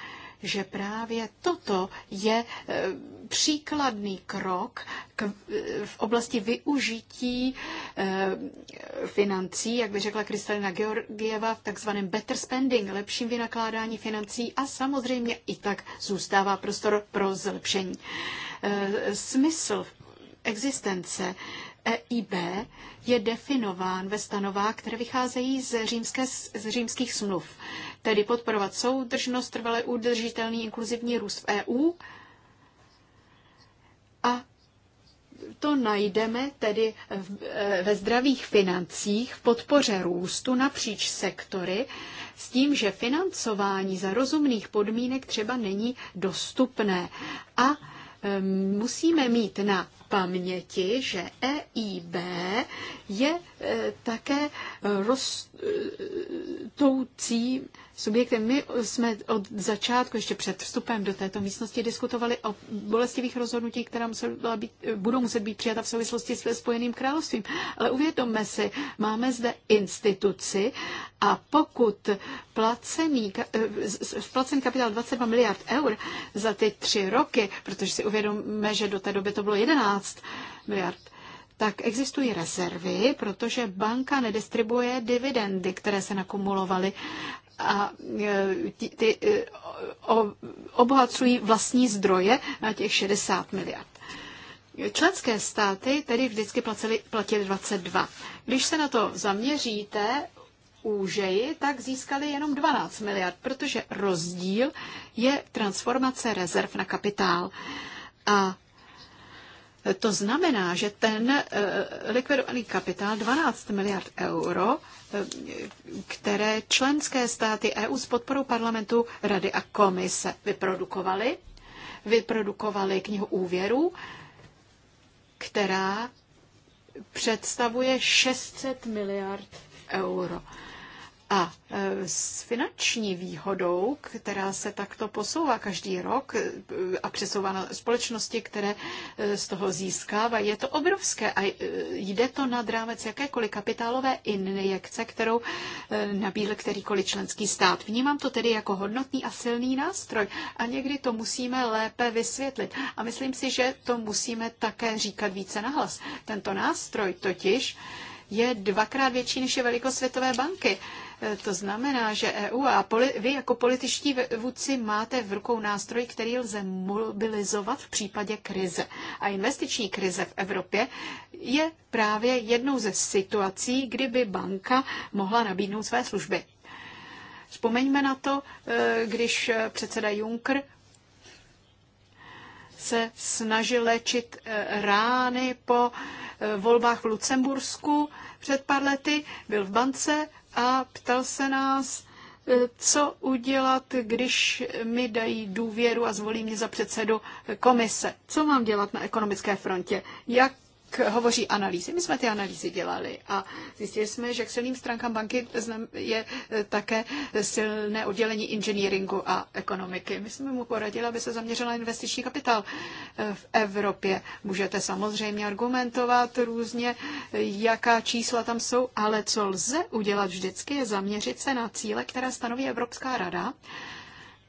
že právě toto je e, příkladný krok k, e, v oblasti využití e, financí, jak by řekla Kristalina Georgieva, v takzvaném better spending, lepším vynakládání financí a samozřejmě i tak zůstává prostor pro zlepšení. Smysl existence EIB je definován ve stanovách, které vycházejí z, římské, z římských smluv, tedy podporovat soudržnost, trvale udržitelný inkluzivní růst v EU. A to najdeme tedy v, e, ve zdravých financích, v podpoře růstu napříč sektory, s tím, že financování za rozumných podmínek třeba není dostupné. A e, musíme mít na paměti, že EIB je eh, také eh, rostoucí subjektem. My jsme od začátku, ještě před vstupem do této místnosti, diskutovali o bolestivých rozhodnutích, která musela být, budou muset být přijata v souvislosti s Spojeným královstvím. Ale uvědomme si, máme zde instituci a pokud placený, eh, placen kapitál 22 miliard eur za ty tři roky, protože si uvědomme, že do té doby to bylo 11 miliard, tak existují rezervy, protože banka nedistribuje dividendy, které se nakumulovaly a e, ty, ty e, obohacují vlastní zdroje na e, těch 60 miliard. Členské státy tedy vždycky platili, platili 22. Když se na to zaměříte úžeji, tak získali jenom 12 miliard, protože rozdíl je transformace rezerv na kapitál. A to znamená, že ten likvidovaný kapitál 12 miliard euro které členské státy EU s podporou parlamentu, rady a komise vyprodukovaly. Vyprodukovaly knihu úvěrů, která představuje 600 miliard euro. A e, s finanční výhodou, která se takto posouvá každý rok e, a přesouvá na společnosti, které e, z toho získávají, je to obrovské a jde to nad rámec jakékoliv kapitálové injekce, kterou nabídl kterýkoliv členský stát. Vnímám to tedy jako hodnotný a silný nástroj a někdy to musíme lépe vysvětlit. A myslím si, že to musíme také říkat více nahlas. Tento nástroj totiž je dvakrát větší než je velikost Světové banky to znamená, že EU a vy jako političtí vůdci máte v rukou nástroj, který lze mobilizovat v případě krize. A investiční krize v Evropě je právě jednou ze situací, kdyby banka mohla nabídnout své služby. Vzpomeňme na to, eh, když předseda Juncker se snažil léčit eh, rány po eh, volbách v Lucembursku před pár lety, byl v bance, a ptal se nás, e, co udělat, když mi dají důvěru a zvolí mě za předsedu komise. Co mám dělat na ekonomické frontě? Jak hovoří analýzy. My jsme ty analýzy dělali a zjistili jsme, že k silným stránkám banky je eh, také silné oddělení inženýringu a ekonomiky. My jsme mu poradili, aby se zaměřila investiční kapitál eh, v Evropě. Můžete samozřejmě argumentovat různě, jaká čísla tam jsou, ale co lze udělat vždycky, je zaměřit se na cíle, které stanoví Evropská rada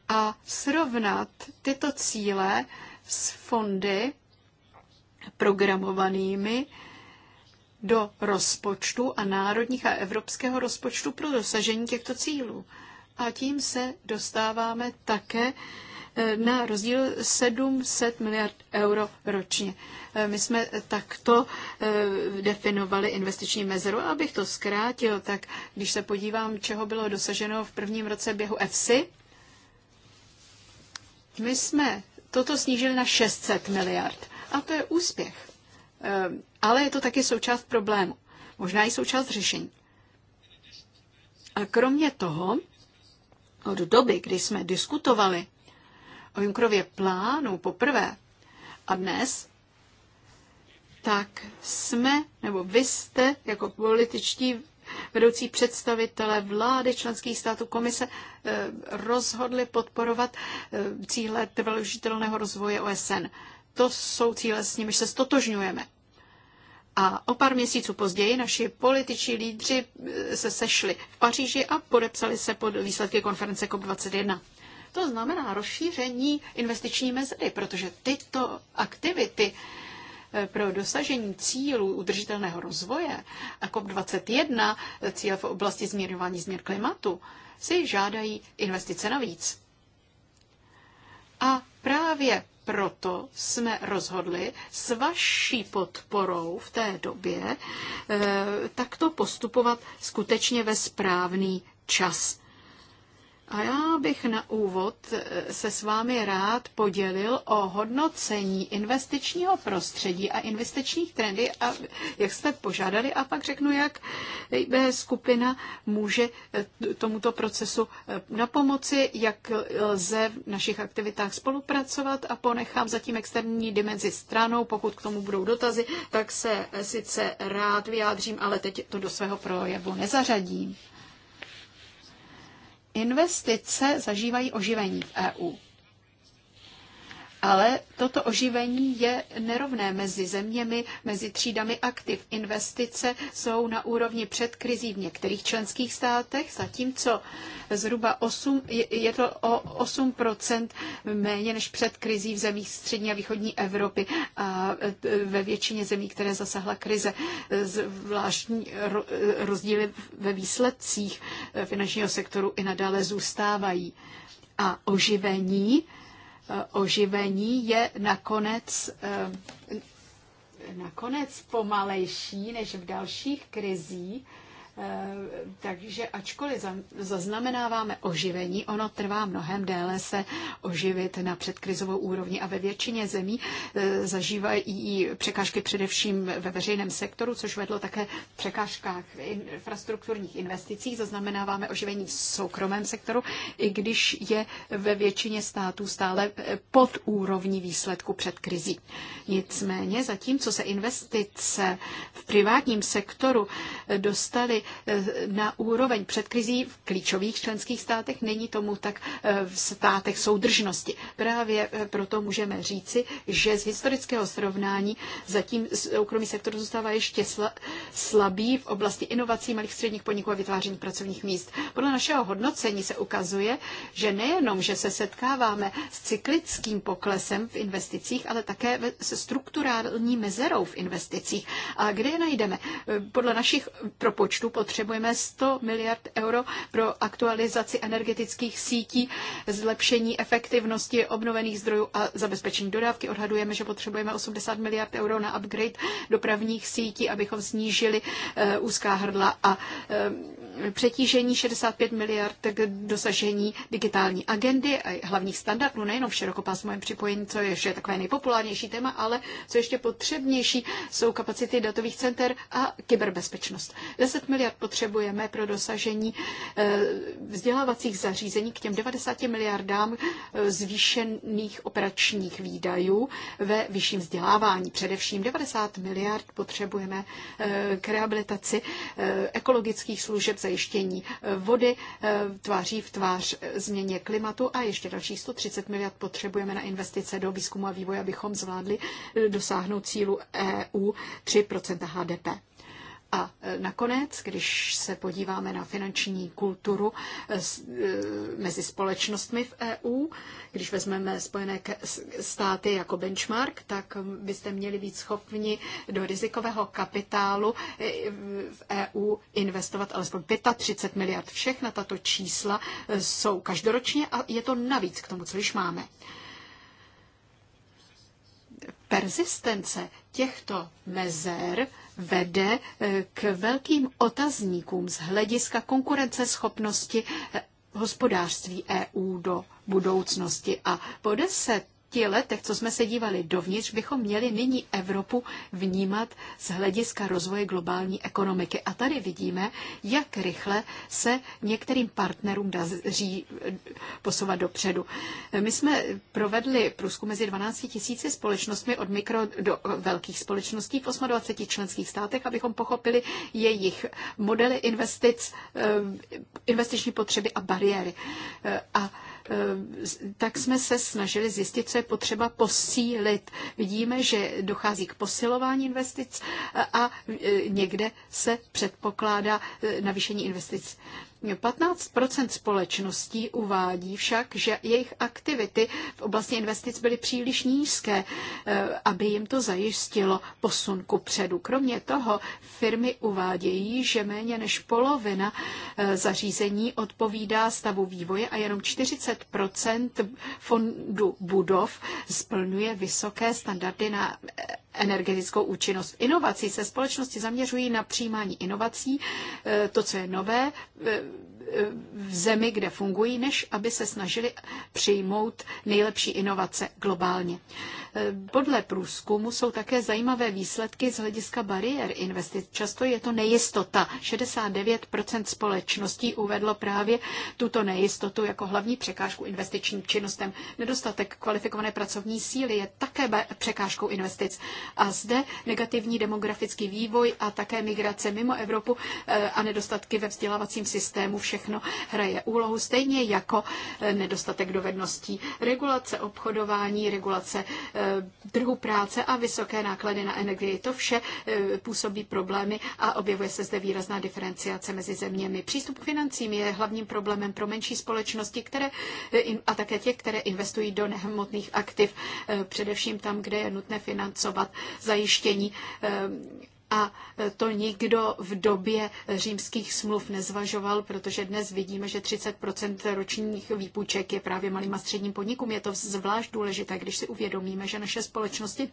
a srovnat tyto cíle s fondy, programovanými do rozpočtu a národních a evropského rozpočtu pro dosažení těchto cílů. A tím se dostáváme také eh, na rozdíl 700 miliard euro ročně. Eh, my jsme takto eh, definovali investiční mezeru. Abych to zkrátil, tak když se podívám, čeho bylo dosaženo v prvním roce běhu EFSI, my jsme toto snížili na 600 miliard. A to je úspěch. Ehm, ale je to taky součást problému. Možná i součást řešení. A kromě toho, od doby, kdy jsme diskutovali o Junkrově plánu poprvé a dnes, tak jsme, nebo vy jste jako političtí vedoucí představitelé vlády členských států komise ehm, rozhodli podporovat ehm, cíle trvalého rozvoje OSN to jsou cíle, s nimiž se stotožňujeme. A o pár měsíců později naši političní lídři eh, se sešli v Paříži a podepsali se pod výsledky konference COP21. To znamená rozšíření investiční mezery, protože tyto aktivity eh, pro dosažení cílů udržitelného rozvoje a COP21, eh, cíle v oblasti zmírňování změn klimatu, si žádají investice navíc. A právě proto jsme rozhodli s vaší podporou v té době eh, takto postupovat skutečně ve správný čas. A já bych na úvod eh, se s vámi rád podělil o hodnocení investičního prostředí a investičních trendy, a jak jste požádali, a pak řeknu, jak eh, skupina může eh, tomuto procesu na pomoci, jak lze v našich aktivitách spolupracovat a ponechám zatím externí dimenzi stranou. Pokud k tomu budou dotazy, tak se sice rád vyjádřím, ale teď to do svého projevu nezařadím. Investice zažívají oživení v EU. Ale toto oživení je nerovné mezi zeměmi, mezi třídami aktiv. Investice jsou na úrovni před krizí v některých členských státech, zatímco zhruba 8, je to o 8 méně než před krizí v zemích střední a východní Evropy a e, ve většině zemí, které zasahla krize. Zvláštní rozdíly ve výsledcích e, finančního sektoru i nadále zůstávají. A oživení Eh, oživení je nakonec, eh, nakonec pomalejší než v dalších krizích Eh, takže ačkoliv zaznamenáváme oživení, ono trvá mnohem déle se oživit na předkrizovou úrovni a ve většině zemí eh, zažívají překážky především ve veřejném sektoru, což vedlo také v překážkách v infrastrukturních investicích. Zaznamenáváme oživení v soukromém sektoru, i když je ve většině států stále eh, pod úrovní výsledku před krizí. Nicméně, zatímco se investice v privátním sektoru dostaly na úroveň před krizí v klíčových členských státech. Není tomu tak e, v státech soudržnosti. Právě e, proto můžeme říci, že z historického srovnání zatím soukromý sektor zůstává ještě slabý v oblasti inovací malých středních podniků a vytváření pracovních míst. Podle našeho hodnocení se ukazuje, že nejenom, že se setkáváme s cyklickým poklesem v investicích, ale také se strukturální mezerou v investicích. A kde je najdeme? E, podle našich propočtů potřebujeme 100 miliard euro pro aktualizaci energetických sítí, zlepšení efektivnosti obnovených zdrojů a zabezpečení dodávky. Odhadujeme, že potřebujeme 80 miliard euro na upgrade dopravních sítí, abychom snížili eh, úzká hrdla a eh, přetížení 65 miliard k dosažení digitální agendy a hlavních standardů, nejenom v širokopásmovém připojení, co je ještě takové nejpopulárnější téma, ale co ještě potřebnější jsou kapacity datových center a kyberbezpečnost. 10 miliard potřebujeme pro dosažení eh, vzdělávacích zařízení k těm 90 miliardám eh, zvýšených operačních výdajů ve vyšším vzdělávání. Především 90 miliard potřebujeme eh, k rehabilitaci ekologických služeb, zajištění eh, vody eh, tváří v tvář eh, změně klimatu a ještě dalších 130 miliard potřebujeme na investice do výzkumu a vývoje, abychom zvládli dosáhnout cílu EU 3 HDP. A e, nakonec, když se podíváme na finanční kulturu e, e, mezi společnostmi v EU, když vezmeme Spojené státy jako benchmark, tak byste měli být schopni do rizikového kapitálu v EU investovat alespoň 35 miliard. Všechna tato čísla jsou každoročně a je to navíc k tomu, co již máme persistence těchto mezer vede eh, k velkým otazníkům z hlediska konkurenceschopnosti eh, hospodářství EU do budoucnosti. A bude se pěti letech, co jsme se dívali dovnitř, bychom měli nyní Evropu vnímat z hlediska rozvoje globální ekonomiky. A tady vidíme, jak rychle se některým partnerům daří posouvat dopředu. My jsme provedli průzkum mezi 12 tisíci společnostmi od mikro do velkých společností v 28 členských státech, abychom pochopili jejich modely investic, eh, investiční potřeby a bariéry. Eh, a Eh, tak jsme se snažili zjistit, co je potřeba posílit. Vidíme, že dochází k posilování investic eh, a eh, někde se předpokládá navýšení investic. 15 společností uvádí však, že jejich aktivity v oblasti investic byly příliš nízké, eh, aby jim to zajistilo posun ku předu. Kromě toho firmy uvádějí, že méně než polovina eh, zařízení odpovídá stavu vývoje a jenom 40 fondu budov splňuje vysoké standardy na eh, energetickou účinnost. Inovací se společnosti zaměřují na přijímání inovací, eh, to, co je nové, eh, v zemi, kde fungují, než aby se snažili přijmout nejlepší inovace globálně. Podle průzkumu jsou také zajímavé výsledky z hlediska bariér investic. Často je to nejistota. 69 společností uvedlo právě tuto nejistotu jako hlavní překážku investičním činnostem. Nedostatek kvalifikované pracovní síly je také překážkou investic. A zde negativní demografický vývoj a také migrace mimo Evropu eh, a nedostatky ve vzdělávacím systému všech všechno hraje úlohu, stejně jako eh, nedostatek dovedností. Regulace obchodování, regulace eh, trhu práce a vysoké náklady na energii. To vše eh, působí problémy a objevuje se zde výrazná diferenciace mezi zeměmi. Přístup k financím je hlavním problémem pro menší společnosti které, a také těch, které investují do nehmotných aktiv, především tam, kde je nutné financovat zajištění a e, to nikdo v době římských smluv nezvažoval, protože dnes vidíme, že 30 ročních výpůjček je právě malým a středním podnikům. Je to zvlášť důležité, když si uvědomíme, že naše společnosti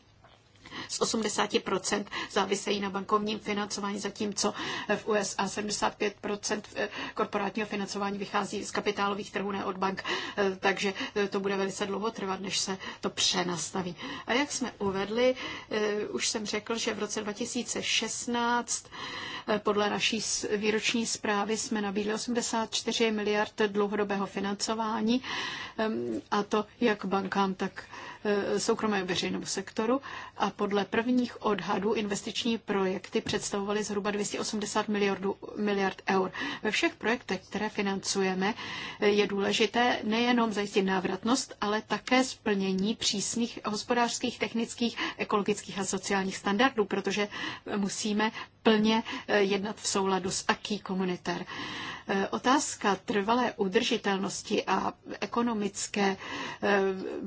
z 80% závisejí na bankovním financování, zatímco v USA 75% eh, korporátního financování vychází z kapitálových trhů, ne od bank, eh, takže eh, to bude velice dlouho trvat, než se to přenastaví. A jak jsme uvedli, už jsem řekl, že v roce 2016 podle naší výroční zprávy jsme nabídli 84 miliard dlouhodobého financování a to jak bankám, tak e, soukromému veřejnému sektoru a podle prvních odhadů investiční projekty představovaly zhruba 280 miliardů, miliard eur. Ve všech projektech, které financujeme, e, je důležité nejenom zajistit návratnost, ale také splnění přísných hospodářských, technických, ekologických a sociálních standardů, protože musíme plně e, jednat v souladu s aký komunitér. Eh, otázka trvalé udržitelnosti a ekonomické eh,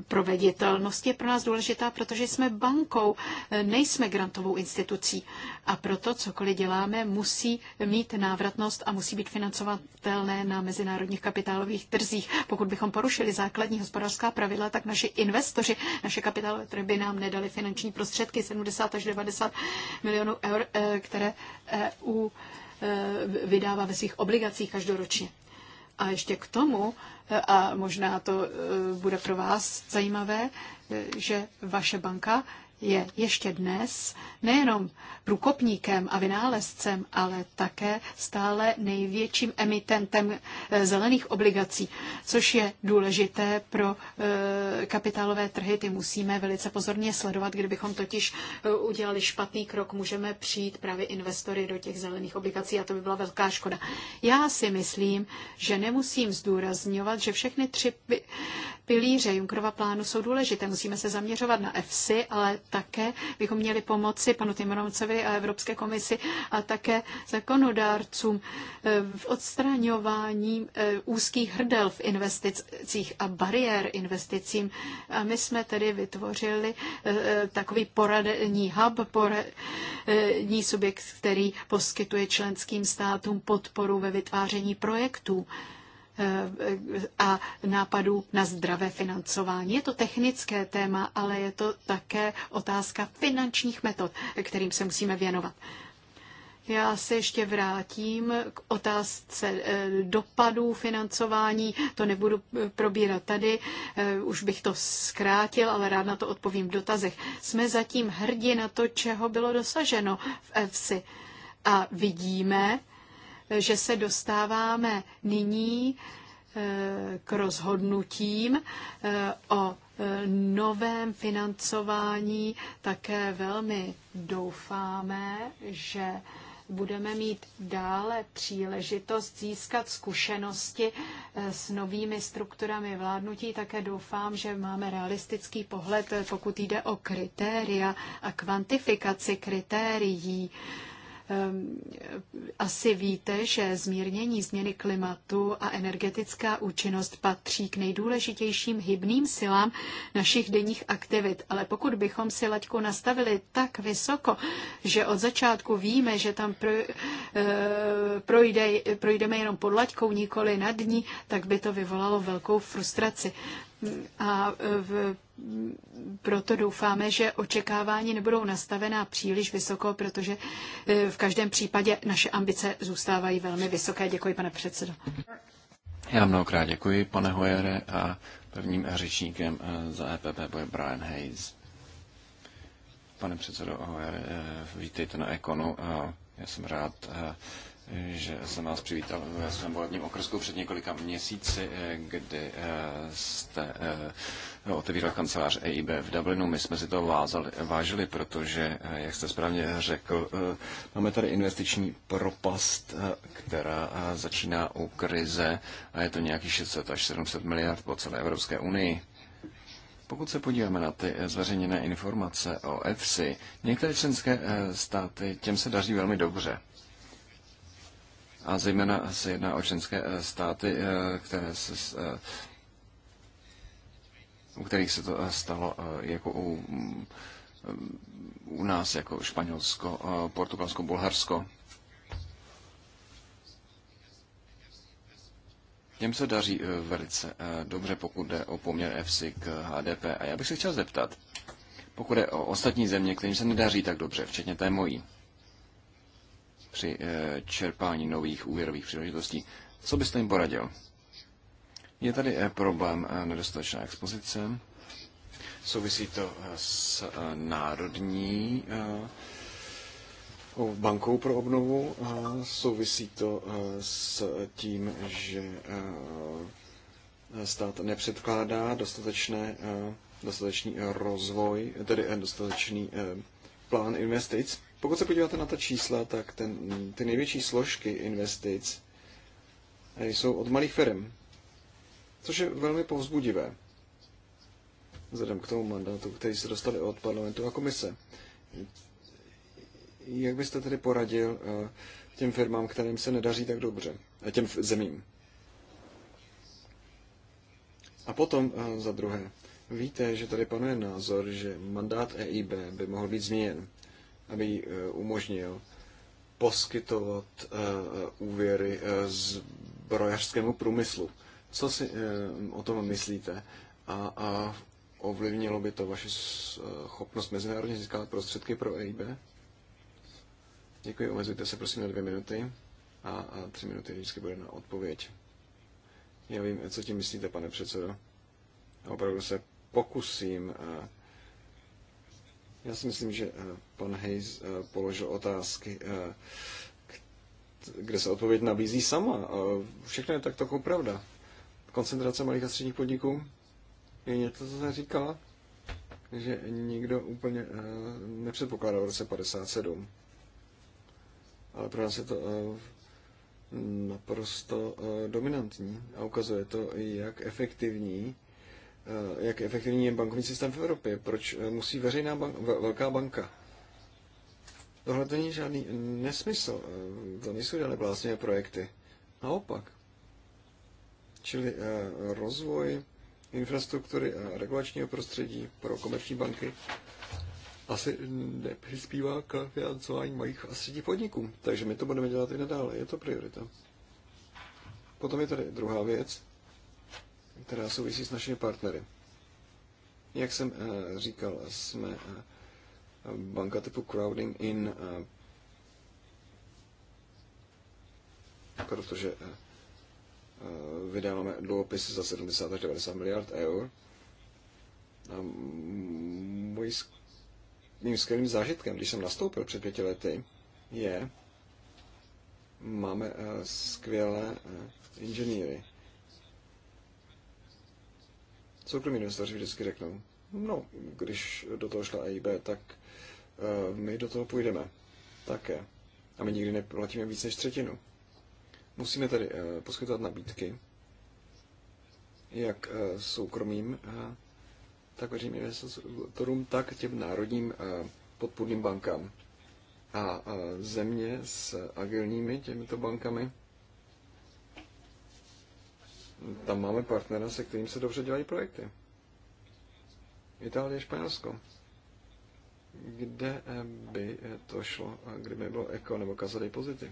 proveditelnosti je pro nás důležitá, protože jsme bankou, eh, nejsme grantovou institucí. A proto cokoliv děláme, musí mít návratnost a musí být financovatelné na mezinárodních kapitálových trzích. Pokud bychom porušili základní hospodářská pravidla, tak naši investoři, naše kapitálové trhy by nám nedali finanční prostředky 70 až 90 milionů eur, které EU Eh, vydává ve svých obligacích každoročně. A ještě k tomu, eh, a možná to eh, bude pro vás zajímavé, že vaše banka je ještě dnes nejenom průkopníkem a vynálezcem, ale také stále největším emitentem eh, zelených obligací, což je důležité pro eh, kapitálové trhy. Ty musíme velice pozorně sledovat. Kdybychom totiž eh, udělali špatný krok, můžeme přijít právě investory do těch zelených obligací a to by byla velká škoda. Já si myslím, že nemusím zdůrazňovat, že všechny tři pilíře Junkrova plánu jsou důležité. Musíme se zaměřovat na EFSI, ale také bychom měli pomoci panu Timonovcovi a Evropské komisi a také zakonodárcům eh, v odstraňování eh, úzkých hrdel v investicích a bariér investicím. A my jsme tedy vytvořili eh, takový poradní hub, poradní subjekt, který poskytuje členským státům podporu ve vytváření projektů a nápadů na zdravé financování. Je to technické téma, ale je to také otázka finančních metod, kterým se musíme věnovat. Já se ještě vrátím k otázce eh, dopadů financování. To nebudu eh, probírat tady, eh, už bych to zkrátil, ale rád na to odpovím v dotazech. Jsme zatím hrdi na to, čeho bylo dosaženo v EFSI. A vidíme, že se dostáváme nyní eh, k rozhodnutím eh, o eh, novém financování. Také velmi doufáme, že budeme mít dále příležitost získat zkušenosti s novými strukturami vládnutí. Také doufám, že máme realistický pohled, pokud jde o kritéria a kvantifikaci kritérií Ehm, asi víte, že zmírnění změny klimatu a energetická účinnost patří k nejdůležitějším hybným silám našich denních aktivit. Ale pokud bychom si laťku nastavili tak vysoko, že od začátku víme, že tam eh, projde, projdeme jenom pod laťkou, nikoli nad ní, tak by to vyvolalo velkou frustraci. A v proto doufáme, že očekávání nebudou nastavená příliš vysoko, protože e, v každém případě naše ambice zůstávají velmi vysoké. Děkuji, pane předsedo. Já mnohokrát děkuji, pane Hojere, a prvním řečníkem e, za EPP bude Brian Hayes. Pane předsedo Hojere, e, vítejte na Ekonu. Já jsem rád, že jsem vás přivítal ve svém volebním okrsku před několika měsíci, kdy eh, jste eh, otevíral kancelář EIB v Dublinu. My jsme si to vázali, vážili, protože, eh, jak jste správně řekl, máme tady investiční propast, která začíná u krize a je to nějakých 600 až 700 miliard po celé Evropské unii. Pokud se podíváme na ty zveřejněné informace o EFSI, některé členské státy, těm se daří velmi dobře a zejména se jedná o členské eh, státy, eh, které se, eh, u kterých se to stalo jako u, mm, u nás, jako Španělsko, Portugalsko, Bulharsko. Těm se daří velice dobře, pokud jde o poměr EFSI k HDP. A já bych se chtěl zeptat, pokud je o ostatní země, kterým se nedaří tak dobře, včetně té mojí při eh, čerpání nových úvěrových příležitostí. Co byste jim poradil? Je tady eh, problém eh, nedostatečná expozice. Souvisí to s národní bankou pro obnovu a souvisí to s tím, že stát nepředkládá dostatečné, dostatečný rozvoj, tedy dostatečný plán investic. Pokud se podíváte na ta čísla, tak ten, ty největší složky investic eh, jsou od malých firm, což je velmi povzbudivé vzhledem k tomu mandátu, který se dostali od parlamentu a komise. Jak byste tedy poradil eh, těm firmám, kterým se nedaří tak dobře, a těm zemím? A potom eh, za druhé, víte, že tady panuje názor, že mandát EIB by mohl být změněn aby jí eh, umožnil poskytovat eh, úvěry eh, zbrojařskému průmyslu. Co si o tom myslíte? A, a ovlivnilo by to vaši schopnost mezinárodně získat prostředky pro EIB? Děkuji, omezujte se prosím na dvě minuty a, a tři minuty vždycky bude na odpověď. Já vím, co tím myslíte, pane předsedo. opravdu se pokusím já si myslím, že eh, pan Hayes eh, položil otázky, eh, kde se odpověď nabízí sama. Všechno je tak takovou pravda. Koncentrace malých a středních podniků je něco, co jsem říkala, že nikdo úplně nepředpokládal v roce 57. Ale pro nás je to naprosto dominantní a ukazuje to, jak efektivní Eh, jak efektivní je bankovní systém v Evropě. Proč eh, musí veřejná bank, velká banka? Tohle to není žádný nesmysl. Eh, to nejsou žádné vlastně projekty. Naopak. Čili rozvoj infrastruktury a regulačního prostředí pro komerční banky asi nepřispívá k financování malých a středních podniků. Takže my to budeme dělat i nadále. Je to priorita. Potom je tady druhá věc, která souvisí s našimi partnery. Jak jsem eh, říkal, jsme eh, banka typu crowding in, eh, protože vydáváme dluhopisy za 70 až 90 miliard eur. A můj, mým skvělým zážitkem, když jsem nastoupil před pěti lety, je, máme skvělé inženýry, Soukromí investoři vždycky řeknou, no, když do toho šla EIB, tak uh, my do toho půjdeme také. A my nikdy neplatíme víc než třetinu. Musíme tedy uh, poskytovat nabídky, jak uh, soukromým, uh, tak veřejným investorům, tak těm národním uh, podpůrným bankám. A uh, země s agilními těmito bankami tam máme partnera, se kterým se dobře dělají projekty. Itálie, Španělsko. Kde eh, by eh, to šlo, kdyby bylo eko nebo kazadej pozity?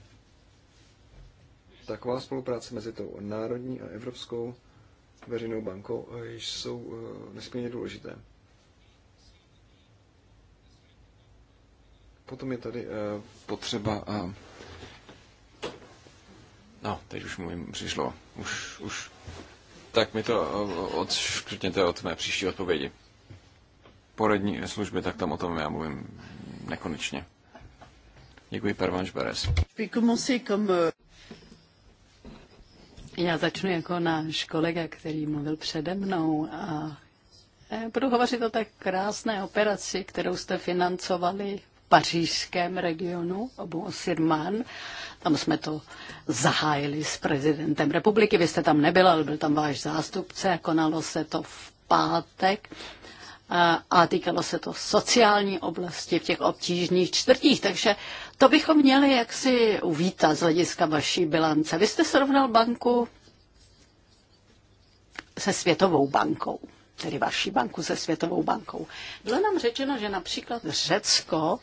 Taková spolupráce mezi tou národní a evropskou veřejnou bankou eh, jsou nesmírně důležité. Potom je tady potřeba No, teď už mu přišlo. Už, už. Tak mi to eh, odškrtněte od mé příští odpovědi. Poradní služby, tak tam o tom já mluvím nekonečně. Děkuji, Pervanš Beres. Eh, já začnu jako náš kolega, který mluvil přede mnou a eh, budu hovořit o tak krásné operaci, kterou jste financovali pařížském regionu, Abu Sirman. Tam jsme to zahájili s prezidentem republiky. Vy jste tam nebyl, ale byl tam váš zástupce. Konalo se to v pátek a týkalo se to sociální oblasti v těch obtížných čtvrtích, takže to bychom měli jaksi uvítat z hlediska vaší bilance. Vy jste srovnal banku se Světovou bankou, tedy vaší banku se Světovou bankou. Bylo nám řečeno, že například Řecko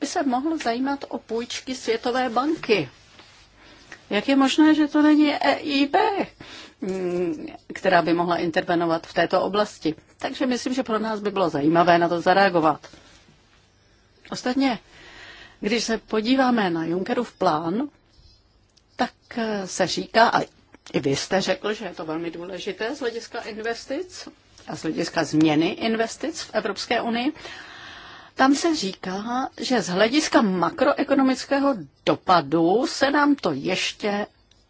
by se mohl zajímat o půjčky Světové banky. Jak je možné, že to není EIB, mm, která by mohla intervenovat v této oblasti? Takže myslím, že pro nás by bylo zajímavé na to zareagovat. Ostatně, když se podíváme na Junckerův plán, tak eh, se říká, a i vy jste řekl, že je to velmi důležité z hlediska investic a z hlediska změny investic v Evropské unii, tam se říká, že z hlediska makroekonomického dopadu se nám to ještě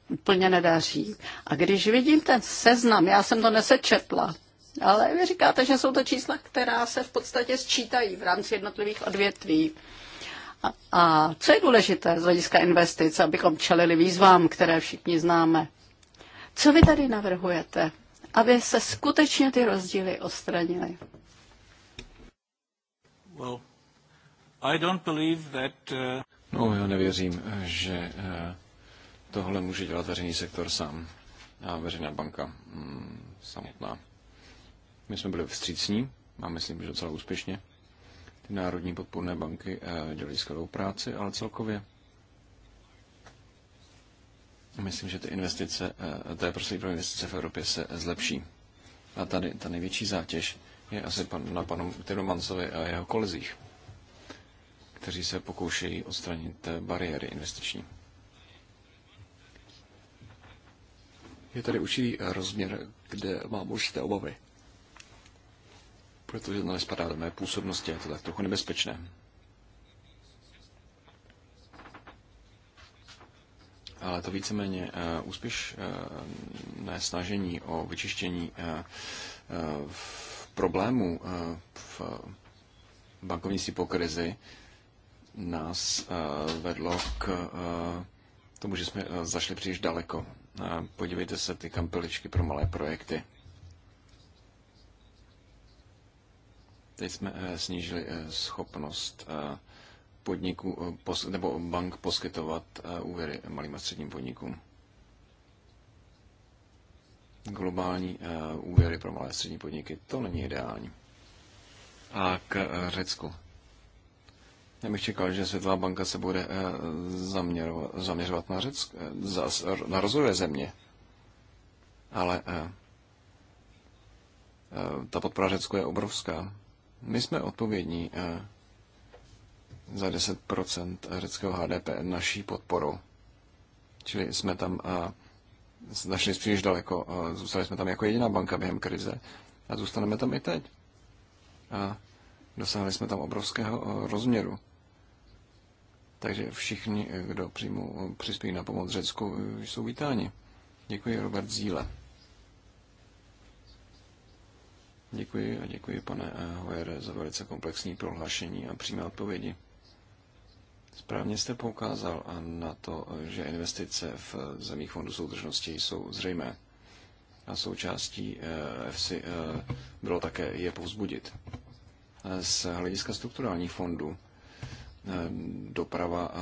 úplně nedaří. A když vidím ten seznam, já jsem to nesečetla, ale vy říkáte, že jsou to čísla, která se v podstatě sčítají v rámci jednotlivých odvětví. A, a co je důležité z hlediska investic, abychom čelili výzvám, které všichni známe? Co vy tady navrhujete, aby se skutečně ty rozdíly odstranily? Uh, no, já nevěřím, že uh, tohle může dělat veřejný sektor sám a veřejná banka mm, samotná. My jsme byli vstřícní a myslím, že docela úspěšně. Ty národní podpůrné banky uh, dělají skvělou práci, ale celkově myslím, že ty investice, to je prostě pro investice v Evropě se zlepší. A tady ta největší zátěž je asi pan, na panu Tyromancovi a jeho kolezích, kteří se pokoušejí odstranit eh, bariéry investiční. Je tady určitý eh, rozměr, kde mám určité obavy, protože to nespadá do mé působnosti, je to tak trochu nebezpečné. ale to víceméně eh, úspěšné snažení o vyčištění v problémů eh, v bankovnictví po krizi nás eh, vedlo k eh, tomu, že jsme zašli příliš daleko. Podívejte se ty kampeličky pro malé projekty. Teď jsme snížili schopnost podniků, nebo bank poskytovat úvěry malým a středním podnikům globální eh, úvěry pro malé střední podniky. To není ideální. A k eh, Řecku. Já bych čekal, že Světová banka se bude eh, zaměřovat na, Řeck, na rozvojové země. Ale ta podpora Řecku je obrovská. My jsme odpovědní za 10% řeckého HDP naší podporu. Čili jsme tam zašli příliš daleko. Zůstali jsme tam jako jediná banka během krize a zůstaneme tam i teď. A dosáhli jsme tam obrovského eh, rozměru. Takže všichni, eh, kdo přijmou, eh, přispějí na pomoc Řecku, jsou vítáni. Děkuji, Robert Zíle. Děkuji a děkuji, pane Hojer, za velice komplexní prohlášení a přímé odpovědi. Správně jste poukázal na to, že investice v zemích fondu soudržnosti jsou zřejmé a součástí EFSI eh, eh, bylo také je povzbudit. Eh, z hlediska strukturálních fondů doprava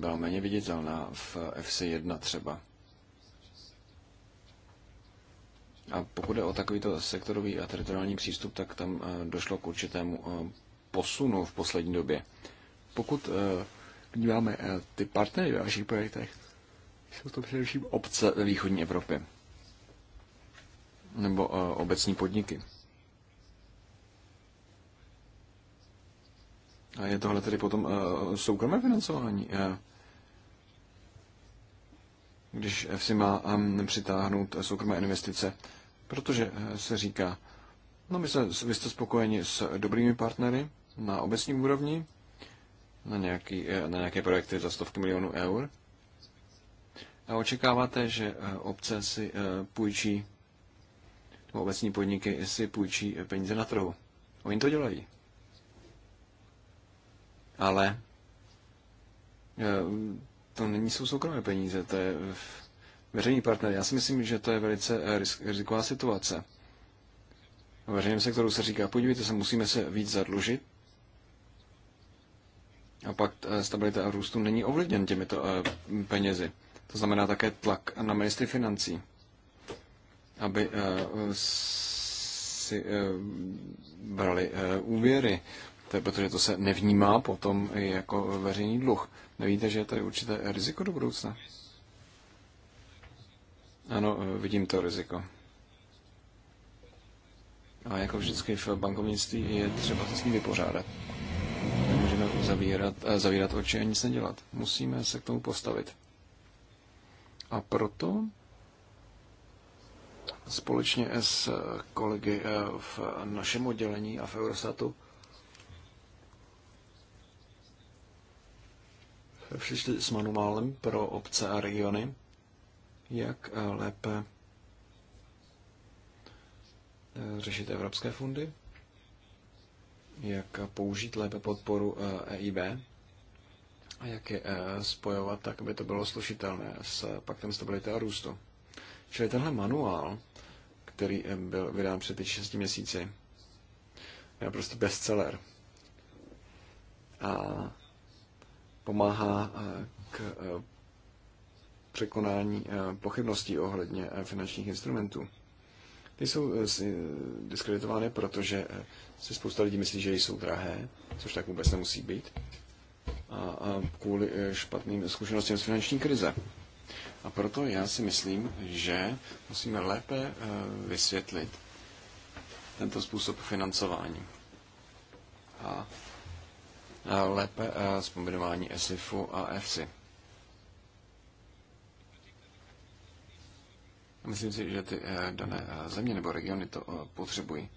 byla méně viditelná v EFSI 1 třeba. A pokud je o takovýto sektorový a teritoriální přístup, tak tam došlo k určitému posunu v poslední době. Pokud vnímáme eh, ty partnery ve vašich projektech, jsou to především obce ve východní Evropě nebo eh, obecní podniky. A je tohle tedy potom eh, soukromé financování? když si má ehm, přitáhnout soukromé investice, protože se říká, no my se, vy jste spokojeni s dobrými partnery na obecní úrovni, na, nějaký, eh, na nějaké projekty za stovky milionů eur. A očekáváte, že eh, obce si eh, půjčí, nebo obecní podniky si půjčí peníze na trhu. Oni to dělají. Ale to není jsou soukromé peníze, to je veřejný partner. Já si myslím, že to je velice riziková situace. V veřejném sektoru se říká, podívejte se, musíme se víc zadlužit, a pak eh, stabilita a růstu není ovlivněn těmito eh, penězi. To znamená také tlak na ministry financí, aby eh, si brali úvěry, to je protože to se nevnímá potom jako veřejný dluh. Nevíte, že je tady určité riziko do budoucna? Ano, vidím to riziko. A jako vždycky v bankovnictví je třeba se s ním vypořádat zavírat, eh, zavírat oči a nic nedělat. Musíme se k tomu postavit. A proto společně s kolegy eh, v našem oddělení a v Eurostatu přišli s manuálem pro obce a regiony, jak eh, lépe řešit evropské fondy jak použít lépe podporu EIB eh, e a jak je eh, spojovat tak, aby to bylo slušitelné s paktem stability a růstu. Čili tenhle manuál, který eh, byl vydán před 6 měsíci, je prostě bestseller. A pomáhá k překonání pochybností ohledně finančních instrumentů. Ty jsou diskreditovány, protože si spousta lidí myslí, že jsou drahé, což tak vůbec nemusí být. A, a kvůli eh, špatným zkušenostem z finanční krize. A proto já si myslím, že musíme lépe eh, vysvětlit tento způsob financování. A lépe eh, zkombinování ESIFu a EFSI. Myslím si, že ty dané země nebo regiony to potřebují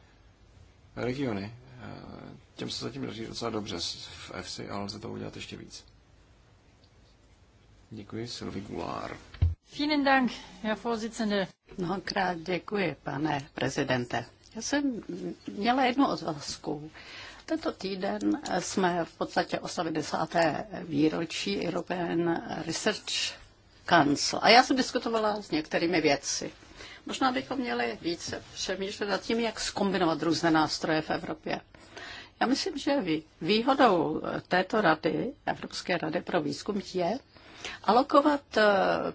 regiony. Eh, těm se zatím daří docela dobře v EFSI, ale lze to udělat ještě víc. Děkuji, Sylvie Goulár. Vielen Dank, Herr Vorsitzende. Mnohokrát děkuji, pane prezidente. Já jsem měla jednu otázku. Tento týden jsme v podstatě 80. výročí European Research Council a já jsem diskutovala s některými vědci. Možná bychom měli více přemýšlet nad tím, jak skombinovat různé nástroje v Evropě. Já myslím, že výhodou eh, této rady, Evropské rady pro výzkum, je alokovat eh,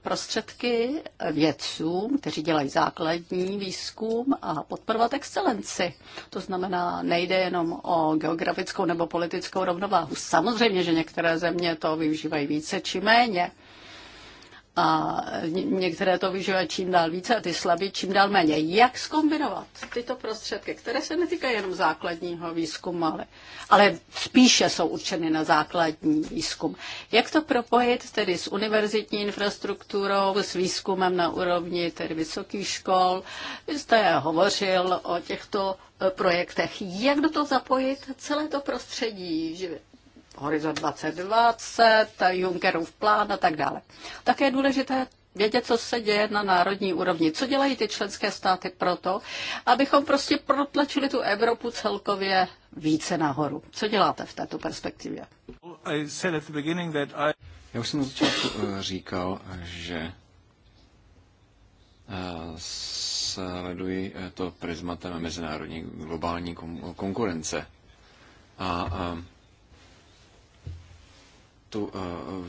prostředky vědcům, kteří dělají základní výzkum a podporovat excelenci. To znamená, nejde jenom o geografickou nebo politickou rovnováhu. Samozřejmě, že některé země to využívají více či méně a některé to využívají čím dál více a ty slabí čím dál méně. Jak skombinovat tyto prostředky, které se netýkají jenom základního výzkumu, ale, ale spíše jsou určeny na základní výzkum. Jak to propojit tedy s univerzitní infrastrukturou, s výzkumem na úrovni tedy vysokých škol? Vy jste hovořil o těchto eh, projektech. Jak do toho zapojit celé to prostředí živit? Horizont 2020, Junckerův plán a tak dále. Také je důležité vědět, co se děje na národní úrovni. Co dělají ty členské státy proto, abychom prostě protlačili tu Evropu celkově více nahoru. Co děláte v této perspektivě? Já už jsem na začátku eh, říkal, že eh, sleduji eh, to prismatem mezinárodní globální konkurence. A, a tu eh,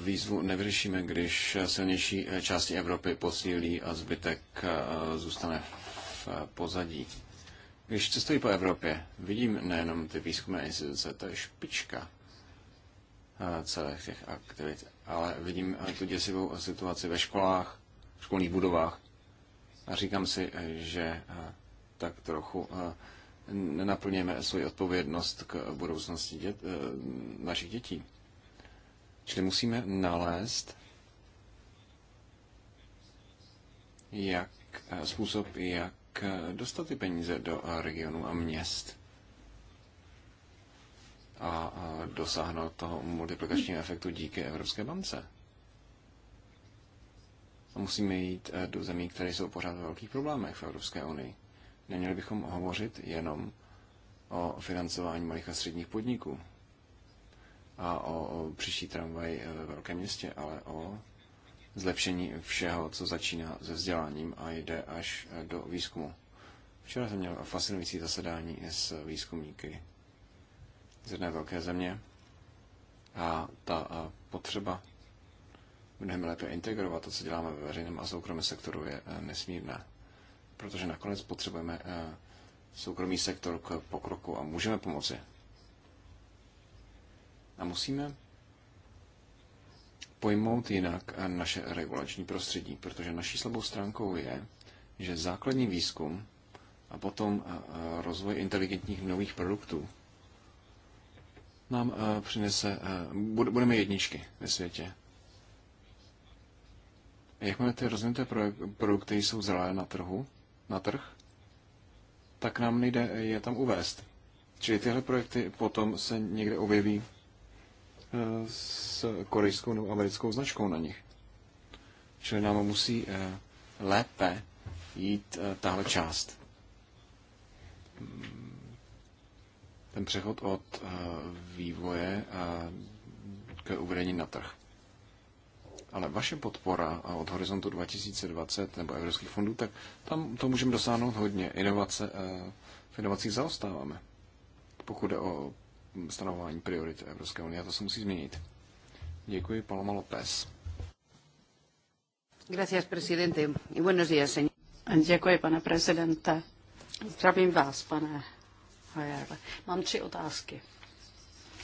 výzvu nevyřešíme, když silnější eh, části Evropy posílí a zbytek eh, zůstane v pozadí. Když cestuji po Evropě, vidím nejenom ty výzkumné instituce, to je špička celých těch aktivit, ale vidím tu děsivou situaci ve školách, v školních budovách a říkám si, že tak trochu nenaplněme svoji odpovědnost k budoucnosti dět, našich dětí. Čili musíme nalézt jak, eh, způsob, jak eh, dostat ty peníze do eh, regionu a měst a dosáhnout toho multiplikačního efektu díky Evropské bance. A musíme jít do zemí, které jsou pořád ve velkých problémech v Evropské unii. Neměli bychom hovořit jenom o financování malých a středních podniků a o, o příští tramvaj e, ve velkém městě, ale o zlepšení všeho, co začíná se vzděláním a jde až e, do výzkumu. Včera jsem měl fascinující zasedání s výzkumníky z jedné velké země a ta e, potřeba mnohem lépe integrovat to, co děláme ve veřejném a soukromém sektoru, je nesmírná. Protože nakonec potřebujeme soukromý sektor k pokroku a můžeme pomoci. A musíme pojmout jinak naše regulační prostředí, protože naší slabou stránkou je, že základní výzkum a potom rozvoj inteligentních nových produktů nám přinese, budeme jedničky ve světě. Jakmile ty rozvinuté produkty jsou zralé na trhu, na trh, tak nám nejde je tam uvést. Čili tyhle projekty potom se někde objeví s korejskou nebo americkou značkou na nich. Čili nám musí eh, lépe jít eh, tahle část. Mm, ten přechod od eh, vývoje k uvedení na trh. Ale vaše podpora od Horizontu 2020 nebo Evropských fondů, tak tam to můžeme dosáhnout hodně. Inovace, v inovacích zaostáváme, pokud jde o stanovování priorit Evropské unie a to se musí změnit. Děkuji, Paloma López. Gracias, presidente. Y buenos días, señor. Děkuji, pane prezidente. Zdravím vás, pane Hoyer. Mám tři otázky.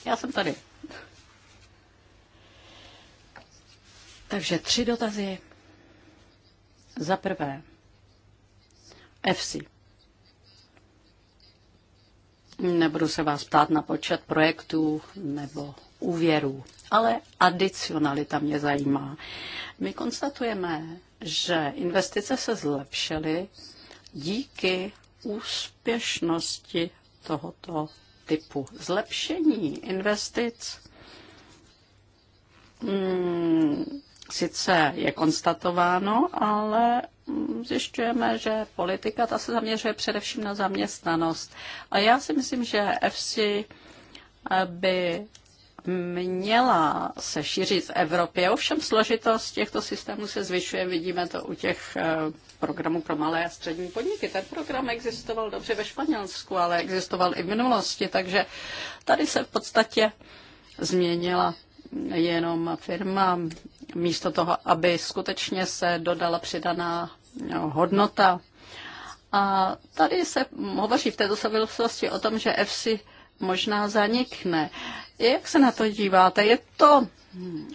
Já jsem tady. Takže tři dotazy. Za prvé, FC. Nebudu se vás ptát na počet projektů nebo úvěrů, ale adicionalita mě zajímá. My konstatujeme, že investice se zlepšily díky úspěšnosti tohoto typu. Zlepšení investic hmm, sice je konstatováno, ale zjišťujeme, že politika ta se zaměřuje především na zaměstnanost. A já si myslím, že FC by měla se šířit v Evropě. Ovšem složitost těchto systémů se zvyšuje, vidíme to u těch eh, programů pro malé a střední podniky. Ten program existoval dobře ve Španělsku, ale existoval i v minulosti, takže tady se v podstatě změnila jenom firma místo toho, aby skutečně se dodala přidaná No, hodnota. A tady se hovoří v této souvislosti o tom, že EFSI možná zanikne. Jak se na to díváte? Je to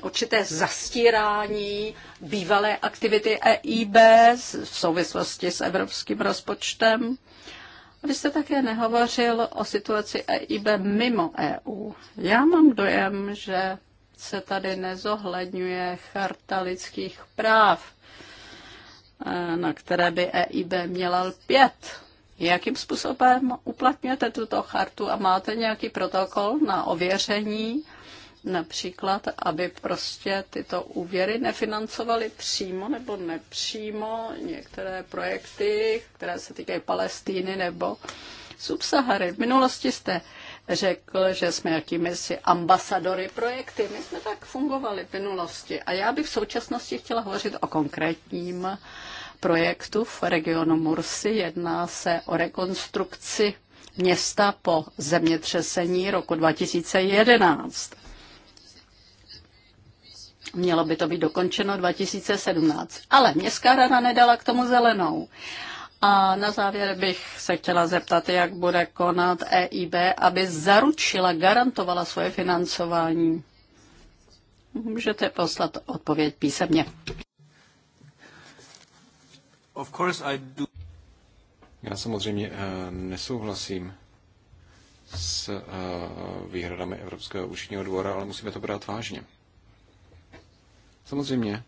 určité zastírání bývalé aktivity EIB v souvislosti s evropským rozpočtem? Vy jste také nehovořil o situaci EIB mimo EU. Já mám dojem, že se tady nezohledňuje charta lidských práv. Eh, na které by EIB měla lpět. Jakým způsobem uplatňujete tuto chartu a máte nějaký protokol na ověření, například, aby prostě tyto úvěry nefinancovaly přímo nebo nepřímo některé projekty, které se týkají Palestíny nebo Subsahary. V minulosti jste řekl, že jsme jakými si ambasadory projekty. My jsme tak fungovali v minulosti. A já bych v současnosti chtěla hovořit o konkrétním projektu v regionu Mursi. Jedná se o rekonstrukci města po zemětřesení roku 2011. Mělo by to být dokončeno 2017. Ale městská rada nedala k tomu zelenou. A na závěr bych se chtěla zeptat, jak bude konat EIB, aby zaručila, garantovala svoje financování. Můžete poslat odpověď písemně. Of course I do. Já samozřejmě eh, nesouhlasím s eh, výhradami Evropského účetního dvora, ale musíme to brát vážně. Samozřejmě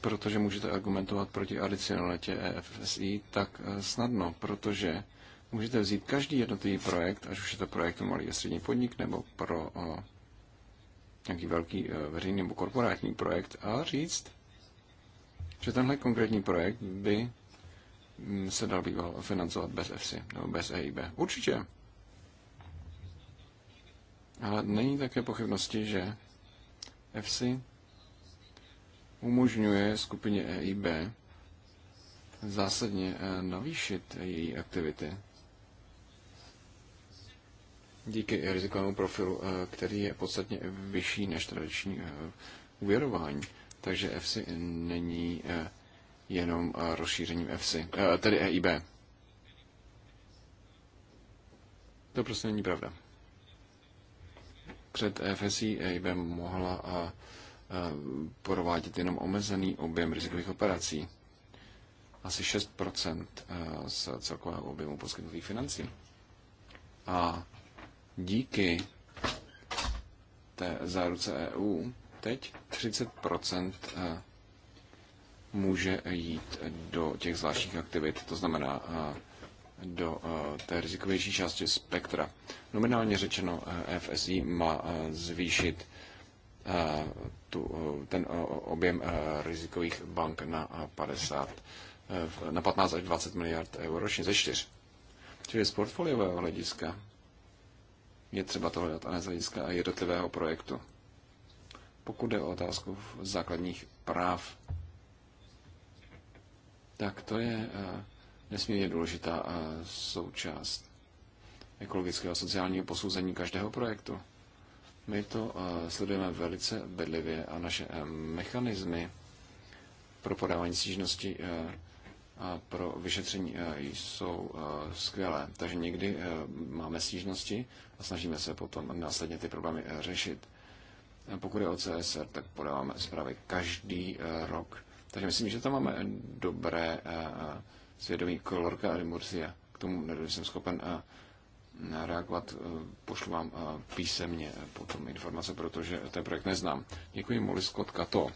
protože můžete argumentovat proti adicionalitě EFSI tak eh, snadno, protože můžete vzít každý jednotlivý projekt, až už je to projekt malý a střední podnik nebo pro eh, nějaký velký eh, veřejný nebo korporátní projekt a říct, že tenhle konkrétní projekt by mm, se dal býval financovat bez EFSI nebo bez EIB. Určitě. Ale není také pochybnosti, že EFSI umožňuje skupině EIB zásadně eh, navýšit její aktivity díky rizikovému profilu, eh, který je podstatně vyšší než tradiční uvěrování. Eh, Takže EFSI není jenom rozšířením EFSI, tedy EIB. To prostě není pravda. Před EFSI EIB mohla a Eh, provádět jenom omezený objem rizikových operací. Asi 6% eh, z celkového objemu poskytnutých financí. A díky té záruce EU teď 30% eh, může jít do těch zvláštních aktivit, to znamená do té rizikovější části spektra. Nominálně řečeno, FSI má zvýšit tu, ten objem rizikových bank na 50, e, na 15 až 20 miliard eur ročně ze čtyř. Čili z portfoliového hlediska je třeba to hledat a ne z hlediska jednotlivého projektu. Pokud jde o otázku základních práv, tak to je e, nesmírně důležitá e, součást ekologického a sociálního posouzení každého projektu. My to eh, sledujeme velice bedlivě a naše eh, mechanismy pro podávání stížnosti eh, a pro vyšetření jsou skvělé. Takže někdy máme stížnosti a snažíme se potom následně ty problémy řešit. Pokud je o CSR, tak podáváme zprávy každý rok. Takže myslím, že tam máme dobré svědomí kolorka a Murcia. K tomu jsem schopen reagovat, eh, pošlu vám eh, písemně eh, potom informace, protože ten projekt neznám. Děkuji, Molly Scott Kato.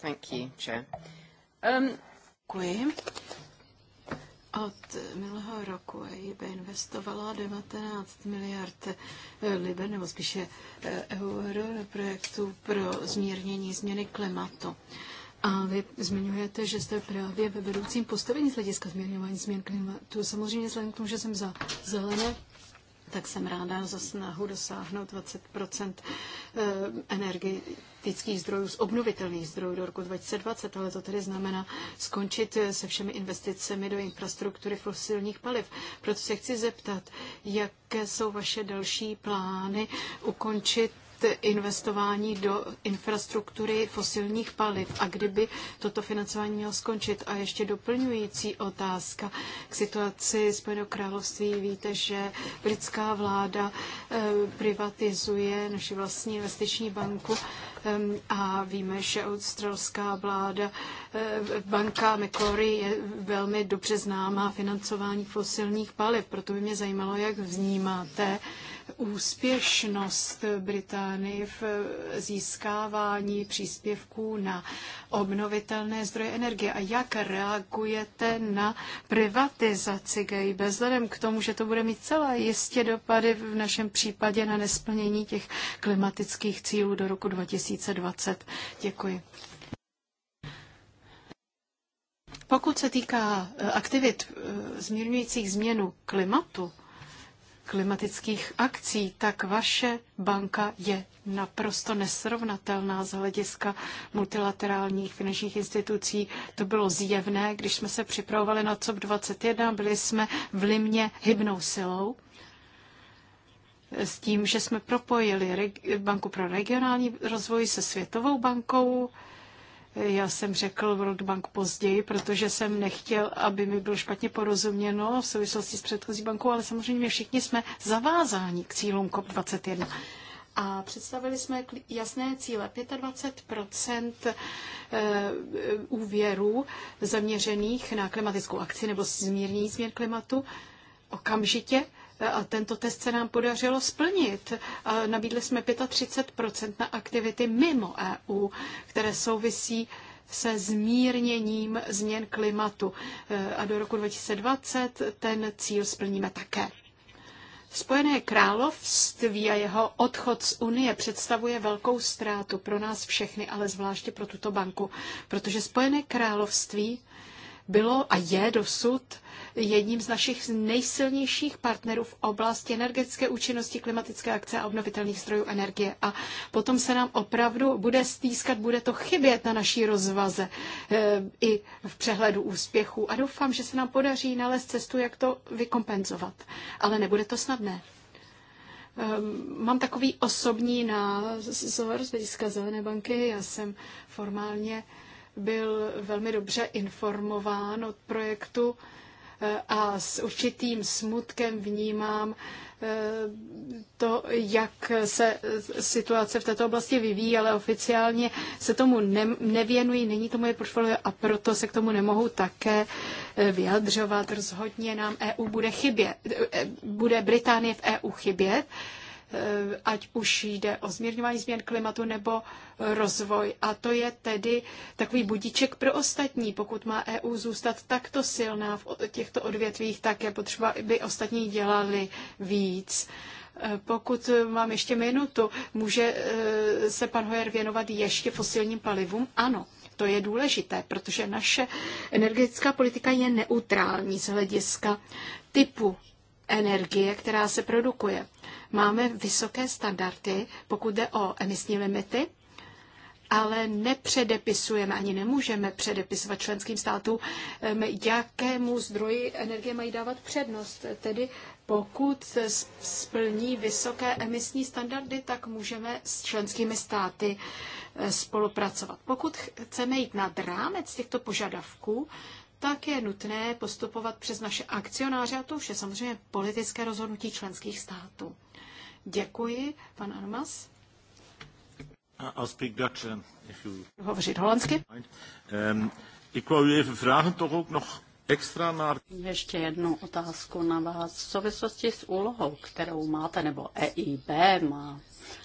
Thank you, Chair. Um, od minulého roku EIB investovala 19 miliard eh, liber, nebo spíše eh, euro, do projektu pro zmírnění změny klimatu. A vy zmiňujete, že jste právě ve vedoucím postavení z hlediska zmírňování změn klimatu. Samozřejmě vzhledem k tomu, že jsem za zelené, tak jsem ráda za snahu dosáhnout 20 eh, energetických zdrojů z obnovitelných zdrojů do roku 2020, ale to tedy znamená skončit eh, se všemi investicemi do infrastruktury fosilních paliv. Proto se chci zeptat, jaké jsou vaše další plány ukončit investování do infrastruktury fosilních paliv a kdyby toto financování mělo skončit. A ještě doplňující otázka k situaci Spojeného království. Víte, že britská vláda eh, privatizuje naši vlastní investiční banku eh, a víme, že australská vláda, eh, banka Macquarie je velmi dobře známá financování fosilních paliv, proto by mě zajímalo, jak vnímáte úspěšnost Británie v získávání příspěvků na obnovitelné zdroje energie a jak reagujete na privatizaci GIB, vzhledem k tomu, že to bude mít celé jistě dopady v našem případě na nesplnění těch klimatických cílů do roku 2020. Děkuji. Pokud se týká eh, aktivit eh, zmírňujících změnu klimatu, klimatických akcí, tak vaše banka je naprosto nesrovnatelná z hlediska multilaterálních finančních institucí. To bylo zjevné, když jsme se připravovali na COP21, byli jsme v Limě hybnou silou s tím, že jsme propojili Banku pro regionální rozvoj se Světovou bankou, já jsem řekl World Bank později, protože jsem nechtěl, aby mi bylo špatně porozuměno v souvislosti s předchozí bankou, ale samozřejmě všichni jsme zavázáni k cílům COP21. A představili jsme jasné cíle. 25 eh, úvěrů zaměřených na klimatickou akci nebo zmírnění změn klimatu okamžitě a tento test se nám podařilo splnit. nabídli jsme 35 na aktivity mimo EU, které souvisí se zmírněním změn klimatu. E, a do roku 2020 ten cíl splníme také. Spojené království a jeho odchod z Unie představuje velkou ztrátu pro nás všechny, ale zvláště pro tuto banku, protože Spojené království bylo a je dosud jedním z našich nejsilnějších partnerů v oblasti energetické účinnosti, klimatické akce a obnovitelných zdrojů energie. A potom se nám opravdu bude stýskat, bude to chybět na naší rozvaze eh, i v přehledu úspěchů. A doufám, že se nám podaří nalézt cestu, jak to vykompenzovat. Ale nebude to snadné ehm, mám takový osobní názor z hlediska Zelené banky. Já jsem formálně byl velmi dobře informován od projektu a s určitým smutkem vnímám eh, to, jak se situace v této oblasti vyvíjí, ale oficiálně se tomu ne, nevěnují, není to moje portfolio a proto se k tomu nemohu také eh, vyjadřovat. Rozhodně nám EU bude chybět, eh, bude Británie v EU chybět Eh, ať už jde o zmírňování změn klimatu nebo rozvoj. A to je tedy takový budíček pro ostatní. Pokud má EU zůstat takto silná v těchto odvětvích, tak je potřeba, aby ostatní dělali víc. Eh, pokud mám ještě minutu, může eh, se pan Hojer věnovat ještě fosilním palivům? Ano. To je důležité, protože naše energetická politika je neutrální z hlediska typu energie, která se produkuje. Máme vysoké standardy, pokud jde o emisní limity, ale nepředepisujeme, ani nemůžeme předepisovat členským státům, ehm, jakému zdroji energie mají dávat přednost. Tedy pokud splní vysoké emisní standardy, tak můžeme s členskými státy eh, spolupracovat. Pokud chceme jít nad rámec těchto požadavků, tak je nutné postupovat přes naše akcionáře a to už je samozřejmě politické rozhodnutí členských států. Děkuji. Pan Armas. Uh, I'll speak Dutch, uh, if you... Hovořit holandsky. Um, ik wou u even vragen toch ook nog extra naar... Ještě jednu otázku na vás. V souvislosti s úlohou, kterou máte, nebo EIB má,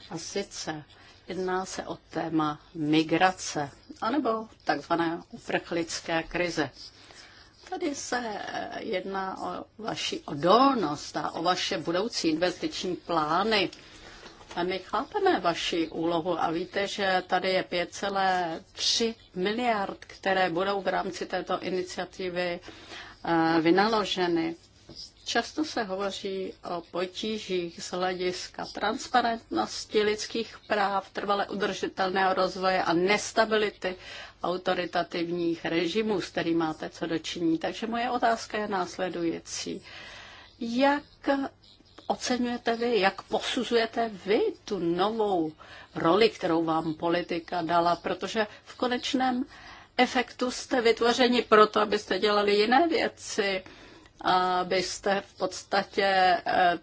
a sice jedná se o téma migrace, anebo takzvané uprchlické krize. Tady se eh, jedná o vaši odolnost a o vaše budoucí investiční plány. A my chápeme vaši úlohu a víte, že tady je 5,3 miliard, které budou v rámci této iniciativy eh, vynaloženy. Často se hovoří o potížích z hlediska transparentnosti lidských práv, trvale udržitelného rozvoje a nestability autoritativních režimů, s kterým máte co dočiní. Takže moje otázka je následující. Jak oceňujete vy, jak posuzujete vy tu novou roli, kterou vám politika dala, protože v konečném efektu jste vytvořeni proto, abyste dělali jiné věci, abyste v podstatě eh,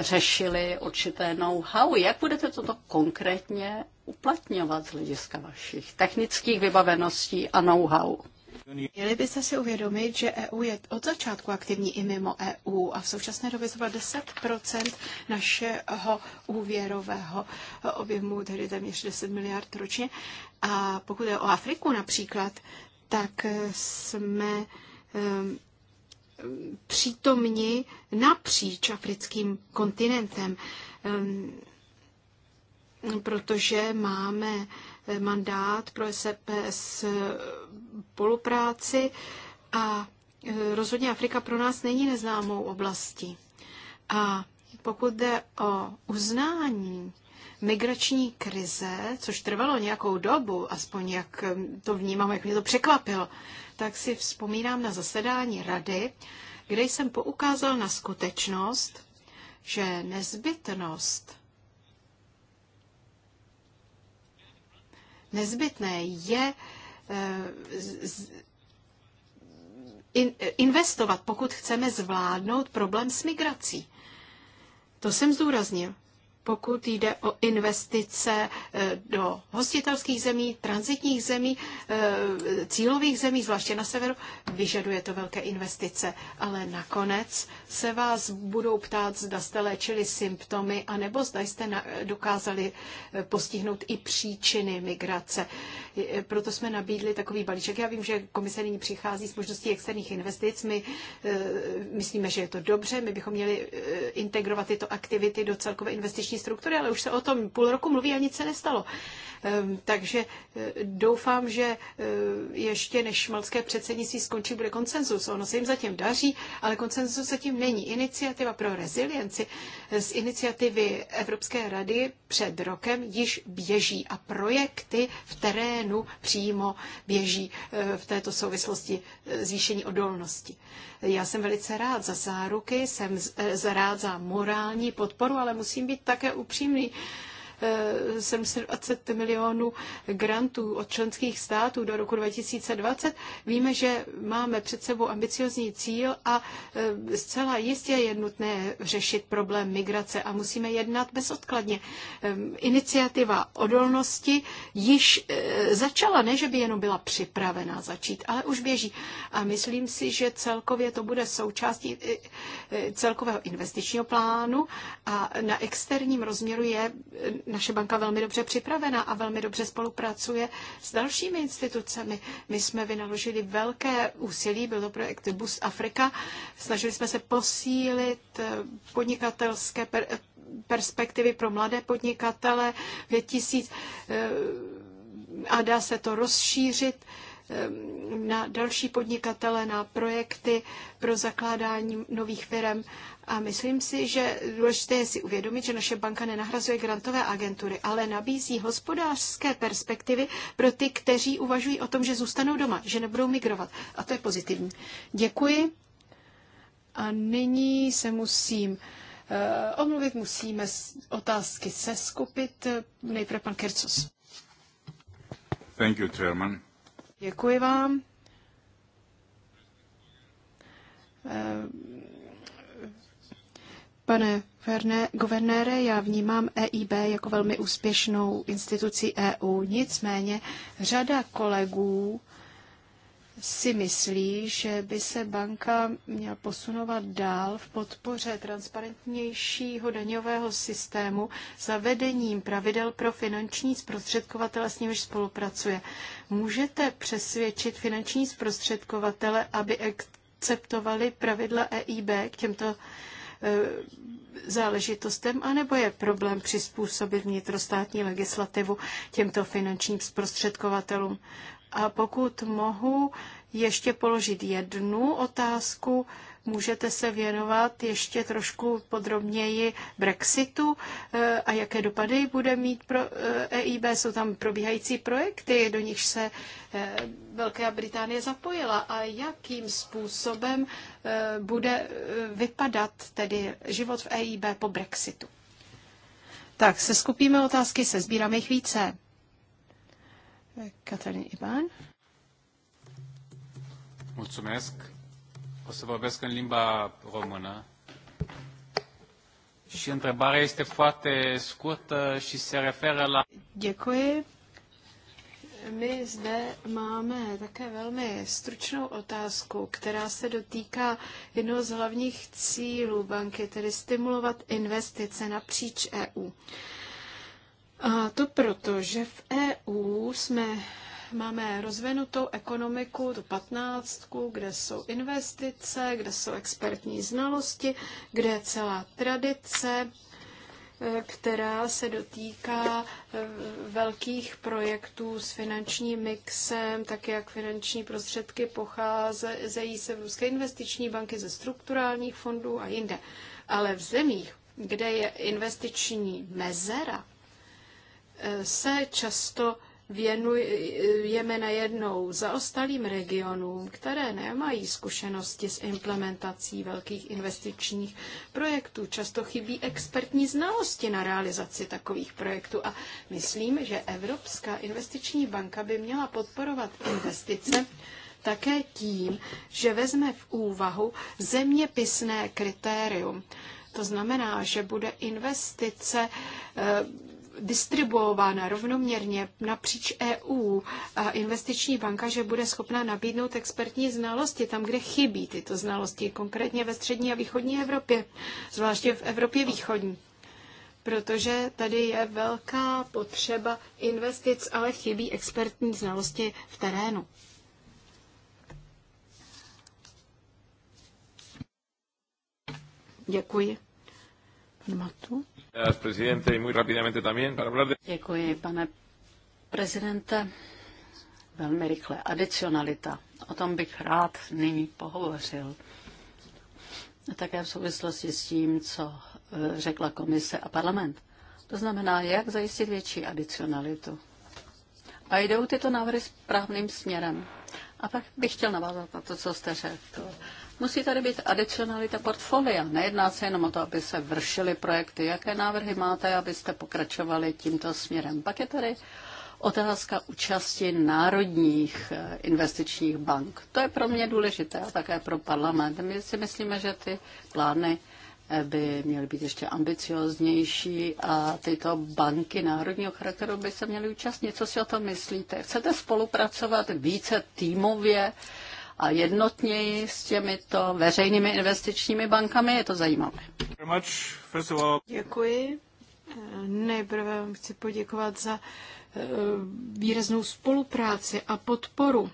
řešili určité know-how. Jak budete toto konkrétně uplatňovat z hlediska vašich technických vybaveností a know-how? Měli byste si uvědomit, že EU je od začátku aktivní i mimo EU a v současné době zhruba 10 našeho úvěrového objemu, tedy téměř 10 miliard ročně. A pokud je o Afriku například, tak jsme um, přítomni napříč africkým kontinentem. Um, protože máme mandát pro SPS spolupráci a e, rozhodně Afrika pro nás není neznámou oblastí. A pokud jde o uznání migrační krize, což trvalo nějakou dobu, aspoň jak e, to vnímám, jak mě to překvapilo, tak si vzpomínám na zasedání rady, kde jsem poukázal na skutečnost, že nezbytnost nezbytné je eh, eh, investovat, pokud chceme zvládnout problém s migrací. To jsem zdůraznil pokud jde o investice eh, do hostitelských zemí, transitních zemí, eh, cílových zemí, zvláště na severu, vyžaduje to velké investice. Ale nakonec se vás budou ptát, zda jste léčili symptomy, anebo zda jste dokázali eh, postihnout i příčiny migrace. Proto jsme nabídli takový balíček. Já vím, že komise nyní přichází s možností externích investic. My myslíme, že je to dobře. My bychom měli integrovat tyto aktivity do celkové investiční řídící struktury, ale už se o tom půl roku mluví a nic se nestalo. Ehm, takže e, doufám, že e, ještě než malské předsednictví skončí, bude konsenzus. Ono se jim zatím daří, ale konsenzus zatím není. Iniciativa pro rezilienci e, z iniciativy Evropské rady před rokem již běží a projekty v terénu přímo běží v této souvislosti zvýšení odolnosti. Já jsem velice rád za záruky, jsem eh, rád za morální podporu, ale musím být také upřímný. 720 eh, milionů grantů od členských států do roku 2020. Víme, že máme před sebou ambiciozní cíl a eh, zcela jistě je nutné řešit problém migrace a musíme jednat bezodkladně. Iniciativa odolnosti již eh, začala, ne že by jenom byla připravená začít, ale už běží. A myslím si, že celkově to bude součástí celkového investičního plánu a na externím rozměru je naše banka velmi dobře připravena a velmi dobře spolupracuje s dalšími institucemi. My jsme vynaložili velké úsilí, byl to projekt Bus Afrika, snažili jsme se posílit eh, podnikatelské per, perspektivy pro mladé podnikatele, 5000 eh, a dá se to rozšířit Ehm, na další podnikatele, na projekty pro zakládání nových firm. A myslím si, že důležité je si uvědomit, že naše banka nenahrazuje grantové agentury, ale nabízí hospodářské perspektivy pro ty, kteří uvažují o tom, že zůstanou doma, že nebudou migrovat. A to je pozitivní. Děkuji. A nyní se musím eh, omluvit, musíme otázky seskupit. Nejprve pan Kercos. Thank you, Chairman. Děkuji vám. Eh, pane guvernére, já vnímám EIB jako velmi úspěšnou instituci EU. Nicméně řada kolegů si myslí, že by se banka měla posunovat dál v podpoře transparentnějšího daňového systému zavedením pravidel pro finanční zprostředkovatele, s nimiž spolupracuje. Můžete přesvědčit finanční zprostředkovatele, aby akceptovali pravidla EIB k těmto eh, záležitostem, anebo je problém přizpůsobit vnitrostátní legislativu těmto finančním zprostředkovatelům. A pokud mohu ještě položit jednu otázku, můžete se věnovat ještě trošku podrobněji Brexitu eh, a jaké dopady bude mít pro EIB. Eh, e Jsou tam probíhající projekty, do nich se eh, Velká Británie zapojila a jakým způsobem bude vypadat tedy život v EIB po Brexitu. Tak, se skupíme otázky, se sbíráme jich více. Catalin Iban. Mulțumesc. O să vorbesc în limba română. Și întrebarea este foarte scurtă și se referă la... Děkuji. My zde máme také velmi stručnou otázku, která se dotýká jednoho z hlavních cílů banky, tedy stimulovat investice napříč EU. A to proto, že v EU jsme máme rozvinutou ekonomiku, tu patnáctku, kde jsou investice, kde jsou expertní znalosti, kde je celá tradice, e, která se dotýká e, velkých projektů s finančním mixem, tak jak finanční prostředky pocházejí v Ruské investiční banky, ze strukturálních fondů a jinde. Ale v zemích, kde je investiční mezera, se často věnujeme najednou zaostalým regionům, které nemají zkušenosti s implementací velkých investičních projektů. Často chybí expertní znalosti na realizaci takových projektů a myslím, že Evropská investiční banka by měla podporovat investice také tím, že vezme v úvahu zeměpisné kritérium. To znamená, že bude investice eh, distribuována rovnoměrně napříč EU a investiční banka, že bude schopna nabídnout expertní znalosti tam, kde chybí tyto znalosti, konkrétně ve střední a východní Evropě, zvláště v Evropě východní protože tady je velká potřeba investic, ale chybí expertní znalosti v terénu. Děkuji. Pan Matu. Děkuji, pane prezidente. Velmi rychle. Adicionalita. O tom bych rád nyní pohovořil. Také v souvislosti s tím, co eh, řekla komise a parlament. To znamená, jak zajistit větší adicionalitu. A jdou tyto návrhy správným směrem. A pak bych chtěl navázat na to, co jste řekl. Musí tady být adicionalita portfolia. Nejedná se jenom o to, aby se vršily projekty. Jaké návrhy máte, abyste pokračovali tímto směrem? Pak je tady otázka účasti národních eh, investičních bank. To je pro mě důležité a také pro parlament. My si myslíme, že ty plány eh, by měly být ještě ambicioznější a tyto banky národního charakteru by se měly účastnit. Co si o tom myslíte? Chcete spolupracovat více týmově a jednotněji s těmito veřejnými investičními bankami. Je to zajímavé. Děkuji. Nejprve vám chci poděkovat za eh, výraznou spolupráci a podporu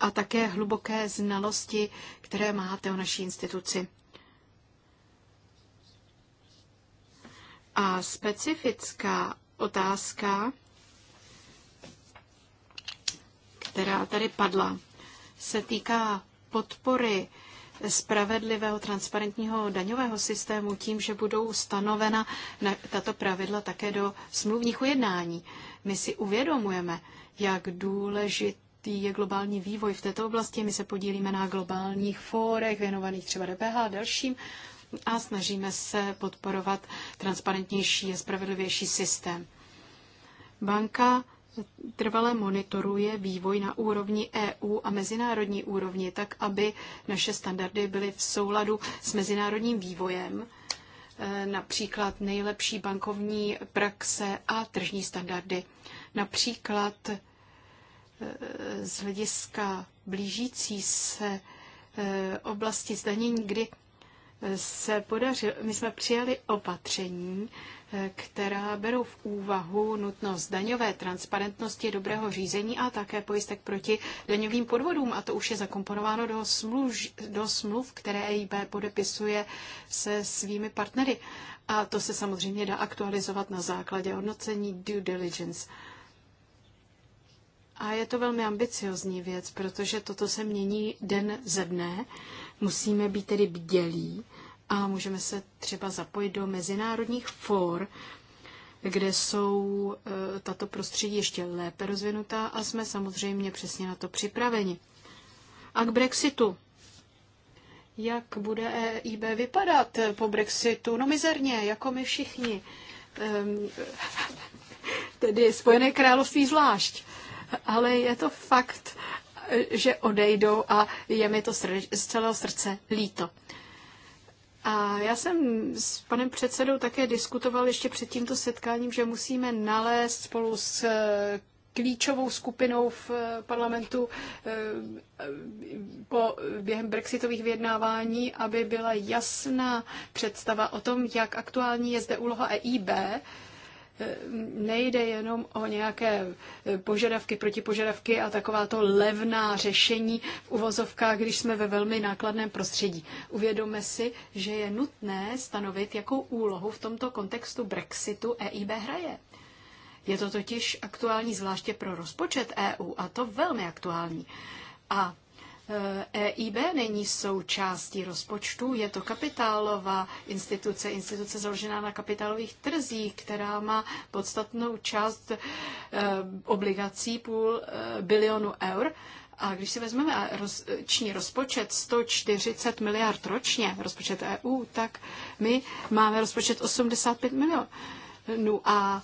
a také hluboké znalosti, které máte o naší instituci. A specifická otázka která tady padla, se týká podpory spravedlivého, transparentního daňového systému tím, že budou stanovena na tato pravidla také do smluvních ujednání. My si uvědomujeme, jak důležitý je globální vývoj v této oblasti. My se podílíme na globálních fórech věnovaných třeba DPH a dalším a snažíme se podporovat transparentnější a spravedlivější systém. Banka trvale monitoruje vývoj na úrovni EU a mezinárodní úrovni, tak aby naše standardy byly v souladu s mezinárodním vývojem, e, například nejlepší bankovní praxe a tržní standardy. Například e, z hlediska blížící se e, oblasti zdanění, kdy se podařilo, my jsme přijali opatření, která berou v úvahu nutnost daňové transparentnosti, dobrého řízení a také pojistek proti daňovým podvodům. A to už je zakomponováno do smluv, do smluv které EIB podepisuje se svými partnery. A to se samozřejmě dá aktualizovat na základě hodnocení due diligence. A je to velmi ambiciozní věc, protože toto se mění den ze dne. Musíme být tedy bdělí a můžeme se třeba zapojit do mezinárodních for, kde jsou e, tato prostředí ještě lépe rozvinutá a jsme samozřejmě přesně na to připraveni. A k Brexitu. Jak bude EIB vypadat po Brexitu? No mizerně, jako my všichni. Ehm, tedy Spojené království zvlášť. Ale je to fakt, že odejdou a je mi to z celého srdce líto. A já jsem s panem předsedou také diskutoval ještě před tímto setkáním, že musíme nalézt spolu s eh, klíčovou skupinou v eh, parlamentu eh, po, během brexitových vyjednávání, aby byla jasná představa o tom, jak aktuální je zde úloha EIB Eh, nejde jenom o nějaké eh, požadavky, protipožadavky a takováto levná řešení v uvozovkách, když jsme ve velmi nákladném prostředí. Uvědomme si, že je nutné stanovit, jakou úlohu v tomto kontextu Brexitu EIB hraje. Je to totiž aktuální zvláště pro rozpočet EU a to velmi aktuální. A EIB eh, e není součástí rozpočtu, je to kapitálová instituce, instituce založená na kapitálových trzích, která má podstatnou část eh, obligací půl eh, bilionu eur. A když si vezmeme roční rozpočet 140 miliard ročně, rozpočet EU, tak my máme rozpočet 85 milionů. No a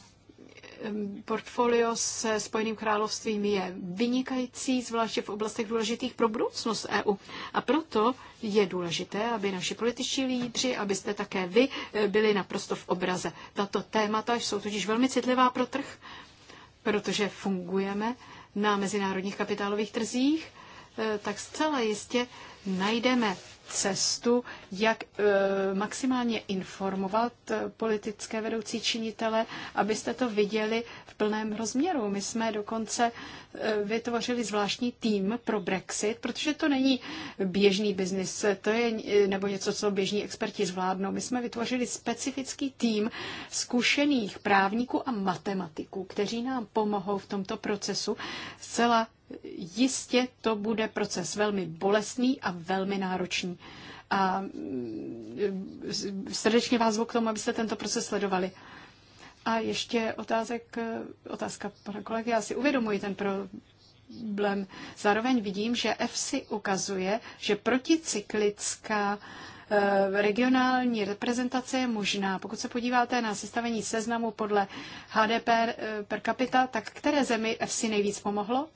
portfolio se Spojeným královstvím je vynikající, zvláště v oblastech důležitých pro budoucnost EU. A proto je důležité, aby naši političtí lídři, abyste také vy, eh, byli naprosto v obraze. Tato témata jsou totiž velmi citlivá pro trh, protože fungujeme na mezinárodních kapitálových trzích, eh, tak zcela jistě najdeme cestu, jak e, maximálně informovat e, politické vedoucí činitele, abyste to viděli v plném rozměru. My jsme dokonce e, vytvořili zvláštní tým pro Brexit, protože to není běžný biznis, to je nebo něco, co běžní experti zvládnou. My jsme vytvořili specifický tým zkušených právníků a matematiků, kteří nám pomohou v tomto procesu zcela jistě to bude proces velmi bolestný a velmi náročný. A mm, srdečně vás zvu k tomu, abyste tento proces sledovali. A ještě otázek, otázka pana kolegy. Já si uvědomuji ten problém. Zároveň vidím, že EFSI ukazuje, že proticyklická eh, regionální reprezentace je možná. Pokud se podíváte na sestavení seznamu podle HDP eh, per capita, tak které zemi EFSI nejvíc pomohlo?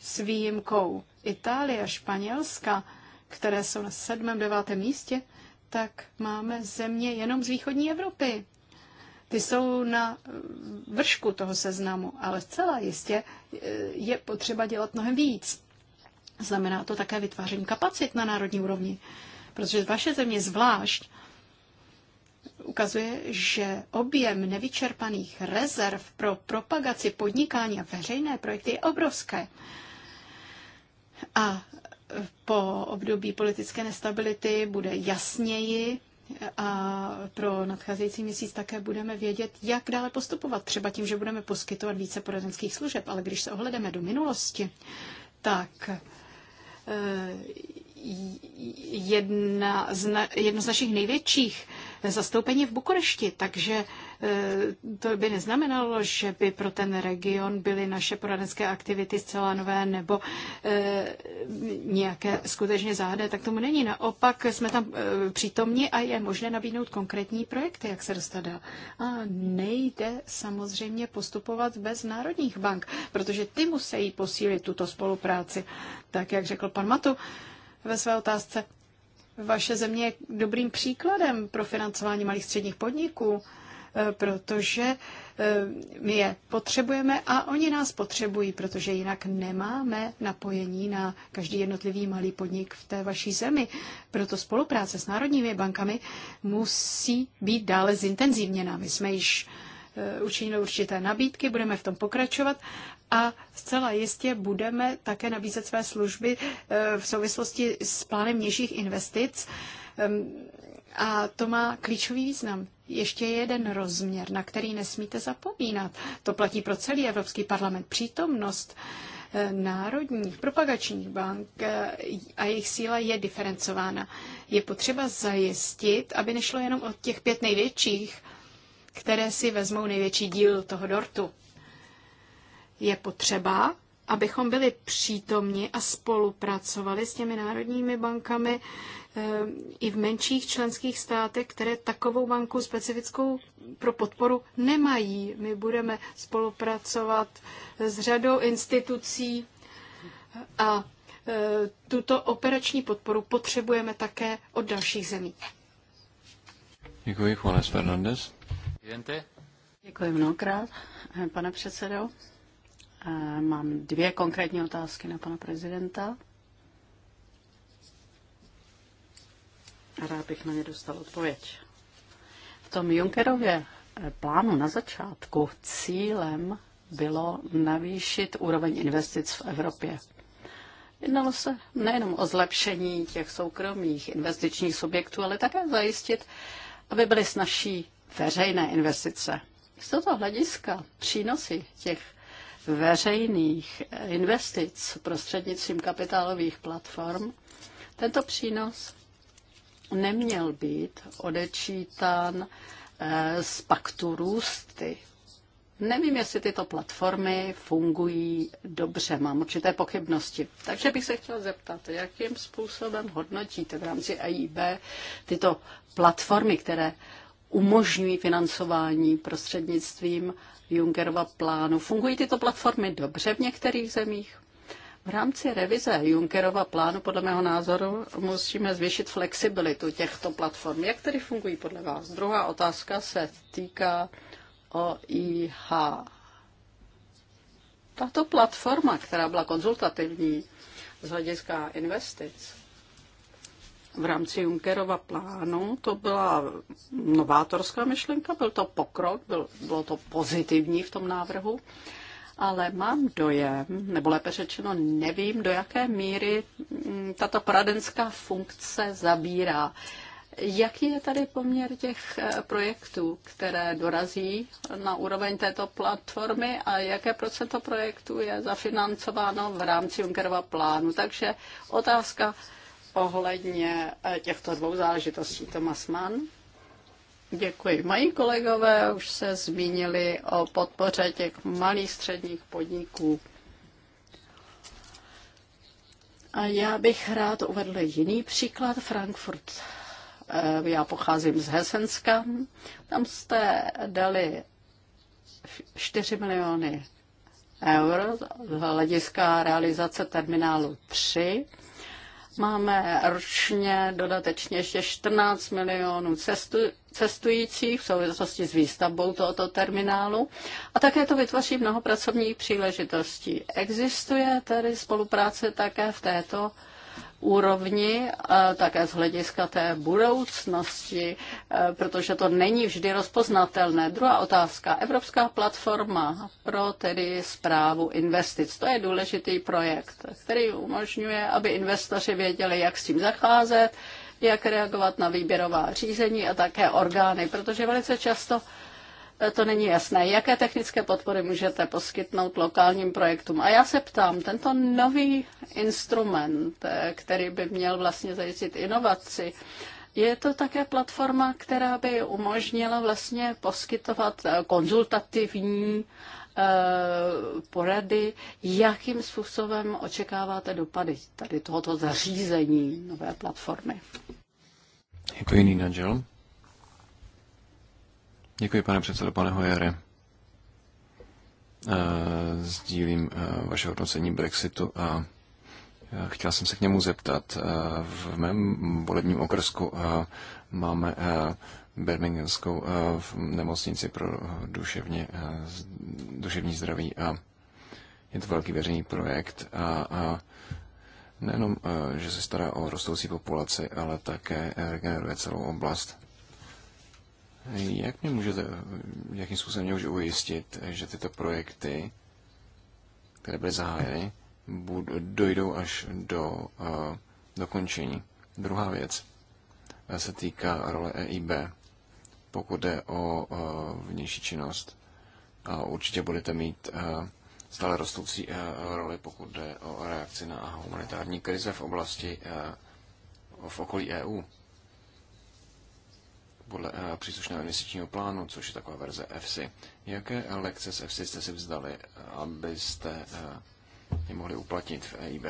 s výjimkou Itálie a Španělska, které jsou na sedmém, devátém místě, tak máme země jenom z východní Evropy. Ty jsou na vršku toho seznamu, ale zcela jistě e, je potřeba dělat mnohem víc. Znamená to také vytváření kapacit na národní úrovni, protože vaše země zvlášť ukazuje, že objem nevyčerpaných rezerv pro propagaci podnikání a veřejné projekty je obrovské. A po období politické nestability bude jasněji a pro nadcházející měsíc také budeme vědět, jak dále postupovat. Třeba tím, že budeme poskytovat více poradenských služeb, ale když se ohledeme do minulosti, tak eh, jedna z na, jedno z našich největších zastoupení v Bukurešti, takže e, to by neznamenalo, že by pro ten region byly naše poradenské aktivity zcela nové nebo e, nějaké skutečně záhadné, tak tomu není. Naopak jsme tam e, přítomni a je možné nabídnout konkrétní projekty, jak se dostat dál. A nejde samozřejmě postupovat bez národních bank, protože ty musí posílit tuto spolupráci, tak jak řekl pan Matu ve své otázce. Vaše země je dobrým příkladem pro financování malých středních podniků, eh, protože eh, my je potřebujeme a oni nás potřebují, protože jinak nemáme napojení na každý jednotlivý malý podnik v té vaší zemi. Proto spolupráce s národními bankami musí být dále zintenzivněna. My jsme již eh, učinili určité nabídky, budeme v tom pokračovat a zcela jistě budeme také nabízet své služby eh, v souvislosti s plánem nižších investic. Ehm, a to má klíčový význam. Ještě jeden rozměr, na který nesmíte zapomínat. To platí pro celý Evropský parlament. Přítomnost eh, národních propagačních bank eh, a jejich síla je diferencována. Je potřeba zajistit, aby nešlo jenom o těch pět největších, které si vezmou největší díl toho dortu je potřeba, abychom byli přítomni a spolupracovali s těmi národními bankami eh, i v menších členských státech, které takovou banku specifickou pro podporu nemají. My budeme spolupracovat s řadou institucí a eh, tuto operační podporu potřebujeme také od dalších zemí. Děkuji, Juanes Fernandez. Děkuji mnohokrát, eh, pane předsedo. Eh, mám dvě konkrétní otázky na pana prezidenta. Rád bych na ně dostal odpověď. V tom Junckerově eh, plánu na začátku cílem bylo navýšit úroveň investic v Evropě. Jednalo se nejenom o zlepšení těch soukromých investičních subjektů, ale také zajistit, aby byly snažší veřejné investice. Z tohoto hlediska přínosy těch veřejných investic prostřednictvím kapitálových platform, tento přínos neměl být odečítán eh, z paktu růsty. Nevím, jestli tyto platformy fungují dobře, mám určité pochybnosti. Takže bych se chtěla zeptat, jakým způsobem hodnotíte v rámci AIB tyto platformy, které umožňují financování prostřednictvím Junckerova plánu. Fungují tyto platformy dobře v některých zemích? V rámci revize Junckerova plánu, podle mého názoru, musíme zvýšit flexibilitu těchto platform. Jak tedy fungují podle vás? Druhá otázka se týká OIH. Tato platforma, která byla konzultativní z hlediska investic, v rámci Junckerova plánu. To byla novátorská myšlenka, byl to pokrok, byl, bylo to pozitivní v tom návrhu, ale mám dojem, nebo lépe řečeno nevím, do jaké míry mm, tato poradenská funkce zabírá. Jaký je tady poměr těch eh, projektů, které dorazí na úroveň této platformy a jaké procento projektů je zafinancováno v rámci Junckerova plánu? Takže otázka, ohledně eh, těchto dvou záležitostí. Tomas Mann. Děkuji. Moji kolegové už se zmínili o podpoře těch malých středních podniků. A já bych rád uvedl jiný příklad. Frankfurt. Eh, já pocházím z Hesenska. Tam jste dali 4 miliony eur z hlediska realizace terminálu 3 Máme ročně dodatečně ještě 14 milionů cestu, cestujících v souvislosti s výstavbou tohoto terminálu a také to vytvoří mnoho pracovních příležitostí. Existuje tady spolupráce také v této úrovni, také z hlediska té budoucnosti, e, protože to není vždy rozpoznatelné. Druhá otázka. Evropská platforma pro tedy zprávu investic. To je důležitý projekt, který umožňuje, aby investoři věděli, jak s tím zacházet, jak reagovat na výběrová řízení a také orgány, protože velice často to není jasné. Jaké technické podpory můžete poskytnout lokálním projektům? A já se ptám, tento nový instrument, eh, který by měl vlastně zajistit inovaci, je to také platforma, která by umožnila vlastně poskytovat eh, konzultativní eh, porady, jakým způsobem očekáváte dopady tady tohoto zařízení nové platformy. Děkuji, Nina Jill. Děkuji, pane předsedo, pane Hojere. E, sdílím e, vaše hodnocení Brexitu a e, chtěl jsem se k němu zeptat. V mém volebním okrsku máme Birminghamskou nemocnici pro duševně, duševní zdraví a je to velký veřejný projekt a, a nejenom, že se stará o rostoucí populaci, ale také regeneruje celou oblast. Jak mě můžete, jakým způsobem mě můžu ujistit, že tyto projekty, které byly zahájeny, dojdou až do uh, dokončení? Druhá věc se týká role EIB, pokud jde o uh, vnější činnost. A určitě budete mít uh, stále rostoucí uh, roli, pokud jde o reakci na humanitární krize v oblasti uh, v okolí EU podle eh, příslušného investičního plánu, což je taková verze FSI. Jaké lekce z FSI jste si vzdali, abyste eh, je mohli uplatnit v EIB?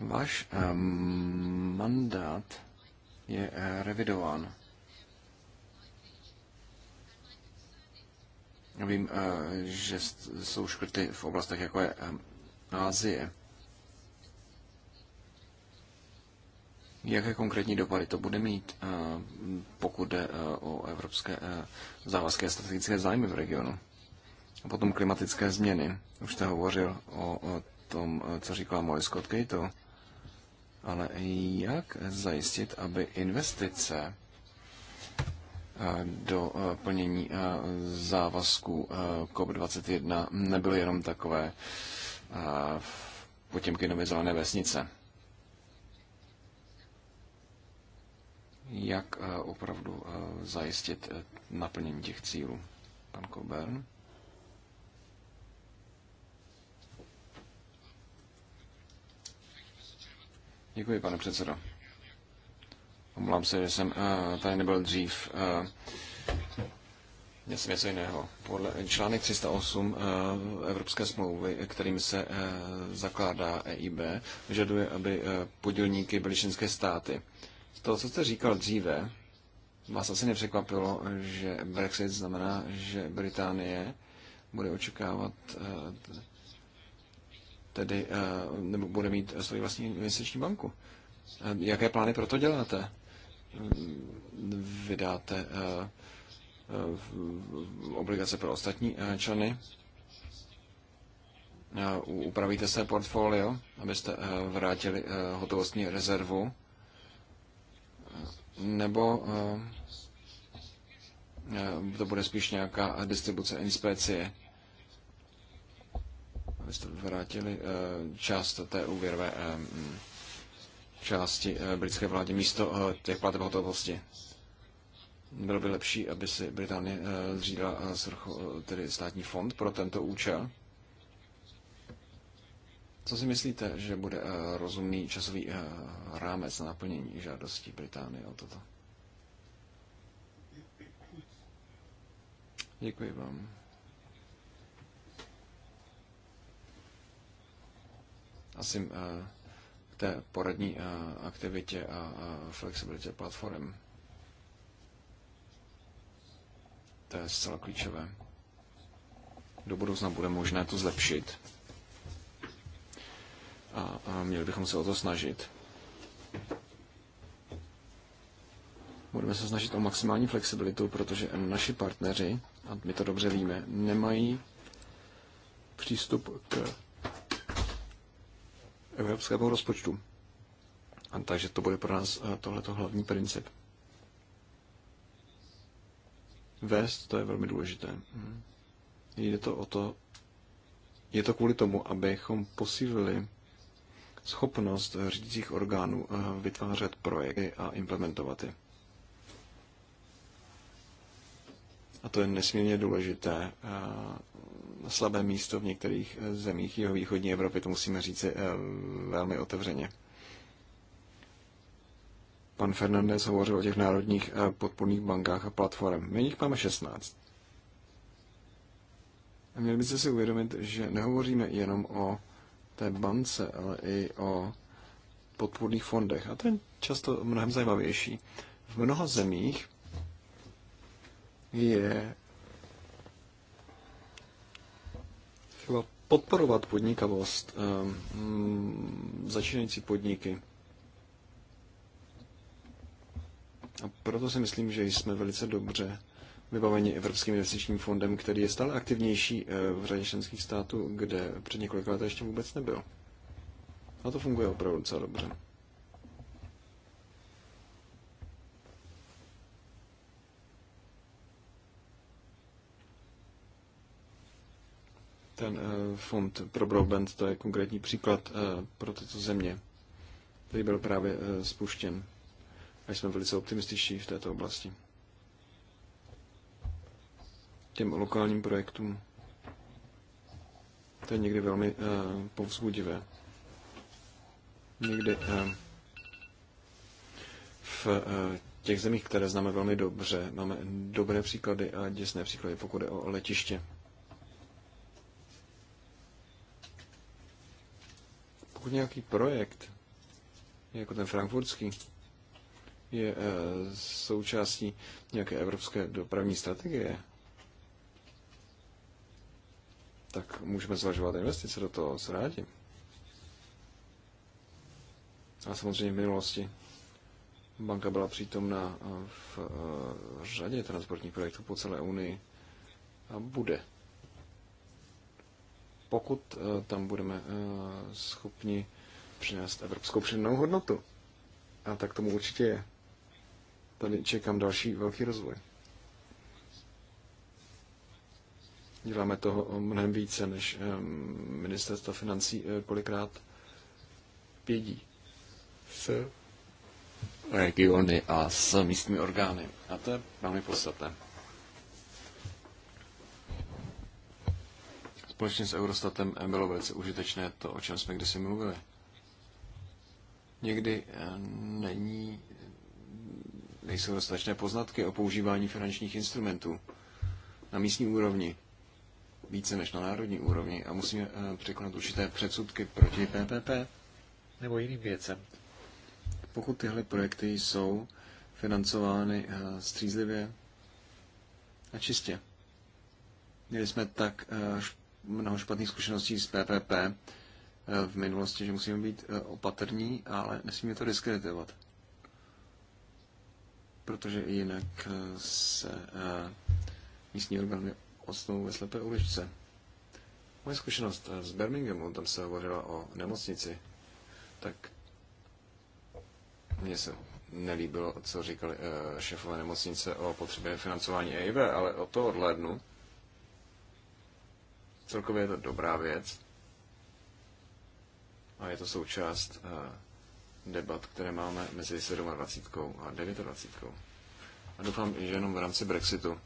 Váš eh, mandát je revidován. Vím, že jsou škrty v oblastech, jako je Ázie. Jaké konkrétní dopady to bude mít, eh, pokud jde eh, o evropské eh, závazky a strategické zájmy v regionu? A potom klimatické změny. Už jste hovořil o, tom, co říkala Molly Scott Cato. Ale jak zajistit, aby investice do plnění závazků COP21 nebyly jenom takové nové zelené vesnice? jak eh, opravdu eh, zajistit eh, naplnění těch cílů. Pan Kobern. Děkuji, pane předsedo. Omlám se, že jsem tady nebyl dřív. Já jsem něco jiného. Podle článek 308 Evropské smlouvy, kterým se zakládá EIB, žaduje, aby podílníky byly členské státy. To, co jste říkal dříve, vás asi nepřekvapilo, že Brexit znamená, že Británie bude očekávat eh, tedy, eh, nebo bude mít svoji vlastní investiční banku. Eh, jaké plány pro to děláte? Mm, vydáte obligace pro ostatní členy? Upravíte se portfolio, abyste vrátili hotovostní rezervu? nebo eh, to bude spíš nějaká distribuce inspecie. Abyste vrátili eh, část té úvěrové eh, části britské vládě místo těch plateb hotovosti. Bylo by lepší, aby si Británie zřídila uh, tedy státní fond pro tento účel. Co si myslíte, že bude eh, rozumný časový eh, rámec na naplnění žádostí Británie o toto? Děkuji vám. Asi eh, k té poradní aktivitě a flexibilitě platform. To je zcela klíčové. Do budoucna bude možné to zlepšit a, a měli bychom se o to snažit. Budeme se snažit o maximální flexibilitu, protože naši partneři, a my to dobře víme, nemají přístup k evropskému rozpočtu. A takže to bude pro nás eh, tohleto hlavní princip. Vést, to je velmi důležité. Hm. Jde to o to, je to kvůli tomu, abychom posílili schopnost řídících orgánů eh, vytvářet projekty a implementovat je. A to je nesmírně důležité. Eh, slabé místo v některých eh, zemích jeho východní Evropy, to musíme říci velmi otevřeně. Pan Fernandez hovořil o těch národních podporných bankách a platform. My jich máme 16. A měli byste si uvědomit, že nehovoříme jenom o té bance, ale i o podpůrných fondech. A to je často mnohem zajímavější. V mnoha zemích je třeba podporovat podnikavost, ehm, začínající podniky. A proto si myslím, že jsme velice dobře vybaveni Evropským investičním fondem, který je stále aktivnější eh, v řadě členských států, kde před několika lety ještě vůbec nebyl. A to funguje opravdu docela dobře. Ten eh, fond pro broadband, to je konkrétní příklad eh, pro tyto země, který byl právě spuštěn. A jsme velice optimističtí v této oblasti těm lokálním projektům. To je někdy velmi uh, povzbudivé. Někdy uh, v uh, těch zemích, které známe velmi dobře, máme dobré příklady a děsné příklady, pokud je o letiště. Pokud nějaký projekt, jako ten frankfurtský, je součástí nějaké evropské dopravní strategie, můžeme zvažovat investice do toho, se rádi. A samozřejmě v minulosti banka byla přítomna v eh, řadě transportních projektů po celé Unii a bude. Pokud eh, tam budeme eh, schopni přinést evropskou přidanou hodnotu. A tak tomu určitě je. Tady čekám další velký rozvoj. Děláme toho mnohem více, než ministerstvo financí eh, kolikrát vědí s regiony a s místními orgány. A to je velmi podstatné. Společně s Eurostatem eh, bylo velice užitečné to, o čem jsme kdysi mluvili. Někdy eh, není, nejsou dostatečné poznatky o používání finančních instrumentů na místní úrovni více než na národní úrovni a musíme eh, překonat určité předsudky proti PPP nebo jiným věcem. Pokud tyhle projekty jsou financovány eh, střízlivě a čistě. Měli jsme tak eh, mnoho špatných zkušeností s PPP v minulosti, že musíme být opatrní, ale nesmíme to diskreditovat. Protože jinak se místní orgány ocitnou ve slepé uličce. Moje zkušenost eh, z Birminghamu, tam se hovořila o nemocnici, tak mně se nelíbilo, co říkali eh, šéfové nemocnice o potřebě financování EIB, ale o to odhlédnu. Celkově je to dobrá věc a je to součást eh, debat, které máme mezi 27 a 29. A doufám, že jenom v rámci Brexitu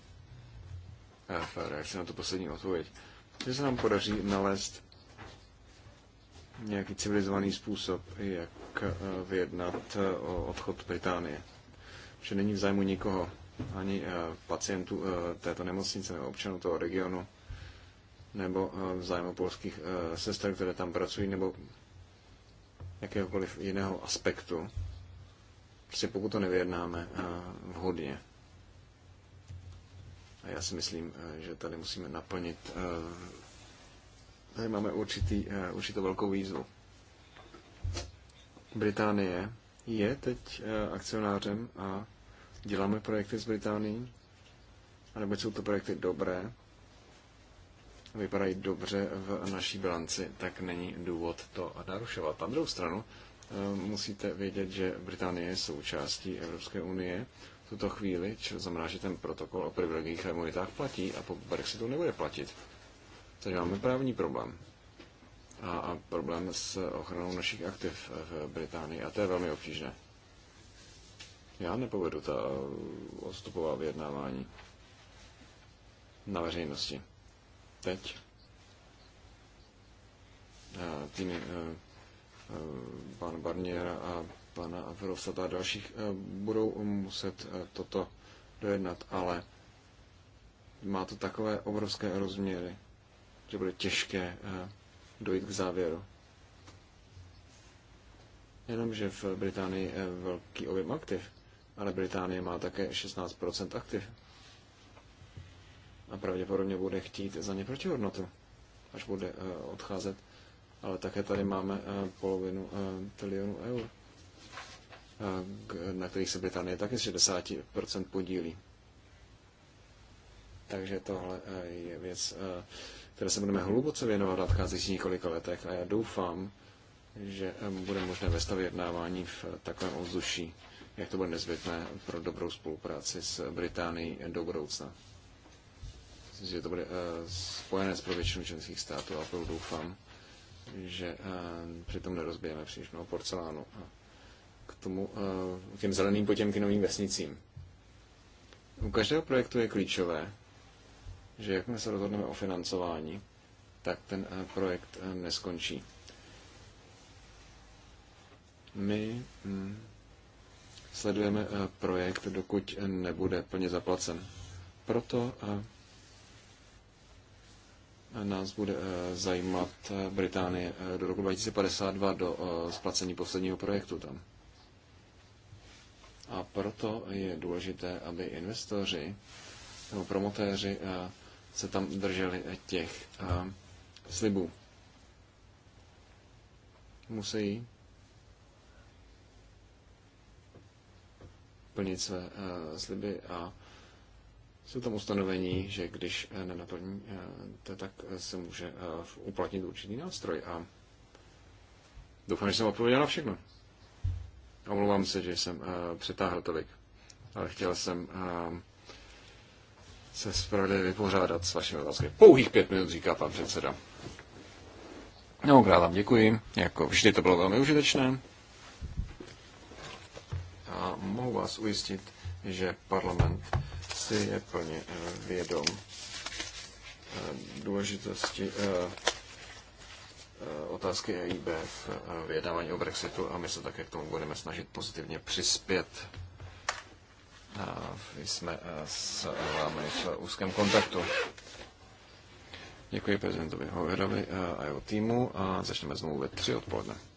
v reakci na tu poslední odpověď, že se nám podaří nalézt nějaký civilizovaný způsob, jak eh, vyjednat eh, o odchod Británie. Že není v zájmu nikoho, ani eh, pacientů této nemocnice nebo občanů toho regionu, nebo v zájmu polských sester, které tam pracují, nebo jakéhokoliv jiného aspektu. si prostě pokud to nevyjednáme vhodně, a já si myslím, eh, že tady musíme naplnit, eh, tady máme určitý, eh, určitou velkou výzvu. Británie je teď akcionářem a děláme projekty s Británií, anebo jsou to projekty dobré, vypadají dobře v naší bilanci, tak není důvod to narušovat. Na druhou stranu musíte vědět, že Británie je součástí Evropské unie v tuto chvíli, což znamená, že ten protokol o privilegiích a imunitách platí a po Brexitu nebude platit. Takže máme právní problém. A, a problém s ochranou našich aktiv v Británii a to je velmi obtížné. Já nepovedu ta eh, odstupová vyjednávání na veřejnosti. Teď eh, týmy eh, pan Barnier a pana Verhofstadta a dalších eh, budou muset eh, toto dojednat, ale má to takové obrovské rozměry, že bude těžké eh, dojít k závěru. Jenomže v Británii je velký objem aktiv, ale Británie má také 16% aktiv. A pravděpodobně bude chtít za ně protihodnotu, až bude odcházet. Ale také tady máme polovinu trilionu eur na kterých se Británie taky z 60% podílí. Takže tohle eh, je věc, eh, které se budeme hluboce věnovat v nadcházejících několika letech a já doufám, že eh, bude možné ve stavě jednávání v takovém ovzduší, jak to bude nezbytné pro dobrou spolupráci s Británií do budoucna. Myslím, že to bude spojené s pro většinu členských států a doufám, že přitom nerozbijeme příliš mnoho porcelánu tomu, eh, k těm zeleným potěmkinovým vesnicím. U každého projektu je klíčové, že jakmile se rozhodneme o financování, tak ten eh, projekt eh, neskončí. My hm, sledujeme projekt, dokud nebude plně zaplacen. Proto nás bude zajímat Británie do roku 2052 do splacení posledního projektu tam. A proto je důležité, aby investoři nebo promotéři eh, se tam drželi těch eh, slibů. Musí plnit své eh, sliby a jsou tam ustanovení, že když nenaplní, to, tak se může uplatnit určitý nástroj. A doufám, že jsem odpověděl na všechno. Omlouvám se, že jsem eh, přetáhl tolik, ale chtěl jsem eh, se spravedlivě vypořádat s vašimi otázkami. Pouhých pět minut, říká pan předseda. krát vám děkuji, jako vždy to bylo velmi užitečné. A mohu vás ujistit, že parlament si je plně eh, vědom důležitosti otázky EIB v eh, vyjednávání o Brexitu a my se také k tomu budeme snažit pozitivně přispět. A jsme eh, s vámi v úzkém kontaktu. Děkuji prezidentovi Hoverovi eh, a jeho týmu a začneme znovu ve tři odpoledne.